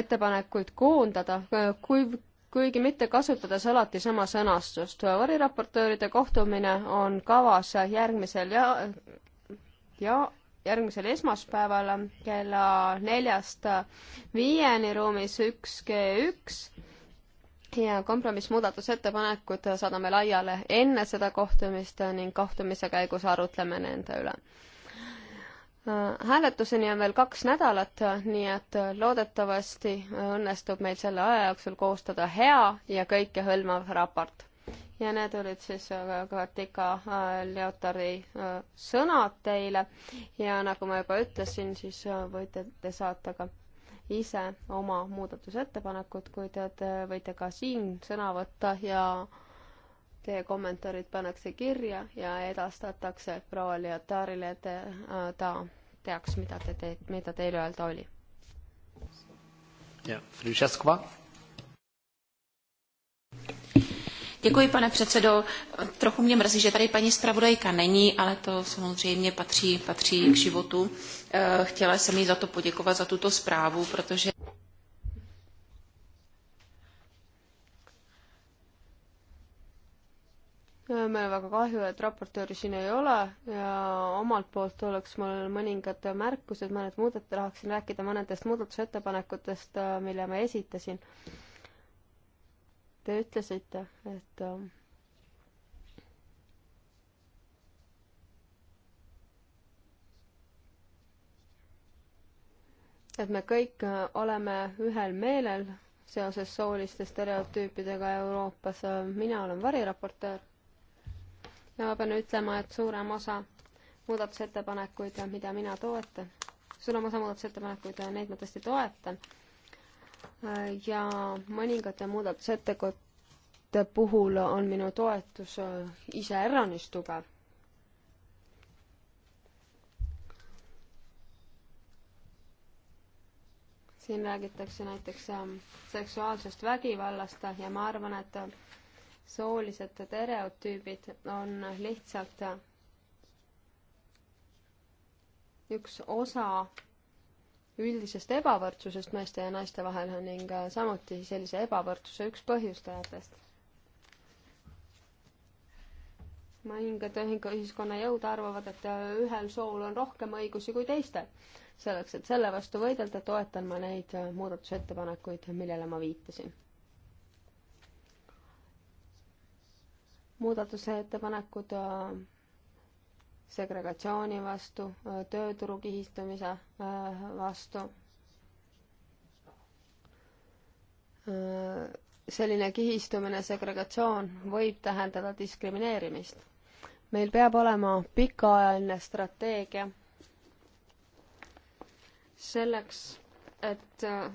ettepanekuid koondada, äh, kui, kuigi mitte kasutades alati sama sõnastust. variraportööride kohtumine on kavas järgmisel ja, ja järgmisel esmaspäeval kella neljast viieni ruumis üks G üks ja kompromissmuudatusettepanekud saadame laiale enne seda kohtumist ning kohtumise käigus arutleme nende üle. hääletuseni on veel kaks nädalat, nii et loodetavasti õnnestub meil selle aja jooksul koostada hea ja kõikehõlmav raport. ja need olid siis Katika äh, Leotardi äh, sõnad teile ja nagu ma juba ütlesin, siis äh, võite te saata ka ise oma muudatusettepanekud, kuid te võite ka siin sõna võtta ja teie kommentaarid pannakse kirja ja edastatakse proua Leotarile, et äh, ta teaks, mida te teete, mida teil öelda oli. jah, Filišeskova Děkuji, pane předsedo. Trochu mě mrzí, že tady paní zpravodajka není, ale to samozřejmě patří, patří k životu. Eh, chtěla jsem jí za to poděkovat, za tuto zprávu, protože meil on väga kahju, et raportööri siin ei ole ja omalt poolt oleks mul mõningad märkused, mõned muudat-, tahaksin rääkida mõnedest muudatusettepanekutest, eh, mille ma esitasin te ütlesite, et ähm, et me kõik äh, oleme ühel meelel seoses sooliste stereotüüpidega Euroopas. mina olen variraportöör ja ma pean ütlema, et suurem osa muudatusettepanekuid, mida mina toetan, suurem osa muudatusettepanekuid, äh, neid ma tõesti toetan ja mõningate muudatusettekute puhul on minu toetus äh, iseäranis tugev. siin räägitakse näiteks äh, seksuaalsest vägivallast ja ma arvan, et äh, soolised stereotüübid on lihtsalt üks osa üldisest ebavõrdsusest meeste ja naiste vahel ning äh, samuti sellise ebavõrdsuse üks põhjustajatest. mõningad ühiskonna jõud arvavad, et äh, ühel sool on rohkem õigusi kui teistel. selleks, et selle vastu võidelda, toetan ma neid äh, muudatusettepanekuid, millele ma viitasin. muudatusettepanekud segregatsiooni vastu, tööturu kihistumise äh, vastu. Äh, selline kihistumine, segregatsioon võib tähendada diskrimineerimist. meil peab olema pikaajaline strateegia selleks, et äh,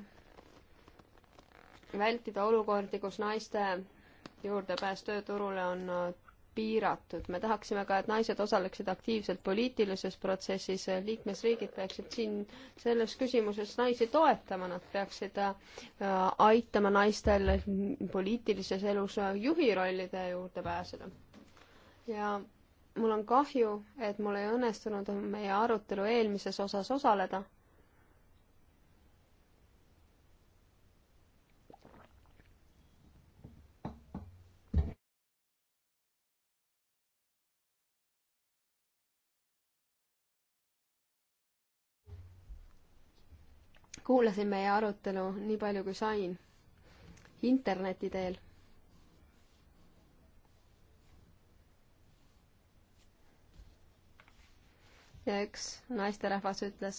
vältida olukordi, kus naiste juurdepääs tööturule on piiratud. me tahaksime ka, et naised osaleksid aktiivselt poliitilises protsessis, liikmesriigid peaksid siin selles küsimuses naisi toetama, nad peaksid äh, aitama naistel poliitilises elus juhi rollide juurde pääseda. ja mul on kahju, et mul ei õnnestunud meie arutelu eelmises osas osaleda kuulasin meie arutelu nii palju, kui sain interneti teel. ja üks naisterahvas ütles,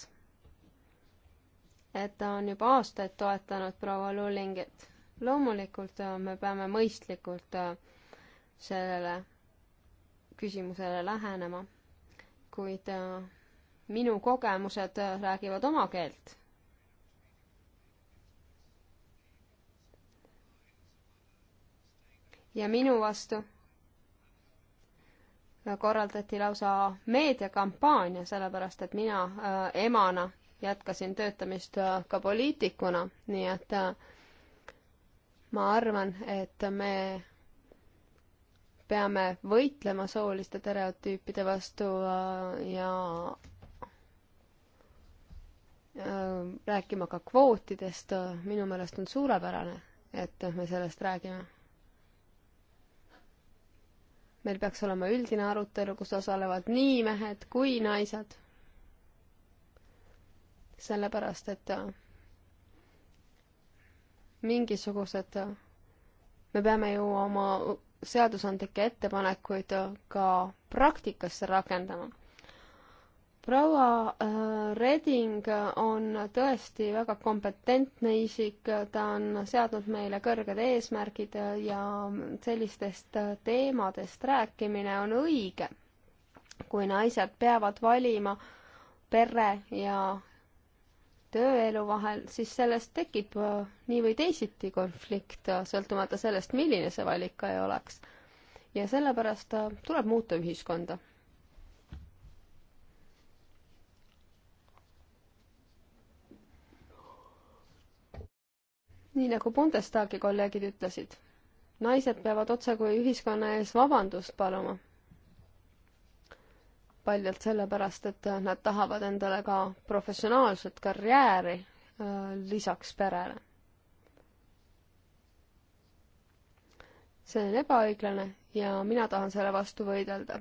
et ta on juba aastaid toetanud proua Lullingit. loomulikult äh, me peame mõistlikult äh, sellele küsimusele lähenema, kuid äh, minu kogemused räägivad oma keelt ja minu vastu korraldati lausa meediakampaania, sellepärast et mina äh, emana jätkasin töötamist äh, ka poliitikuna, nii et äh, ma arvan, et me peame võitlema sooliste stereotüüpide vastu äh, ja äh, rääkima ka kvootidest, minu meelest on suurepärane, et me sellest räägime meil peaks olema üldine arutelu, kus osalevad nii mehed kui naised. sellepärast, et äh, mingisugused, äh, me peame ju oma seadusandlikke ettepanekuid äh, ka praktikasse rakendama proua äh, Reding on tõesti väga kompetentne isik, ta on seadnud meile kõrged eesmärgid ja sellistest teemadest rääkimine on õige, kui naised peavad valima pere ja tööelu vahel, siis sellest tekib äh, nii või teisiti konflikt, äh, sõltumata sellest, milline see valik ka ei oleks. ja sellepärast tuleb muuta ühiskonda nii nagu Bundestagi kolleegid ütlesid, naised peavad otsekui ühiskonna ees vabandust paluma. paljalt sellepärast, et nad tahavad endale ka professionaalset karjääri äh, lisaks perele. see on ebaõiglane ja mina tahan selle vastu võidelda.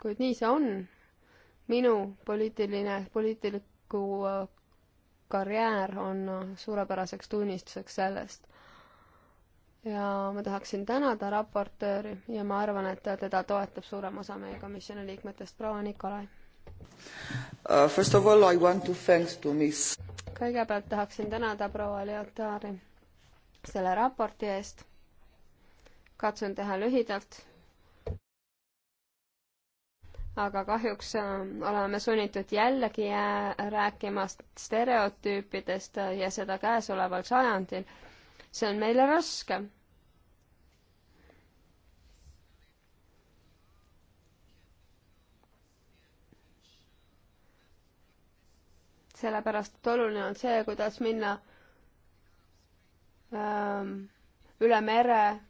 kuid nii see on. minu poliitiline, poliitiliku äh, karjäär on noh, suurepäraseks tunnistuseks sellest. ja ma tahaksin tänada raportööri ja ma arvan, et teda toetab suurem osa meie komisjoni liikmetest, proua Nikolai. Uh, first of all I want to thanks to miss kõigepealt tahaksin tänada proua Leotari selle raporti eest. katsun teha lühidalt aga kahjuks äh, oleme sunnitud jällegi äh, rääkima stereotüüpidest äh, ja seda käesoleval sajandil. see on meile raske. sellepärast, et oluline on see, kuidas minna öö, ähm, üle mere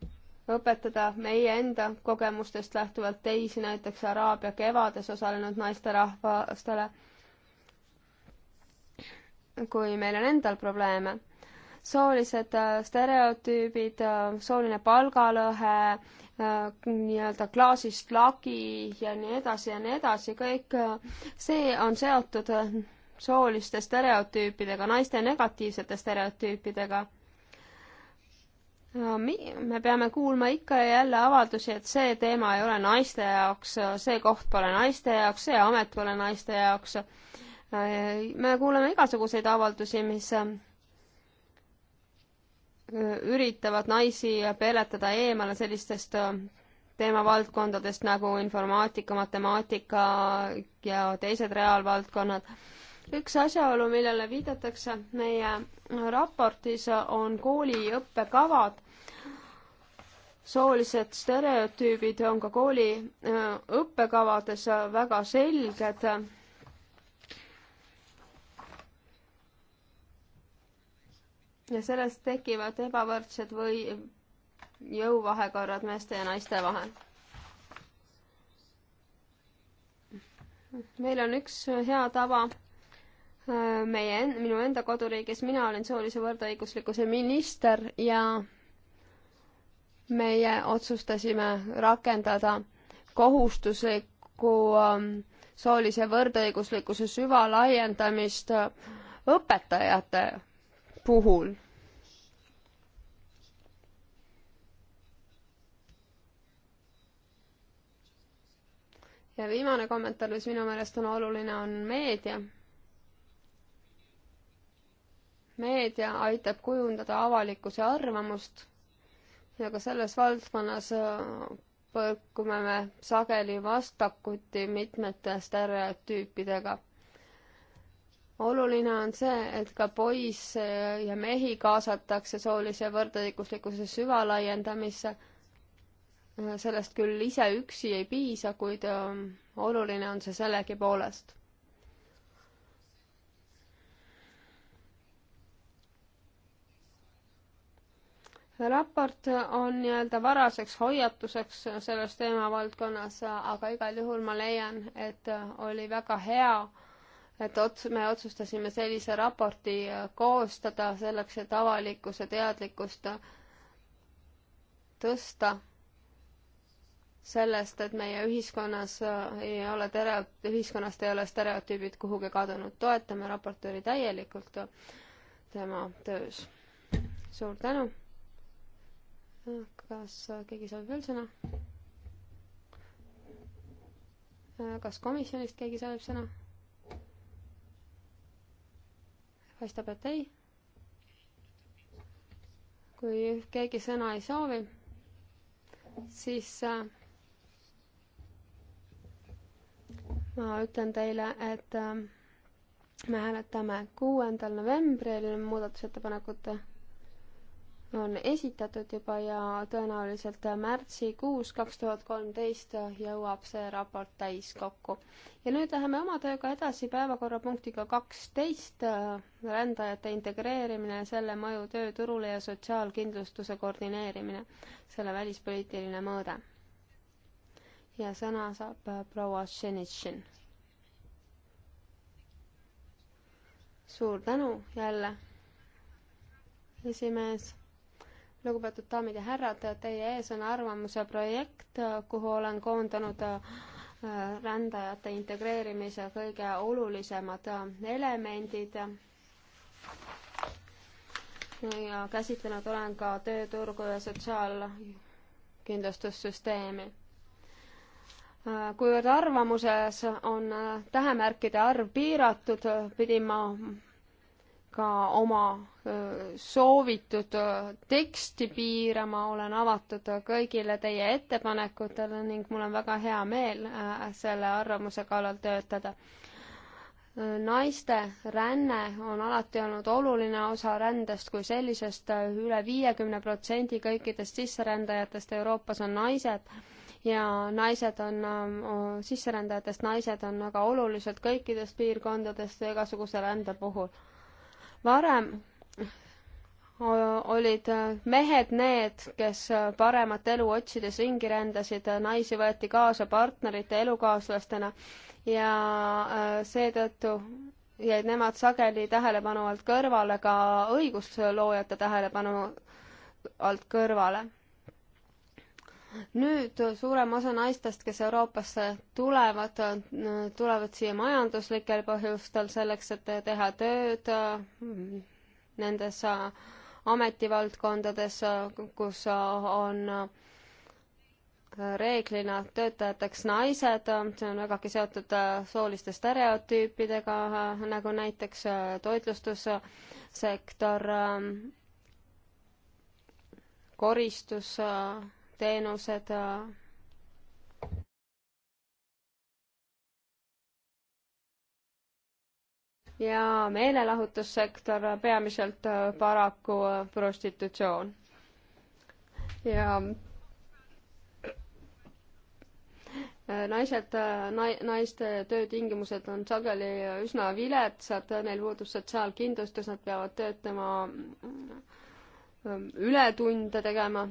õpetada meie enda kogemustest lähtuvalt teisi, näiteks Araabia kevades osalenud naisterahvastele, kui meil on endal probleeme. soolised äh, stereotüübid, äh, sooline palgalõhe, äh, nii-öelda klaasist lagi ja nii edasi ja nii edasi, kõik see on seotud sooliste stereotüüpidega, naiste negatiivsete stereotüüpidega me peame kuulma ikka ja jälle avaldusi, et see teema ei ole naiste jaoks, see koht pole naiste jaoks, see amet pole naiste jaoks. me kuuleme igasuguseid avaldusi, mis üritavad naisi peletada eemale sellistest teemavaldkondadest nagu informaatika, matemaatika ja teised reaalvaldkonnad üks asjaolu, millele viidatakse meie raportis, on kooli õppekavad, soolised stereotüübid on ka kooli äh, õppekavades väga selged. ja sellest tekivad ebavõrdsed või jõuvahekorrad meeste ja naiste vahel. meil on üks hea tava äh, meie, minu enda koduriigis, mina olin soolise võrdõiguslikkuse minister ja meie otsustasime rakendada kohustuslikku ähm, soolise võrdõiguslikkuse süvalaiendamist äh, õpetajate puhul. ja viimane kommentaar, mis minu meelest on oluline, on meedia. meedia aitab kujundada avalikkuse arvamust ja ka selles valdkonnas äh, põrkume me sageli vastakuti mitmete stereotüüpidega. oluline on see, et ka poisse ja mehi kaasatakse soolise võrdõiguslikkuse süvalaiendamisse. Äh, sellest küll ise üksi ei piisa, kuid äh, oluline on see sellegipoolest. raport on nii-öelda varaseks hoiatuseks selles teemavaldkonnas, aga igal juhul ma leian, et oli väga hea, et ots-, me otsustasime sellise raporti koostada selleks, et avalikkuse teadlikkust tõsta sellest, et meie ühiskonnas ei ole tere, ühiskonnast ei ole stereotüübid kuhugi kadunud. toetame raportööri täielikult tema töös. suur tänu! kas keegi soovib veel sõna? kas komisjonist keegi soovib sõna? paistab, et ei. kui keegi sõna ei soovi, siis äh, ma ütlen teile, et äh, me hääletame kuuendal novembril muudatusettepanekute on esitatud juba ja tõenäoliselt märtsikuus kaks tuhat kolmteist jõuab see raport täiskokku. ja nüüd läheme oma tööga edasi päevakorrapunktiga kaksteist, rändajate integreerimine, selle mõju tööturule ja sotsiaalkindlustuse koordineerimine, selle välispoliitiline mõõde. ja sõna saab proua Šenitšin. suur tänu jälle, esimees lugupeetud daamid ja härrad, teie ees on arvamuse projekt, kuhu olen koondanud äh, rändajate integreerimise kõige olulisemad äh, elemendid. ja käsitlenud olen ka tööturgu ja sotsiaalkindlustussüsteemi äh, kuivõrd arvamuses on tähemärkide arv piiratud, pidin ma ka oma soovitud teksti piirama, olen avatud kõigile teie ettepanekutele ning mul on väga hea meel selle arvamuse kallal töötada. naiste ränne on alati olnud oluline osa rändest kui sellisest üle, üle viiekümne protsendi kõikidest sisserändajatest Euroopas on naised ja naised on, sisserändajatest naised on väga olulised kõikidest piirkondadest igasuguse rände puhul varem olid äh, mehed need, kes äh, paremat elu otsides ringi rändasid, äh, naisi võeti kaasa partnerite, elukaaslastena ja seetõttu jäid nemad sageli tähelepanu alt kõrvale ka õigusloojate tähelepanu alt kõrvale nüüd suurem osa naistest, kes Euroopasse tulevad, tulevad siia majanduslikel põhjustel, selleks, et teha tööd mm, nendes äh, ametivaldkondades, äh, kus äh, on reeglina töötajateks naised, see on vägagi seotud sooliste stereotüüpidega, nagu näiteks toitlustussektor, ähm, koristus teenused äh, ja meelelahutussektor, peamiselt äh, paraku äh, prostitutsioon. ja naised, nai-, naiste töötingimused on sageli üsna viletsad, neil puudub sotsiaalkindlustus, nad peavad töötama, mm, mm, mm, ületunde tegema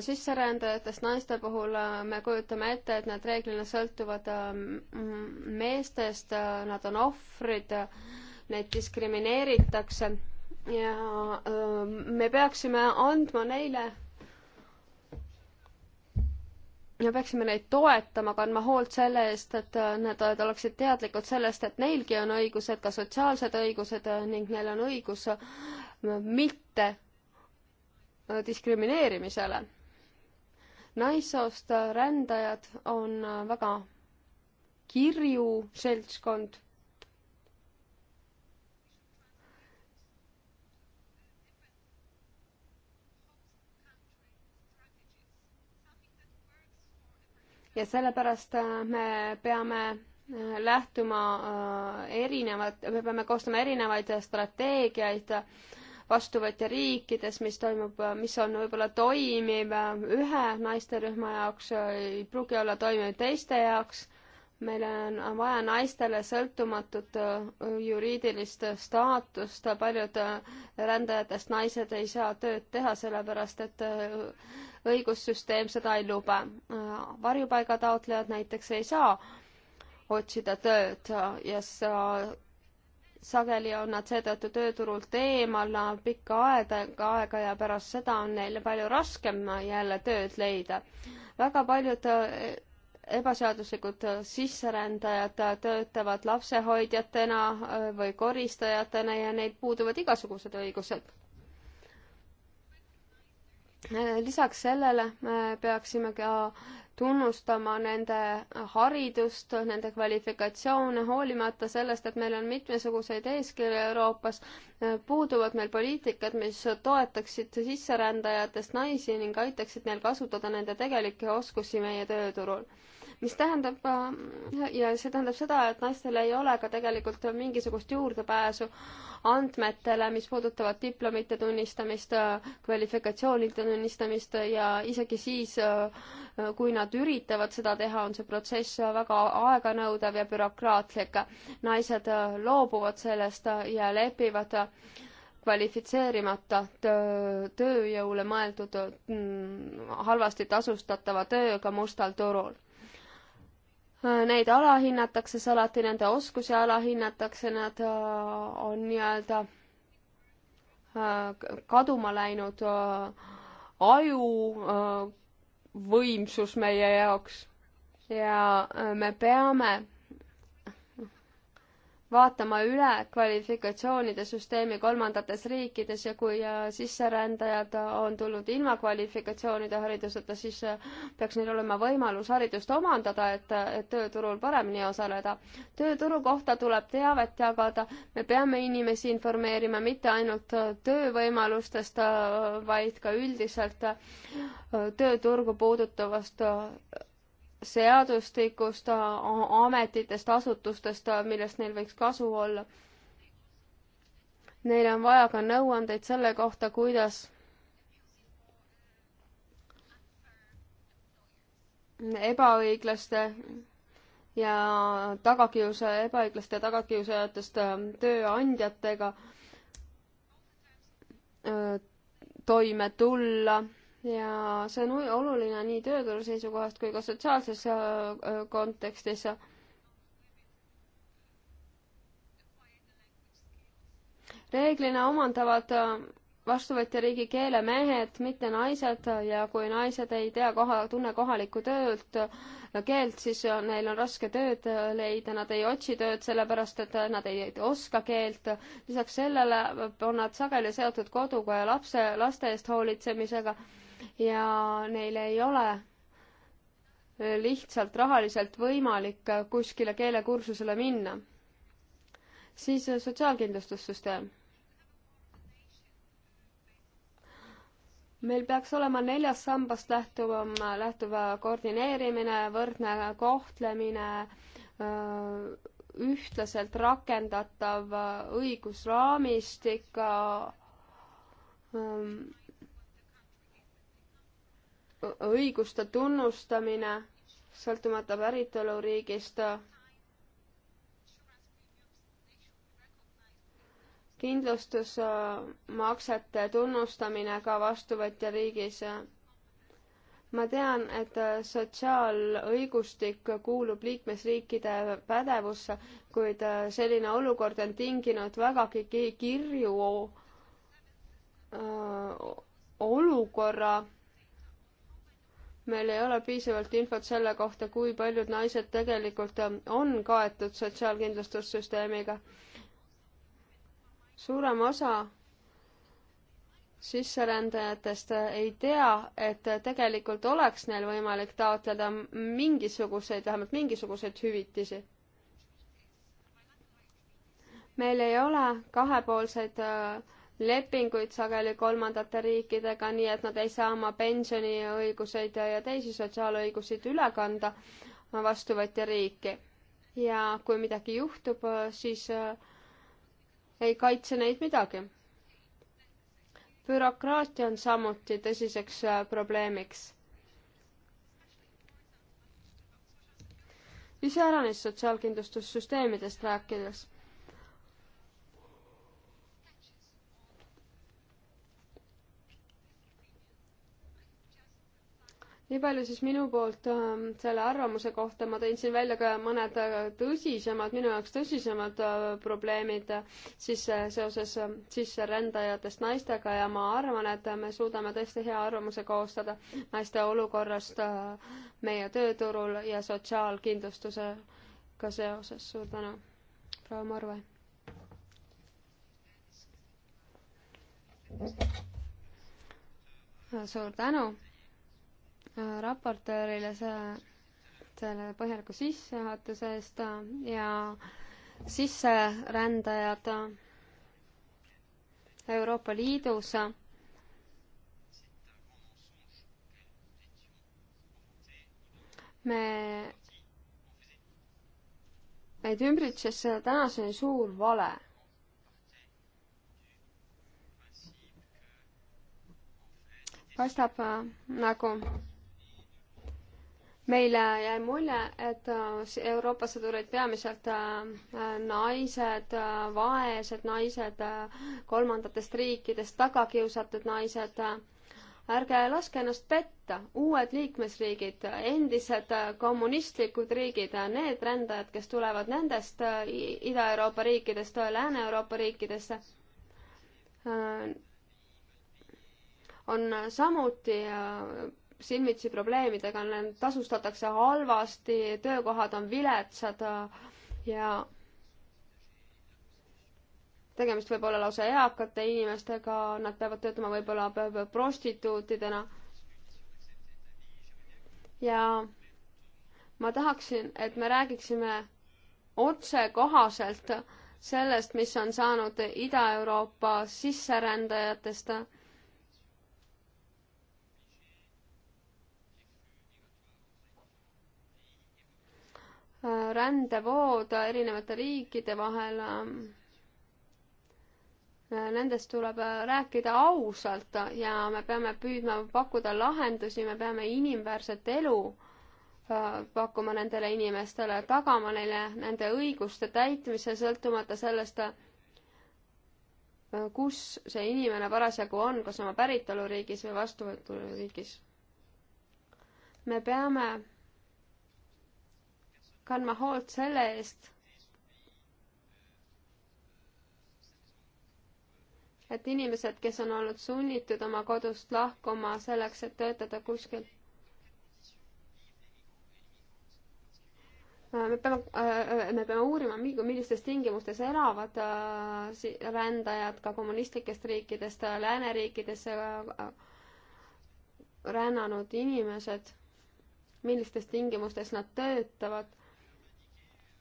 sisserändajatest naiste puhul äh, me kujutame ette, et nad reeglina sõltuvad ähm, meestest, äh, nad on ohvrid, neid diskrimineeritakse ja ähm, me peaksime andma neile, me peaksime neid toetama, kandma hoolt selle eest, et äh, nad oleksid teadlikud sellest, et neilgi on õigused, ka sotsiaalsed õigused ning neil on õigus mitte diskrimineerimisele naissoost äh, rändajad on äh, väga kirju seltskond. ja sellepärast äh, me peame lähtuma erinevat, me peame koostama erinevaid strateegiaid vastuvõtja riikides, mis toimub, mis on võib-olla toimiv ühe naisterühma jaoks, ei pruugi olla toimiv teiste jaoks. meil on vaja naistele sõltumatut äh, juriidilist staatust, paljud äh, rändajatest naised ei saa tööd teha, sellepärast et äh, õigussüsteem seda ei luba. varjupaigataotlejad näiteks ei saa otsida tööd ja sa sageli on nad seetõttu tööturult eemal pikka aega, aega ja pärast seda on neil palju raskem jälle tööd leida. väga paljud äh, ebaseaduslikud äh, sisserändajad äh, töötavad lapsehoidjatena või koristajatena ja neil puuduvad igasugused õigused. lisaks sellele me peaksime ka tunnustama nende haridust, nende kvalifikatsioone, hoolimata sellest, et meil on mitmesuguseid eeskirju Euroopas, puuduvad meil poliitikad, mis toetaksid sisserändajatest naisi ning aitaksid neil kasutada nende tegelikke oskusi meie tööturul mis tähendab äh, ja see tähendab seda, et naistel ei ole ka tegelikult mingisugust juurdepääsu andmetele, mis puudutavad diplomite tunnistamist, kvalifikatsioonide tunnistamist ja isegi siis, äh, kui nad üritavad seda teha, on see protsess väga aeganõudev ja bürokraatlik. naised äh, loobuvad sellest ja lepivad kvalifitseerimata töö, tööjõule mõeldud mm, halvasti tasustatava tööga mustal turul Äh, neid alahinnatakse alati, nende oskusi alahinnatakse, nad äh, on nii-öelda äh, kaduma läinud aju võimsus meie jaoks ja me peame vaatama üle kvalifikatsioonide süsteemi kolmandates riikides ja kui äh, sisserändajad on tulnud ilma kvalifikatsioonide hariduseta, siis äh, peaks neil olema võimalus haridust omandada, et, et tööturul paremini osaleda. tööturu kohta tuleb teavet jagada, me peame inimesi informeerima mitte ainult äh, töövõimalustest, vaid ka üldiselt tööturgu puudutavast seadustikust, ametitest, asutustest, millest neil võiks kasu olla. Neile on vaja ka nõuandeid selle kohta, kuidas ebaõiglaste ja tagakiusa, ebaõiglaste tagakiusajatest tööandjatega toime tulla ja see on oluline nii tööturu seisukohast kui ka sotsiaalses äh, äh, kontekstis. reeglina omandavad äh, vastuvõtja riigi keele mehed, mitte naised ja kui naised ei tea koha, tunne kohalikku töölt, keelt, siis neil on raske tööd leida, nad ei otsi tööd sellepärast, et nad ei oska keelt. lisaks sellele on nad sageli seotud koduga ja lapse, laste eest hoolitsemisega ja neil ei ole lihtsalt rahaliselt võimalik kuskile keelekursusele minna. siis sotsiaalkindlustussüsteem. meil peaks olema neljast sambast lähtuvam, lähtuv koordineerimine, võrdne kohtlemine, ühtlaselt rakendatav õigusraamistik, õiguste tunnustamine sõltumata päritoluriigist kindlustusmaksete tunnustamine ka vastuvõtja riigis. ma tean, et sotsiaalõigustik kuulub liikmesriikide pädevusse, kuid selline olukord on tinginud vägagi kirju olukorra meil ei ole piisavalt infot selle kohta, kui paljud naised tegelikult ähm, on kaetud sotsiaalkindlustussüsteemiga. suurem osa sisserändajatest äh, ei tea, et äh, tegelikult oleks neil võimalik taotleda mingisuguseid, vähemalt mingisuguseid hüvitisi. meil ei ole kahepoolseid äh, lepinguid sageli kolmandate riikidega, nii et nad ei saa oma pensioniõiguseid ja teisi sotsiaalõigusid üle kanda vastuvõtja riiki. ja kui midagi juhtub, siis äh, ei kaitse neid midagi. bürokraatia on samuti tõsiseks äh, probleemiks. iseäranis sotsiaalkindlustussüsteemidest rääkides nii palju siis minu poolt äh, selle arvamuse kohta, ma tõin siin välja ka mõned äh, tõsisemad, minu jaoks tõsisemad äh, probleemid äh, siis seoses äh, sisserändajatest naistega ja ma arvan, et me suudame tõesti hea arvamuse koostada naiste olukorrast äh, meie tööturul ja sotsiaalkindlustusega seoses. suur tänu, proua Marve. suur tänu raportöörile see, selle põhjaliku sissejuhatuse eest äh, ja sisserändajad äh, Euroopa Liidus äh, me, meid ümbritses tänaseni suur vale. paistab nagu meile jäi mulje, et äh, Euroopasse tulid peamiselt äh, naised, äh, vaesed naised, kolmandatest riikidest tagakiusatud naised. ärge laske ennast petta, uued liikmesriigid, endised kommunistlikud riigid, need rändajad, kes tulevad nendest Ida-Euroopa riikidest, Lääne-Euroopa riikidesse, on samuti silmitsi probleemidega, need tasustatakse halvasti, töökohad on viletsad ja tegemist võib olla lausa eakate inimestega, nad peavad töötama võib-olla prostituutidena. ja ma tahaksin, et me räägiksime otsekohaselt sellest, mis on saanud Ida-Euroopa sisserändajatest rändevood erinevate riikide vahel. Äh, nendest tuleb äh, rääkida ausalt ja me peame püüdma pakkuda lahendusi, me peame inimväärset elu äh, pakkuma nendele inimestele, tagama neile nende õiguste täitmise, sõltumata sellest, kus see inimene parasjagu on, kas oma päritoluriigis või vastuvõturiigis. me peame kandma hoolt selle eest, et inimesed, kes on olnud sunnitud oma kodust lahkuma selleks, et töötada kuskil. Äh, me peame, äh, me peame uurima, millistes tingimustes elavad äh, rändajad ka kommunistlikest riikidest, lääneriikidesse rännanud inimesed, millistes tingimustes nad töötavad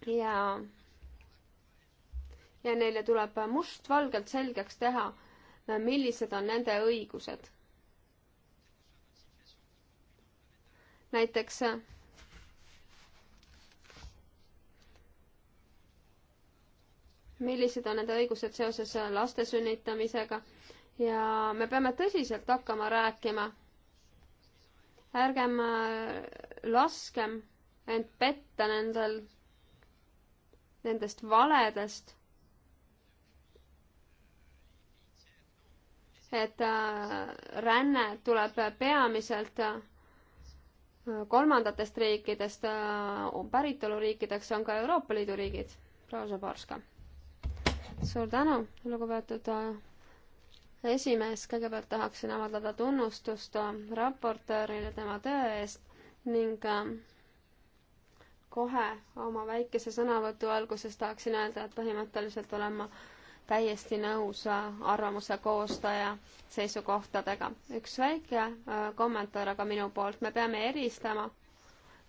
ja, ja neile tuleb mustvalgelt selgeks teha, millised on nende õigused. näiteks millised on nende õigused seoses laste sünnitamisega ja me peame tõsiselt hakkama rääkima. ärgem äh, laskem end petta nendel nendest valedest, et äh, ränne tuleb peamiselt äh, kolmandatest riikidest, äh, päritoluriikideks on ka Euroopa Liidu riigid. proua Zaborska. suur tänu, lugupeetud esimees, kõigepealt tahaksin avaldada tunnustust raportöörile tema töö eest ning kohe oma väikese sõnavõtu alguses tahaksin öelda, et põhimõtteliselt olen ma täiesti nõus äh, arvamuse koostaja seisukohtadega. üks väike äh, kommentaar aga minu poolt, me peame eristama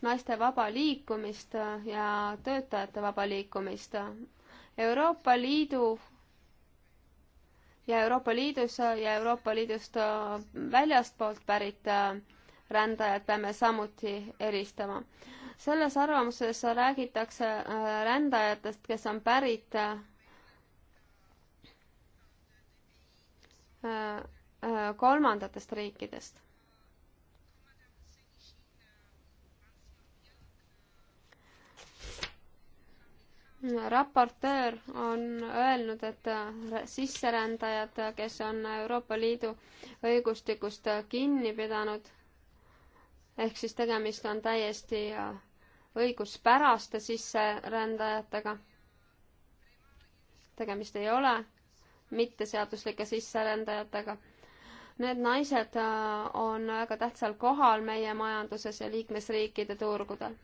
naiste vaba liikumist äh, ja töötajate vaba liikumist. Euroopa Liidu ja Euroopa Liidus ja Euroopa Liidust väljastpoolt pärit rändajad peame samuti eristama selles arvamuses räägitakse äh, rändajatest, kes on pärit äh, äh, kolmandatest riikidest. raportöör on öelnud, et sisserändajad, kes on Euroopa Liidu õigustikust kinni pidanud, ehk siis tegemist on täiesti õiguspäraste sisserändajatega. tegemist ei ole mitteseaduslike sisserändajatega. Need naised äh, on väga tähtsal kohal meie majanduses ja liikmesriikide turgudel.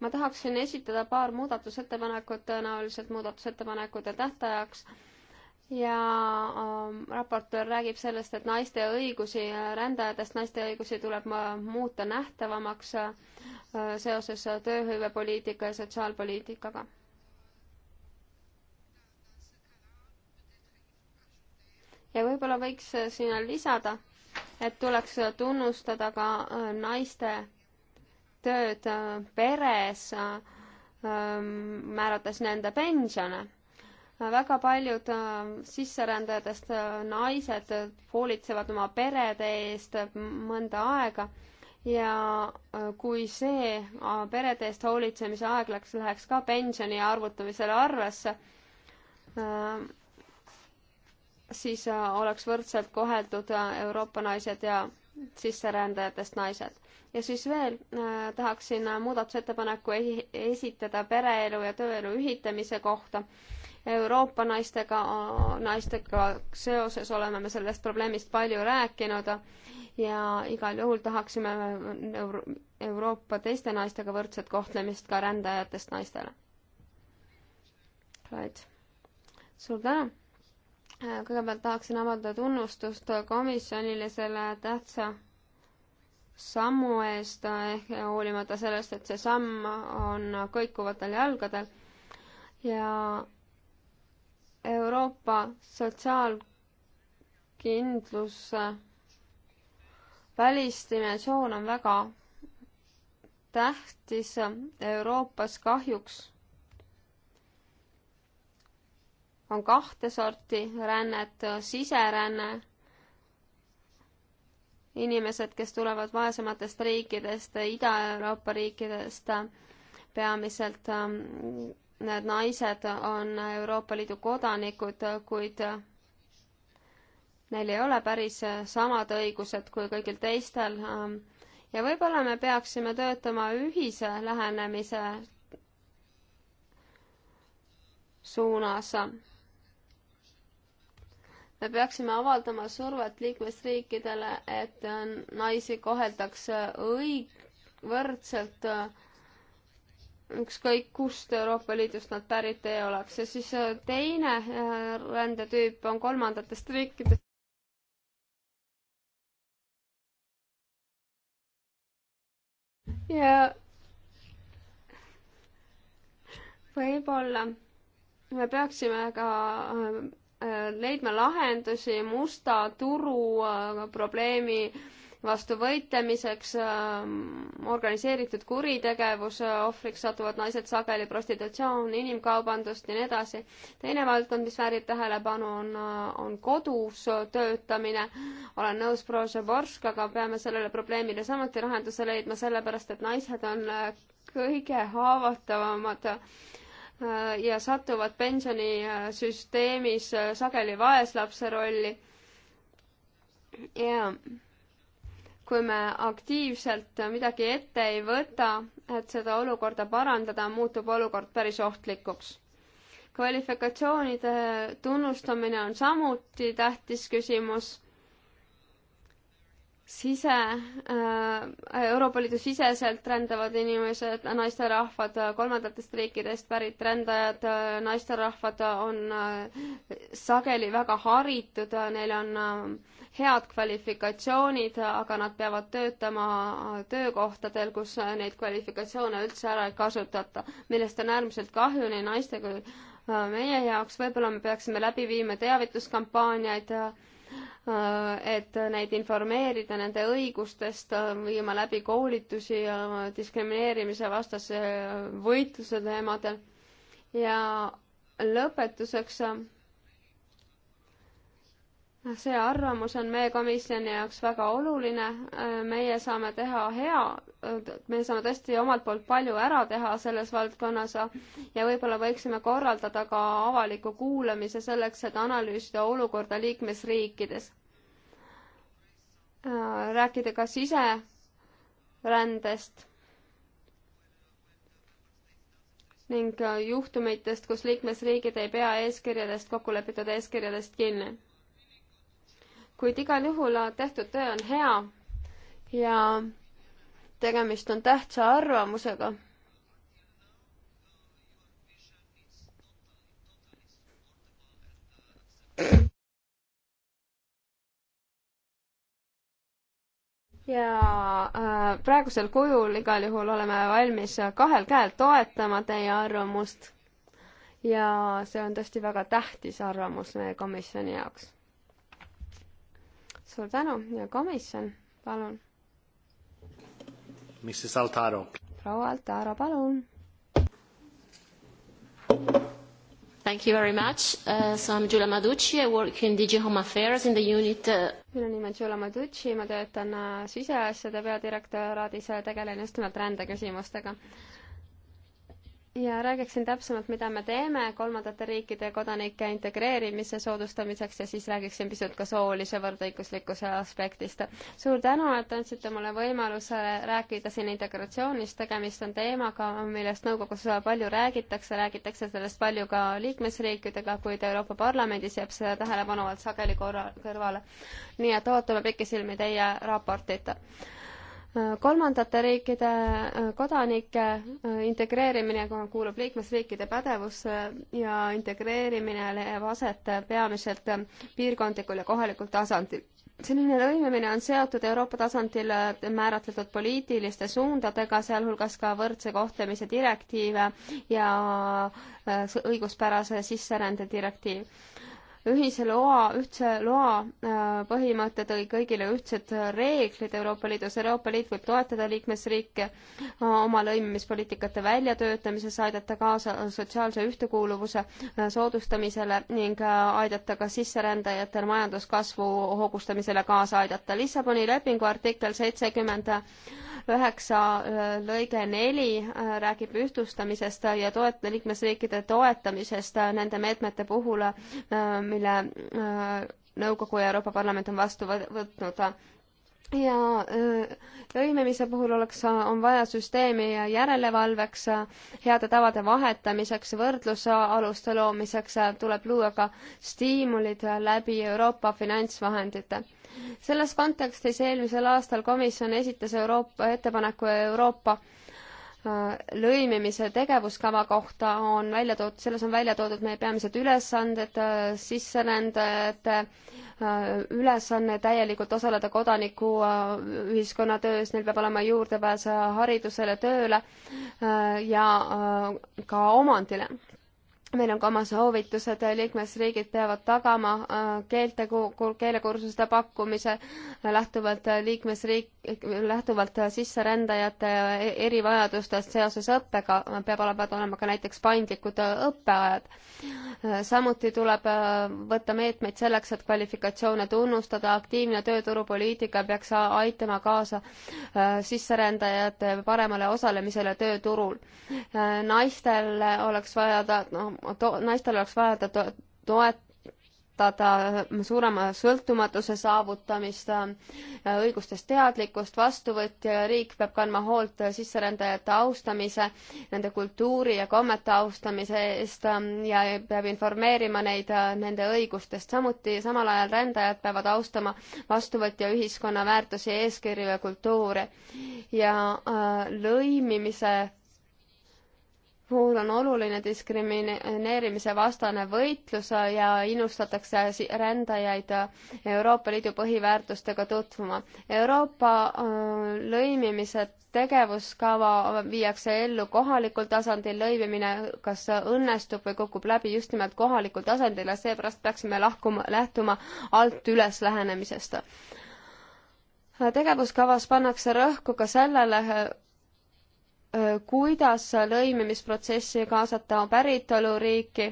ma tahaksin esitada paar muudatusettepanekut, tõenäoliselt muudatusettepanekute tähtajaks ja ähm, raportöör räägib sellest, et naiste õigusi, rändajatest naiste õigusi tuleb muuta nähtavamaks äh, seoses äh, tööhõivepoliitika ja sotsiaalpoliitikaga. ja võib-olla võiks äh, sinna lisada, et tuleks äh, tunnustada ka äh, naiste tööd äh, peres, ähm, määrates nende pensione väga paljud äh, sisserändajatest äh, naised hoolitsevad oma perede eest mõnda aega ja äh, kui see perede eest hoolitsemise aeg läks, läheks ka pensioni arvutamisele arvesse, siis oleks võrdselt koheldud Euroopa naised ja sisserändajatest naised. ja siis veel äh, tahaksin muudatusettepaneku esitada pereelu ja tööelu ühitamise kohta Euroopa naistega, naistega seoses oleme me sellest probleemist palju rääkinud ja igal juhul tahaksime Euro Euroopa teiste naistega võrdset kohtlemist ka rändajatest naistele. Right. suur tänu! kõigepealt tahaksin avaldada tunnustust komisjonile selle tähtsa sammu eest, ehk hoolimata sellest, et see samm on kõikuvatel jalgadel ja Euroopa sotsiaalkindluse välisdimensioon on väga tähtis Euroopas kahjuks on kahte sorti rännet, siseränne, inimesed, kes tulevad vaesematest riikidest, Ida-Euroopa riikidest peamiselt ähm, need naised on Euroopa Liidu kodanikud, kuid neil ei ole päris samad õigused kui kõigil teistel. ja võib-olla me peaksime töötama ühise lähenemise suunas. me peaksime avaldama survet liikmesriikidele, et naisi koheldakse õig-, võrdselt äh, ükskõik kust Euroopa Liidust nad pärit ei oleks ja siis äh, teine äh, rändetüüp on kolmandatest riikidest. ja võib-olla me peaksime ka äh, leidma lahendusi musta turu probleemi äh, vastu võitlemiseks. Ähm, organiseeritud kuritegevuse äh, ohvriks satuvad naised sageli, prostitutsioon, inimkaubandust ja nii edasi. teine valdkond, mis väärib tähelepanu, on, äh, on kodus töötamine. olen nõus proua Zaborskaga, peame sellele probleemile samuti lahenduse leidma, sellepärast et naised on äh, kõige haavatavamad ja satuvad pensionisüsteemis sageli vaeslapse rolli. ja yeah kui me aktiivselt midagi ette ei võta, et seda olukorda parandada, muutub olukord päris ohtlikuks. kvalifikatsioonide tunnustamine on samuti tähtis küsimus sise, äh, Euroopa Liidu siseselt rändavad inimesed, naisterahvad, kolmandatest riikidest pärit rändajad, naisterahvad on äh, sageli väga haritud, neil on äh, head kvalifikatsioonid, aga nad peavad töötama töökohtadel, kus neid kvalifikatsioone üldse ära ei kasutata, millest on äärmiselt kahju nii naiste kui meie jaoks. võib-olla me peaksime läbi viima teavituskampaaniaid ja Äh, et neid informeerida nende õigustest, äh, viima läbi koolitusi ja äh, diskrimineerimise vastase võitluse teemadel. ja lõpetuseks Noh, see arvamus on meie komisjoni jaoks väga oluline, äh, meie saame teha hea, äh, me saame tõesti omalt poolt palju ära teha selles valdkonnas ja võib-olla võiksime korraldada ka avaliku kuulamise selleks, et analüüsida olukorda liikmesriikides. Äh, rääkida ka siserändest ning juhtumitest, kus liikmesriigid ei pea eeskirjadest, kokkulepitud eeskirjadest kinni kuid igal juhul tehtud töö on hea ja tegemist on tähtsa arvamusega. ja äh, praegusel kujul igal juhul oleme valmis kahel käel toetama teie arvamust. ja see on tõesti väga tähtis arvamus meie komisjoni jaoks suur tänu ja komisjon, palun. Mrs Altaro. proua Altaro, palun. Thank you very much. Uh, so I'm Giulia Maducci. I work in DG Home Affairs in the unit uh.... minu nimi on Giulia Maducci, ma töötan uh, siseasjade peadirektoraadis ja tegelen just nimelt rändeküsimustega uh, ja räägiksin täpsemalt, mida me teeme kolmandate riikide kodanike integreerimise soodustamiseks ja siis räägiksin pisut ka soolise võrdõiguslikkuse aspektist. suur tänu, et andsite mulle võimaluse rääkida siin integratsioonist, tegemist on teemaga, millest nõukogus palju räägitakse, räägitakse sellest palju ka liikmesriikidega, kuid Euroopa Parlamendis jääb see tähelepanu alt sageli korra, kõrvale. nii et ootame pikisilmi teie raportit kolmandate riikide äh, kodanike äh, integreerimine kuulub liikmesriikide pädevusse äh, ja integreerimine leiab aset peamiselt piirkondlikul ja kohalikul tasandil. selline lõimimine on seotud Euroopa tasandil määratletud poliitiliste suundadega, sealhulgas ka võrdse kohtlemise direktiive ja õiguspärase sisserände direktiiv ühise loa, ühtse loa äh, põhimõte tõi kõigile ühtsed reeglid Euroopa Liidus. Euroopa Liit võib toetada liikmesriike äh, oma lõimimispoliitikate väljatöötamises, aidata kaasa sotsiaalse ühtekuuluvuse äh, soodustamisele ning aidata ka sisserändajatel majanduskasvu hoogustamisele kaasa aidata. Lissaboni lepingu artikkel seitsekümmend üheksa äh, lõige neli äh, räägib ühtlustamisest ja toet-, liikmesriikide toetamisest äh, nende meetmete puhul, mille nõukogu ja Euroopa Parlament on vastu võtnud ja lõimimise puhul oleks, on vaja süsteemi järelevalveks, heade tavade vahetamiseks, võrdlusaluste loomiseks tuleb luua ka stiimulid läbi Euroopa finantsvahendite selles kontekstis eelmisel aastal komisjon esitas Euroopa, ettepaneku Euroopa äh, lõimimise tegevuskava kohta on välja toodud, selles on välja toodud meie peamised ülesanded, äh, sisserändajate äh, ülesanne täielikult osaleda kodanikuühiskonna töös, neil peab olema juurdepääs haridusele, tööle ja ka omandile meil on ka oma soovitused, liikmesriigid peavad tagama äh, keelte, keelekursuste pakkumise lähtuvalt liikmesriik, lähtuvalt sisserändajate erivajadustest seoses õppega, peab olema, peavad olema ka näiteks paindlikud õppeajad. Äh, samuti tuleb äh, võtta meetmeid selleks, et kvalifikatsioone tunnustada, aktiivne tööturupoliitika peaks aitama kaasa sisserändajate paremale osalemisele tööturul. naistel oleks vaja ta-, noh, to-, naistel oleks vaja ta to-, toetada suurema sõltumatuse saavutamist, õigustest teadlikkust, vastuvõtja ja riik peab kandma hoolt sisserändajate austamise, nende kultuuri ja kommete austamise eest ähm, ja peab informeerima neid äh, nende õigustest. samuti samal ajal rändajad peavad austama vastuvõtja ühiskonna väärtusi, eeskirju ja kultuuri. ja äh, lõimimise puhul on oluline diskrimineerimise vastane võitlus ja innustatakse rändajaid Euroopa Liidu põhiväärtustega tutvuma. Euroopa äh, lõimimise tegevuskava viiakse ellu kohalikul tasandil, lõimimine kas õnnestub või kukub läbi just nimelt kohalikul tasandil ja seepärast peaksime lahkuma, lähtuma alt üles lähenemisest tegevuskavas pannakse rõhku ka sellele, Äh, kuidas lõimimisprotsessi kaasata päritoluriiki.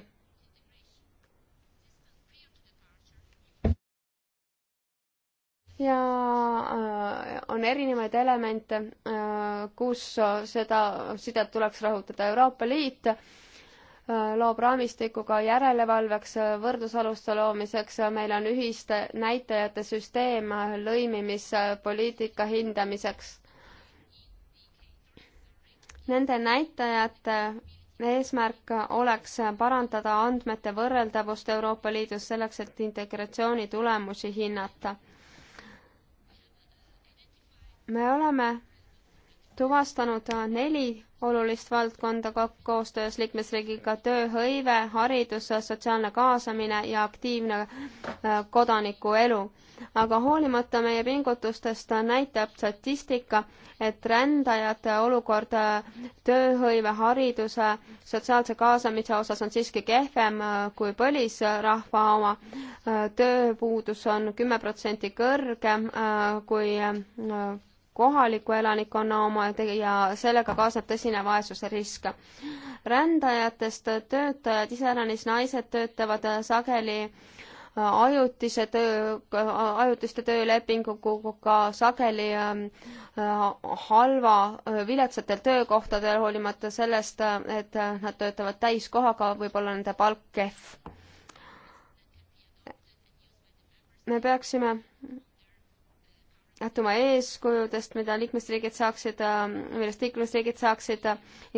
ja äh, on erinevaid elemente, äh, kus seda sidet tuleks rõhutada. Euroopa Liit loob raamistiku ka järelevalveks, võrdlusaluste loomiseks, meil on ühiste näitajate süsteem lõimimispoliitika hindamiseks Nende näitajate eesmärk oleks parandada andmete võrreldavust Euroopa Liidus selleks, et integratsiooni tulemusi hinnata. me oleme tuvastanud neli olulist valdkonda koostöös liikmesriigiga tööhõive, haridus, sotsiaalne kaasamine ja aktiivne äh, kodanikuelu. aga hoolimata meie pingutustest näitab statistika, et rändajate olukord äh, tööhõive, hariduse, sotsiaalse kaasamise osas on siiski kehvem äh, kui põlisrahva oma. tööpuudus on kümme protsenti kõrgem kui kohaliku elanikkonna oma ja sellega kaasneb tõsine vaesuse risk. rändajatest töötajad, iseäranis naised, töötavad sageli äh, ajutise töö, äh, ajutiste töölepinguga sageli ähm, äh, halva, viletsatel töökohtadel, hoolimata sellest, et nad töötavad täiskohaga, võib-olla nende palk kehv. me peaksime lähtuma eeskujudest, mida liikmesriigid saaksid, millest liikmesriigid saaksid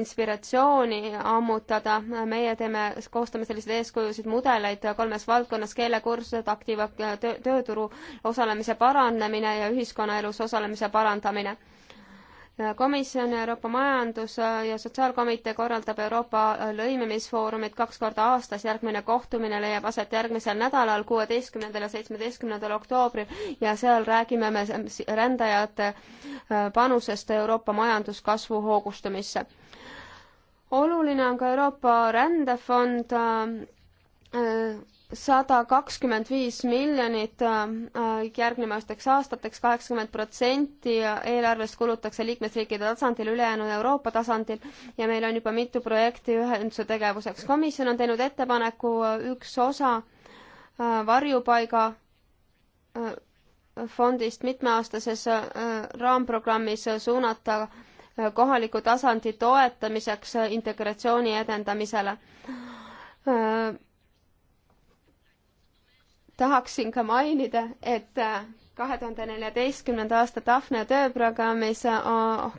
inspiratsiooni ammutada. meie teeme, koostame selliseid eeskujusid, mudeleid kolmes valdkonnas, keelekursused, aktiiva töö, tööturu osalemise parandamine ja ühiskonnaelus osalemise parandamine komisjon Euroopa Majandus- ja Sotsiaalkomitee korraldab Euroopa lõimimisfoorumit kaks korda aastas, järgmine kohtumine leiab aset järgmisel nädalal, kuueteistkümnendal ja seitsmeteistkümnendal oktoobril ja seal räägime me rändajate äh, panusest Euroopa majanduskasvu hoogustamisse. oluline on ka Euroopa rändefond äh, sada kakskümmend viis miljonit äh, järgnevateks aastateks, kaheksakümmend protsenti eelarvest kulutakse liikmesriikide tasandil, ülejäänu Euroopa tasandil ja meil on juba mitu projekti ühenduse tegevuseks. komisjon on teinud ettepaneku üks osa äh, varjupaiga äh, fondist mitmeaastases raamprogrammis suunata kohaliku tasandi toetamiseks integratsiooni edendamisele tahaksin ka mainida, et äh, kahe tuhande neljateistkümnenda aasta Tafne tööprogrammis äh,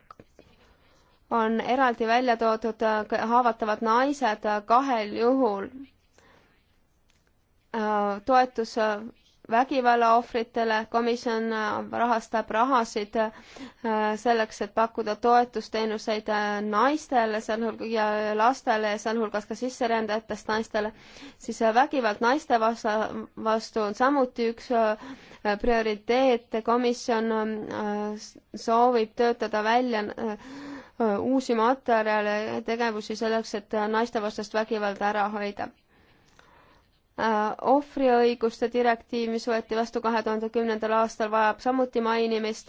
on eraldi välja toodud äh, haavatavad naised kahel juhul toetus vägivalla ohvritele, komisjon äh, rahastab rahasid äh, selleks, et pakkuda toetusteenuseid äh, naistele, sealhulgas ja lastele ja sealhulgas ka sisserändajatest naistele, siis vägivald naiste vastu on samuti üks prioriteet, komisjon ähm, soovib töötada välja uusi materjale ja tegevusi selleks, et naistevastast vägivalda ära hoida Äh, ohvriõiguste direktiiv, mis võeti vastu kahe tuhande kümnendal aastal, vajab samuti mainimist,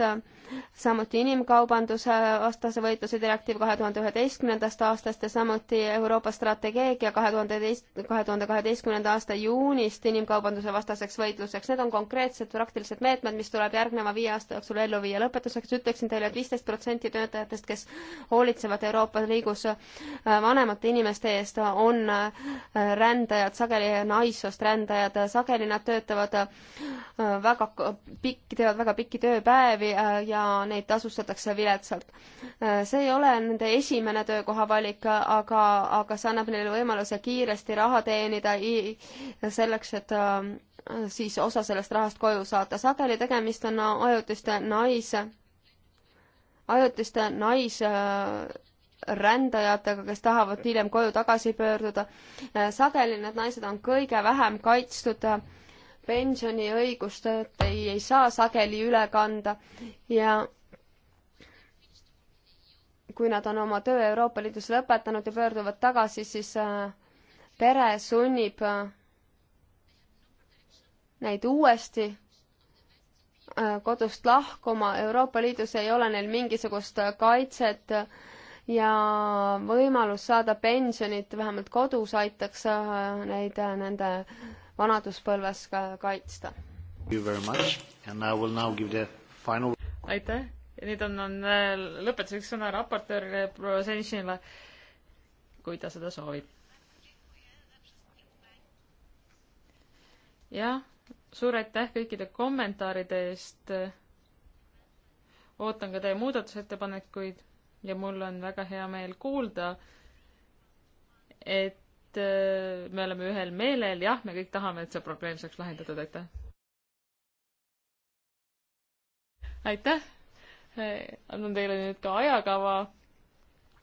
samuti inimkaubanduse vastase võitluse direktiiv kahe tuhande üheteistkümnendast aastast ja samuti Euroopa strateegia kahe tuhande teist, kahe tuhande kaheteistkümnenda aasta juunist inimkaubanduse vastaseks võitluseks. Need on konkreetsed praktilised meetmed, mis tuleb järgneva viie aasta jooksul ellu viia. lõpetuseks ütleksin teile et, et viisteist protsenti töötajatest, kes hoolitsevad Euroopa Liigus äh, vanemate inimeste eest, on äh, rändajad, sageli naised, poissoost rändajad, sageli nad töötavad äh, väga pikki, teevad väga pikki tööpäevi äh, ja neid tasustatakse viletsalt. Äh, see ei ole nende esimene töökoha valik, aga, aga see annab neile võimaluse kiiresti raha teenida selleks, et siis osa sellest rahast koju saata. sageli tegemist on ajutiste nais, ajutiste nais rändajatega, kes tahavad hiljem koju tagasi pöörduda. sageli need naised on kõige vähem kaitstud, pensioniõigust ei, ei saa sageli üle kanda ja kui nad on oma töö Euroopa Liidus lõpetanud ja pöörduvad tagasi, siis äh, pere sunnib äh, neid uuesti äh, kodust lahkuma, Euroopa Liidus ei ole neil mingisugust kaitset ja võimalus saada pensionit vähemalt kodus aitaks äh, neid äh, nende vanaduspõlves ka kaitsta. Final... aitäh ja nüüd on, on äh, lõpetuseks sõna raportöörile proua Senšinile, kui ta seda soovib. jah, suur aitäh kõikide kommentaaride eest. ootan ka teie muudatusettepanekuid ja mul on väga hea meel kuulda, et äh, me oleme ühel meelel, jah, me kõik tahame, et see probleem saaks lahendatud, aitäh. aitäh, äh, annan teile nüüd ka ajakava.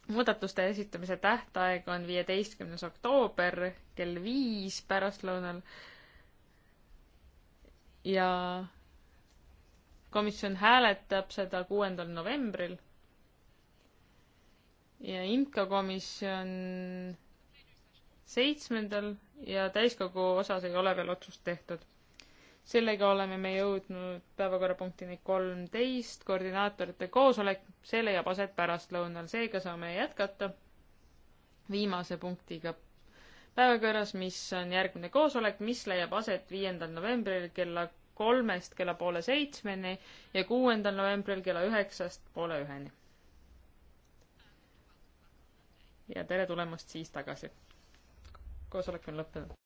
muudatuste esitamise tähtaeg on viieteistkümnes oktoober kell viis pärastlõunal. ja komisjon hääletab seda kuuendal novembril ja IMCA komisjon seitsmendal ja täiskogu osas ei ole veel otsust tehtud. sellega oleme me jõudnud päevakorrapunktini kolmteist, koordinaatorite koosolek, see leiab aset pärastlõunal, seega saame jätkata viimase punktiga päevakorras, mis on järgmine koosolek, mis leiab aset viiendal novembril kella kolmest kella poole seitsmeni ja kuuendal novembril kella üheksast poole üheni ja tere tulemast siis tagasi. koosolek on lõppenud.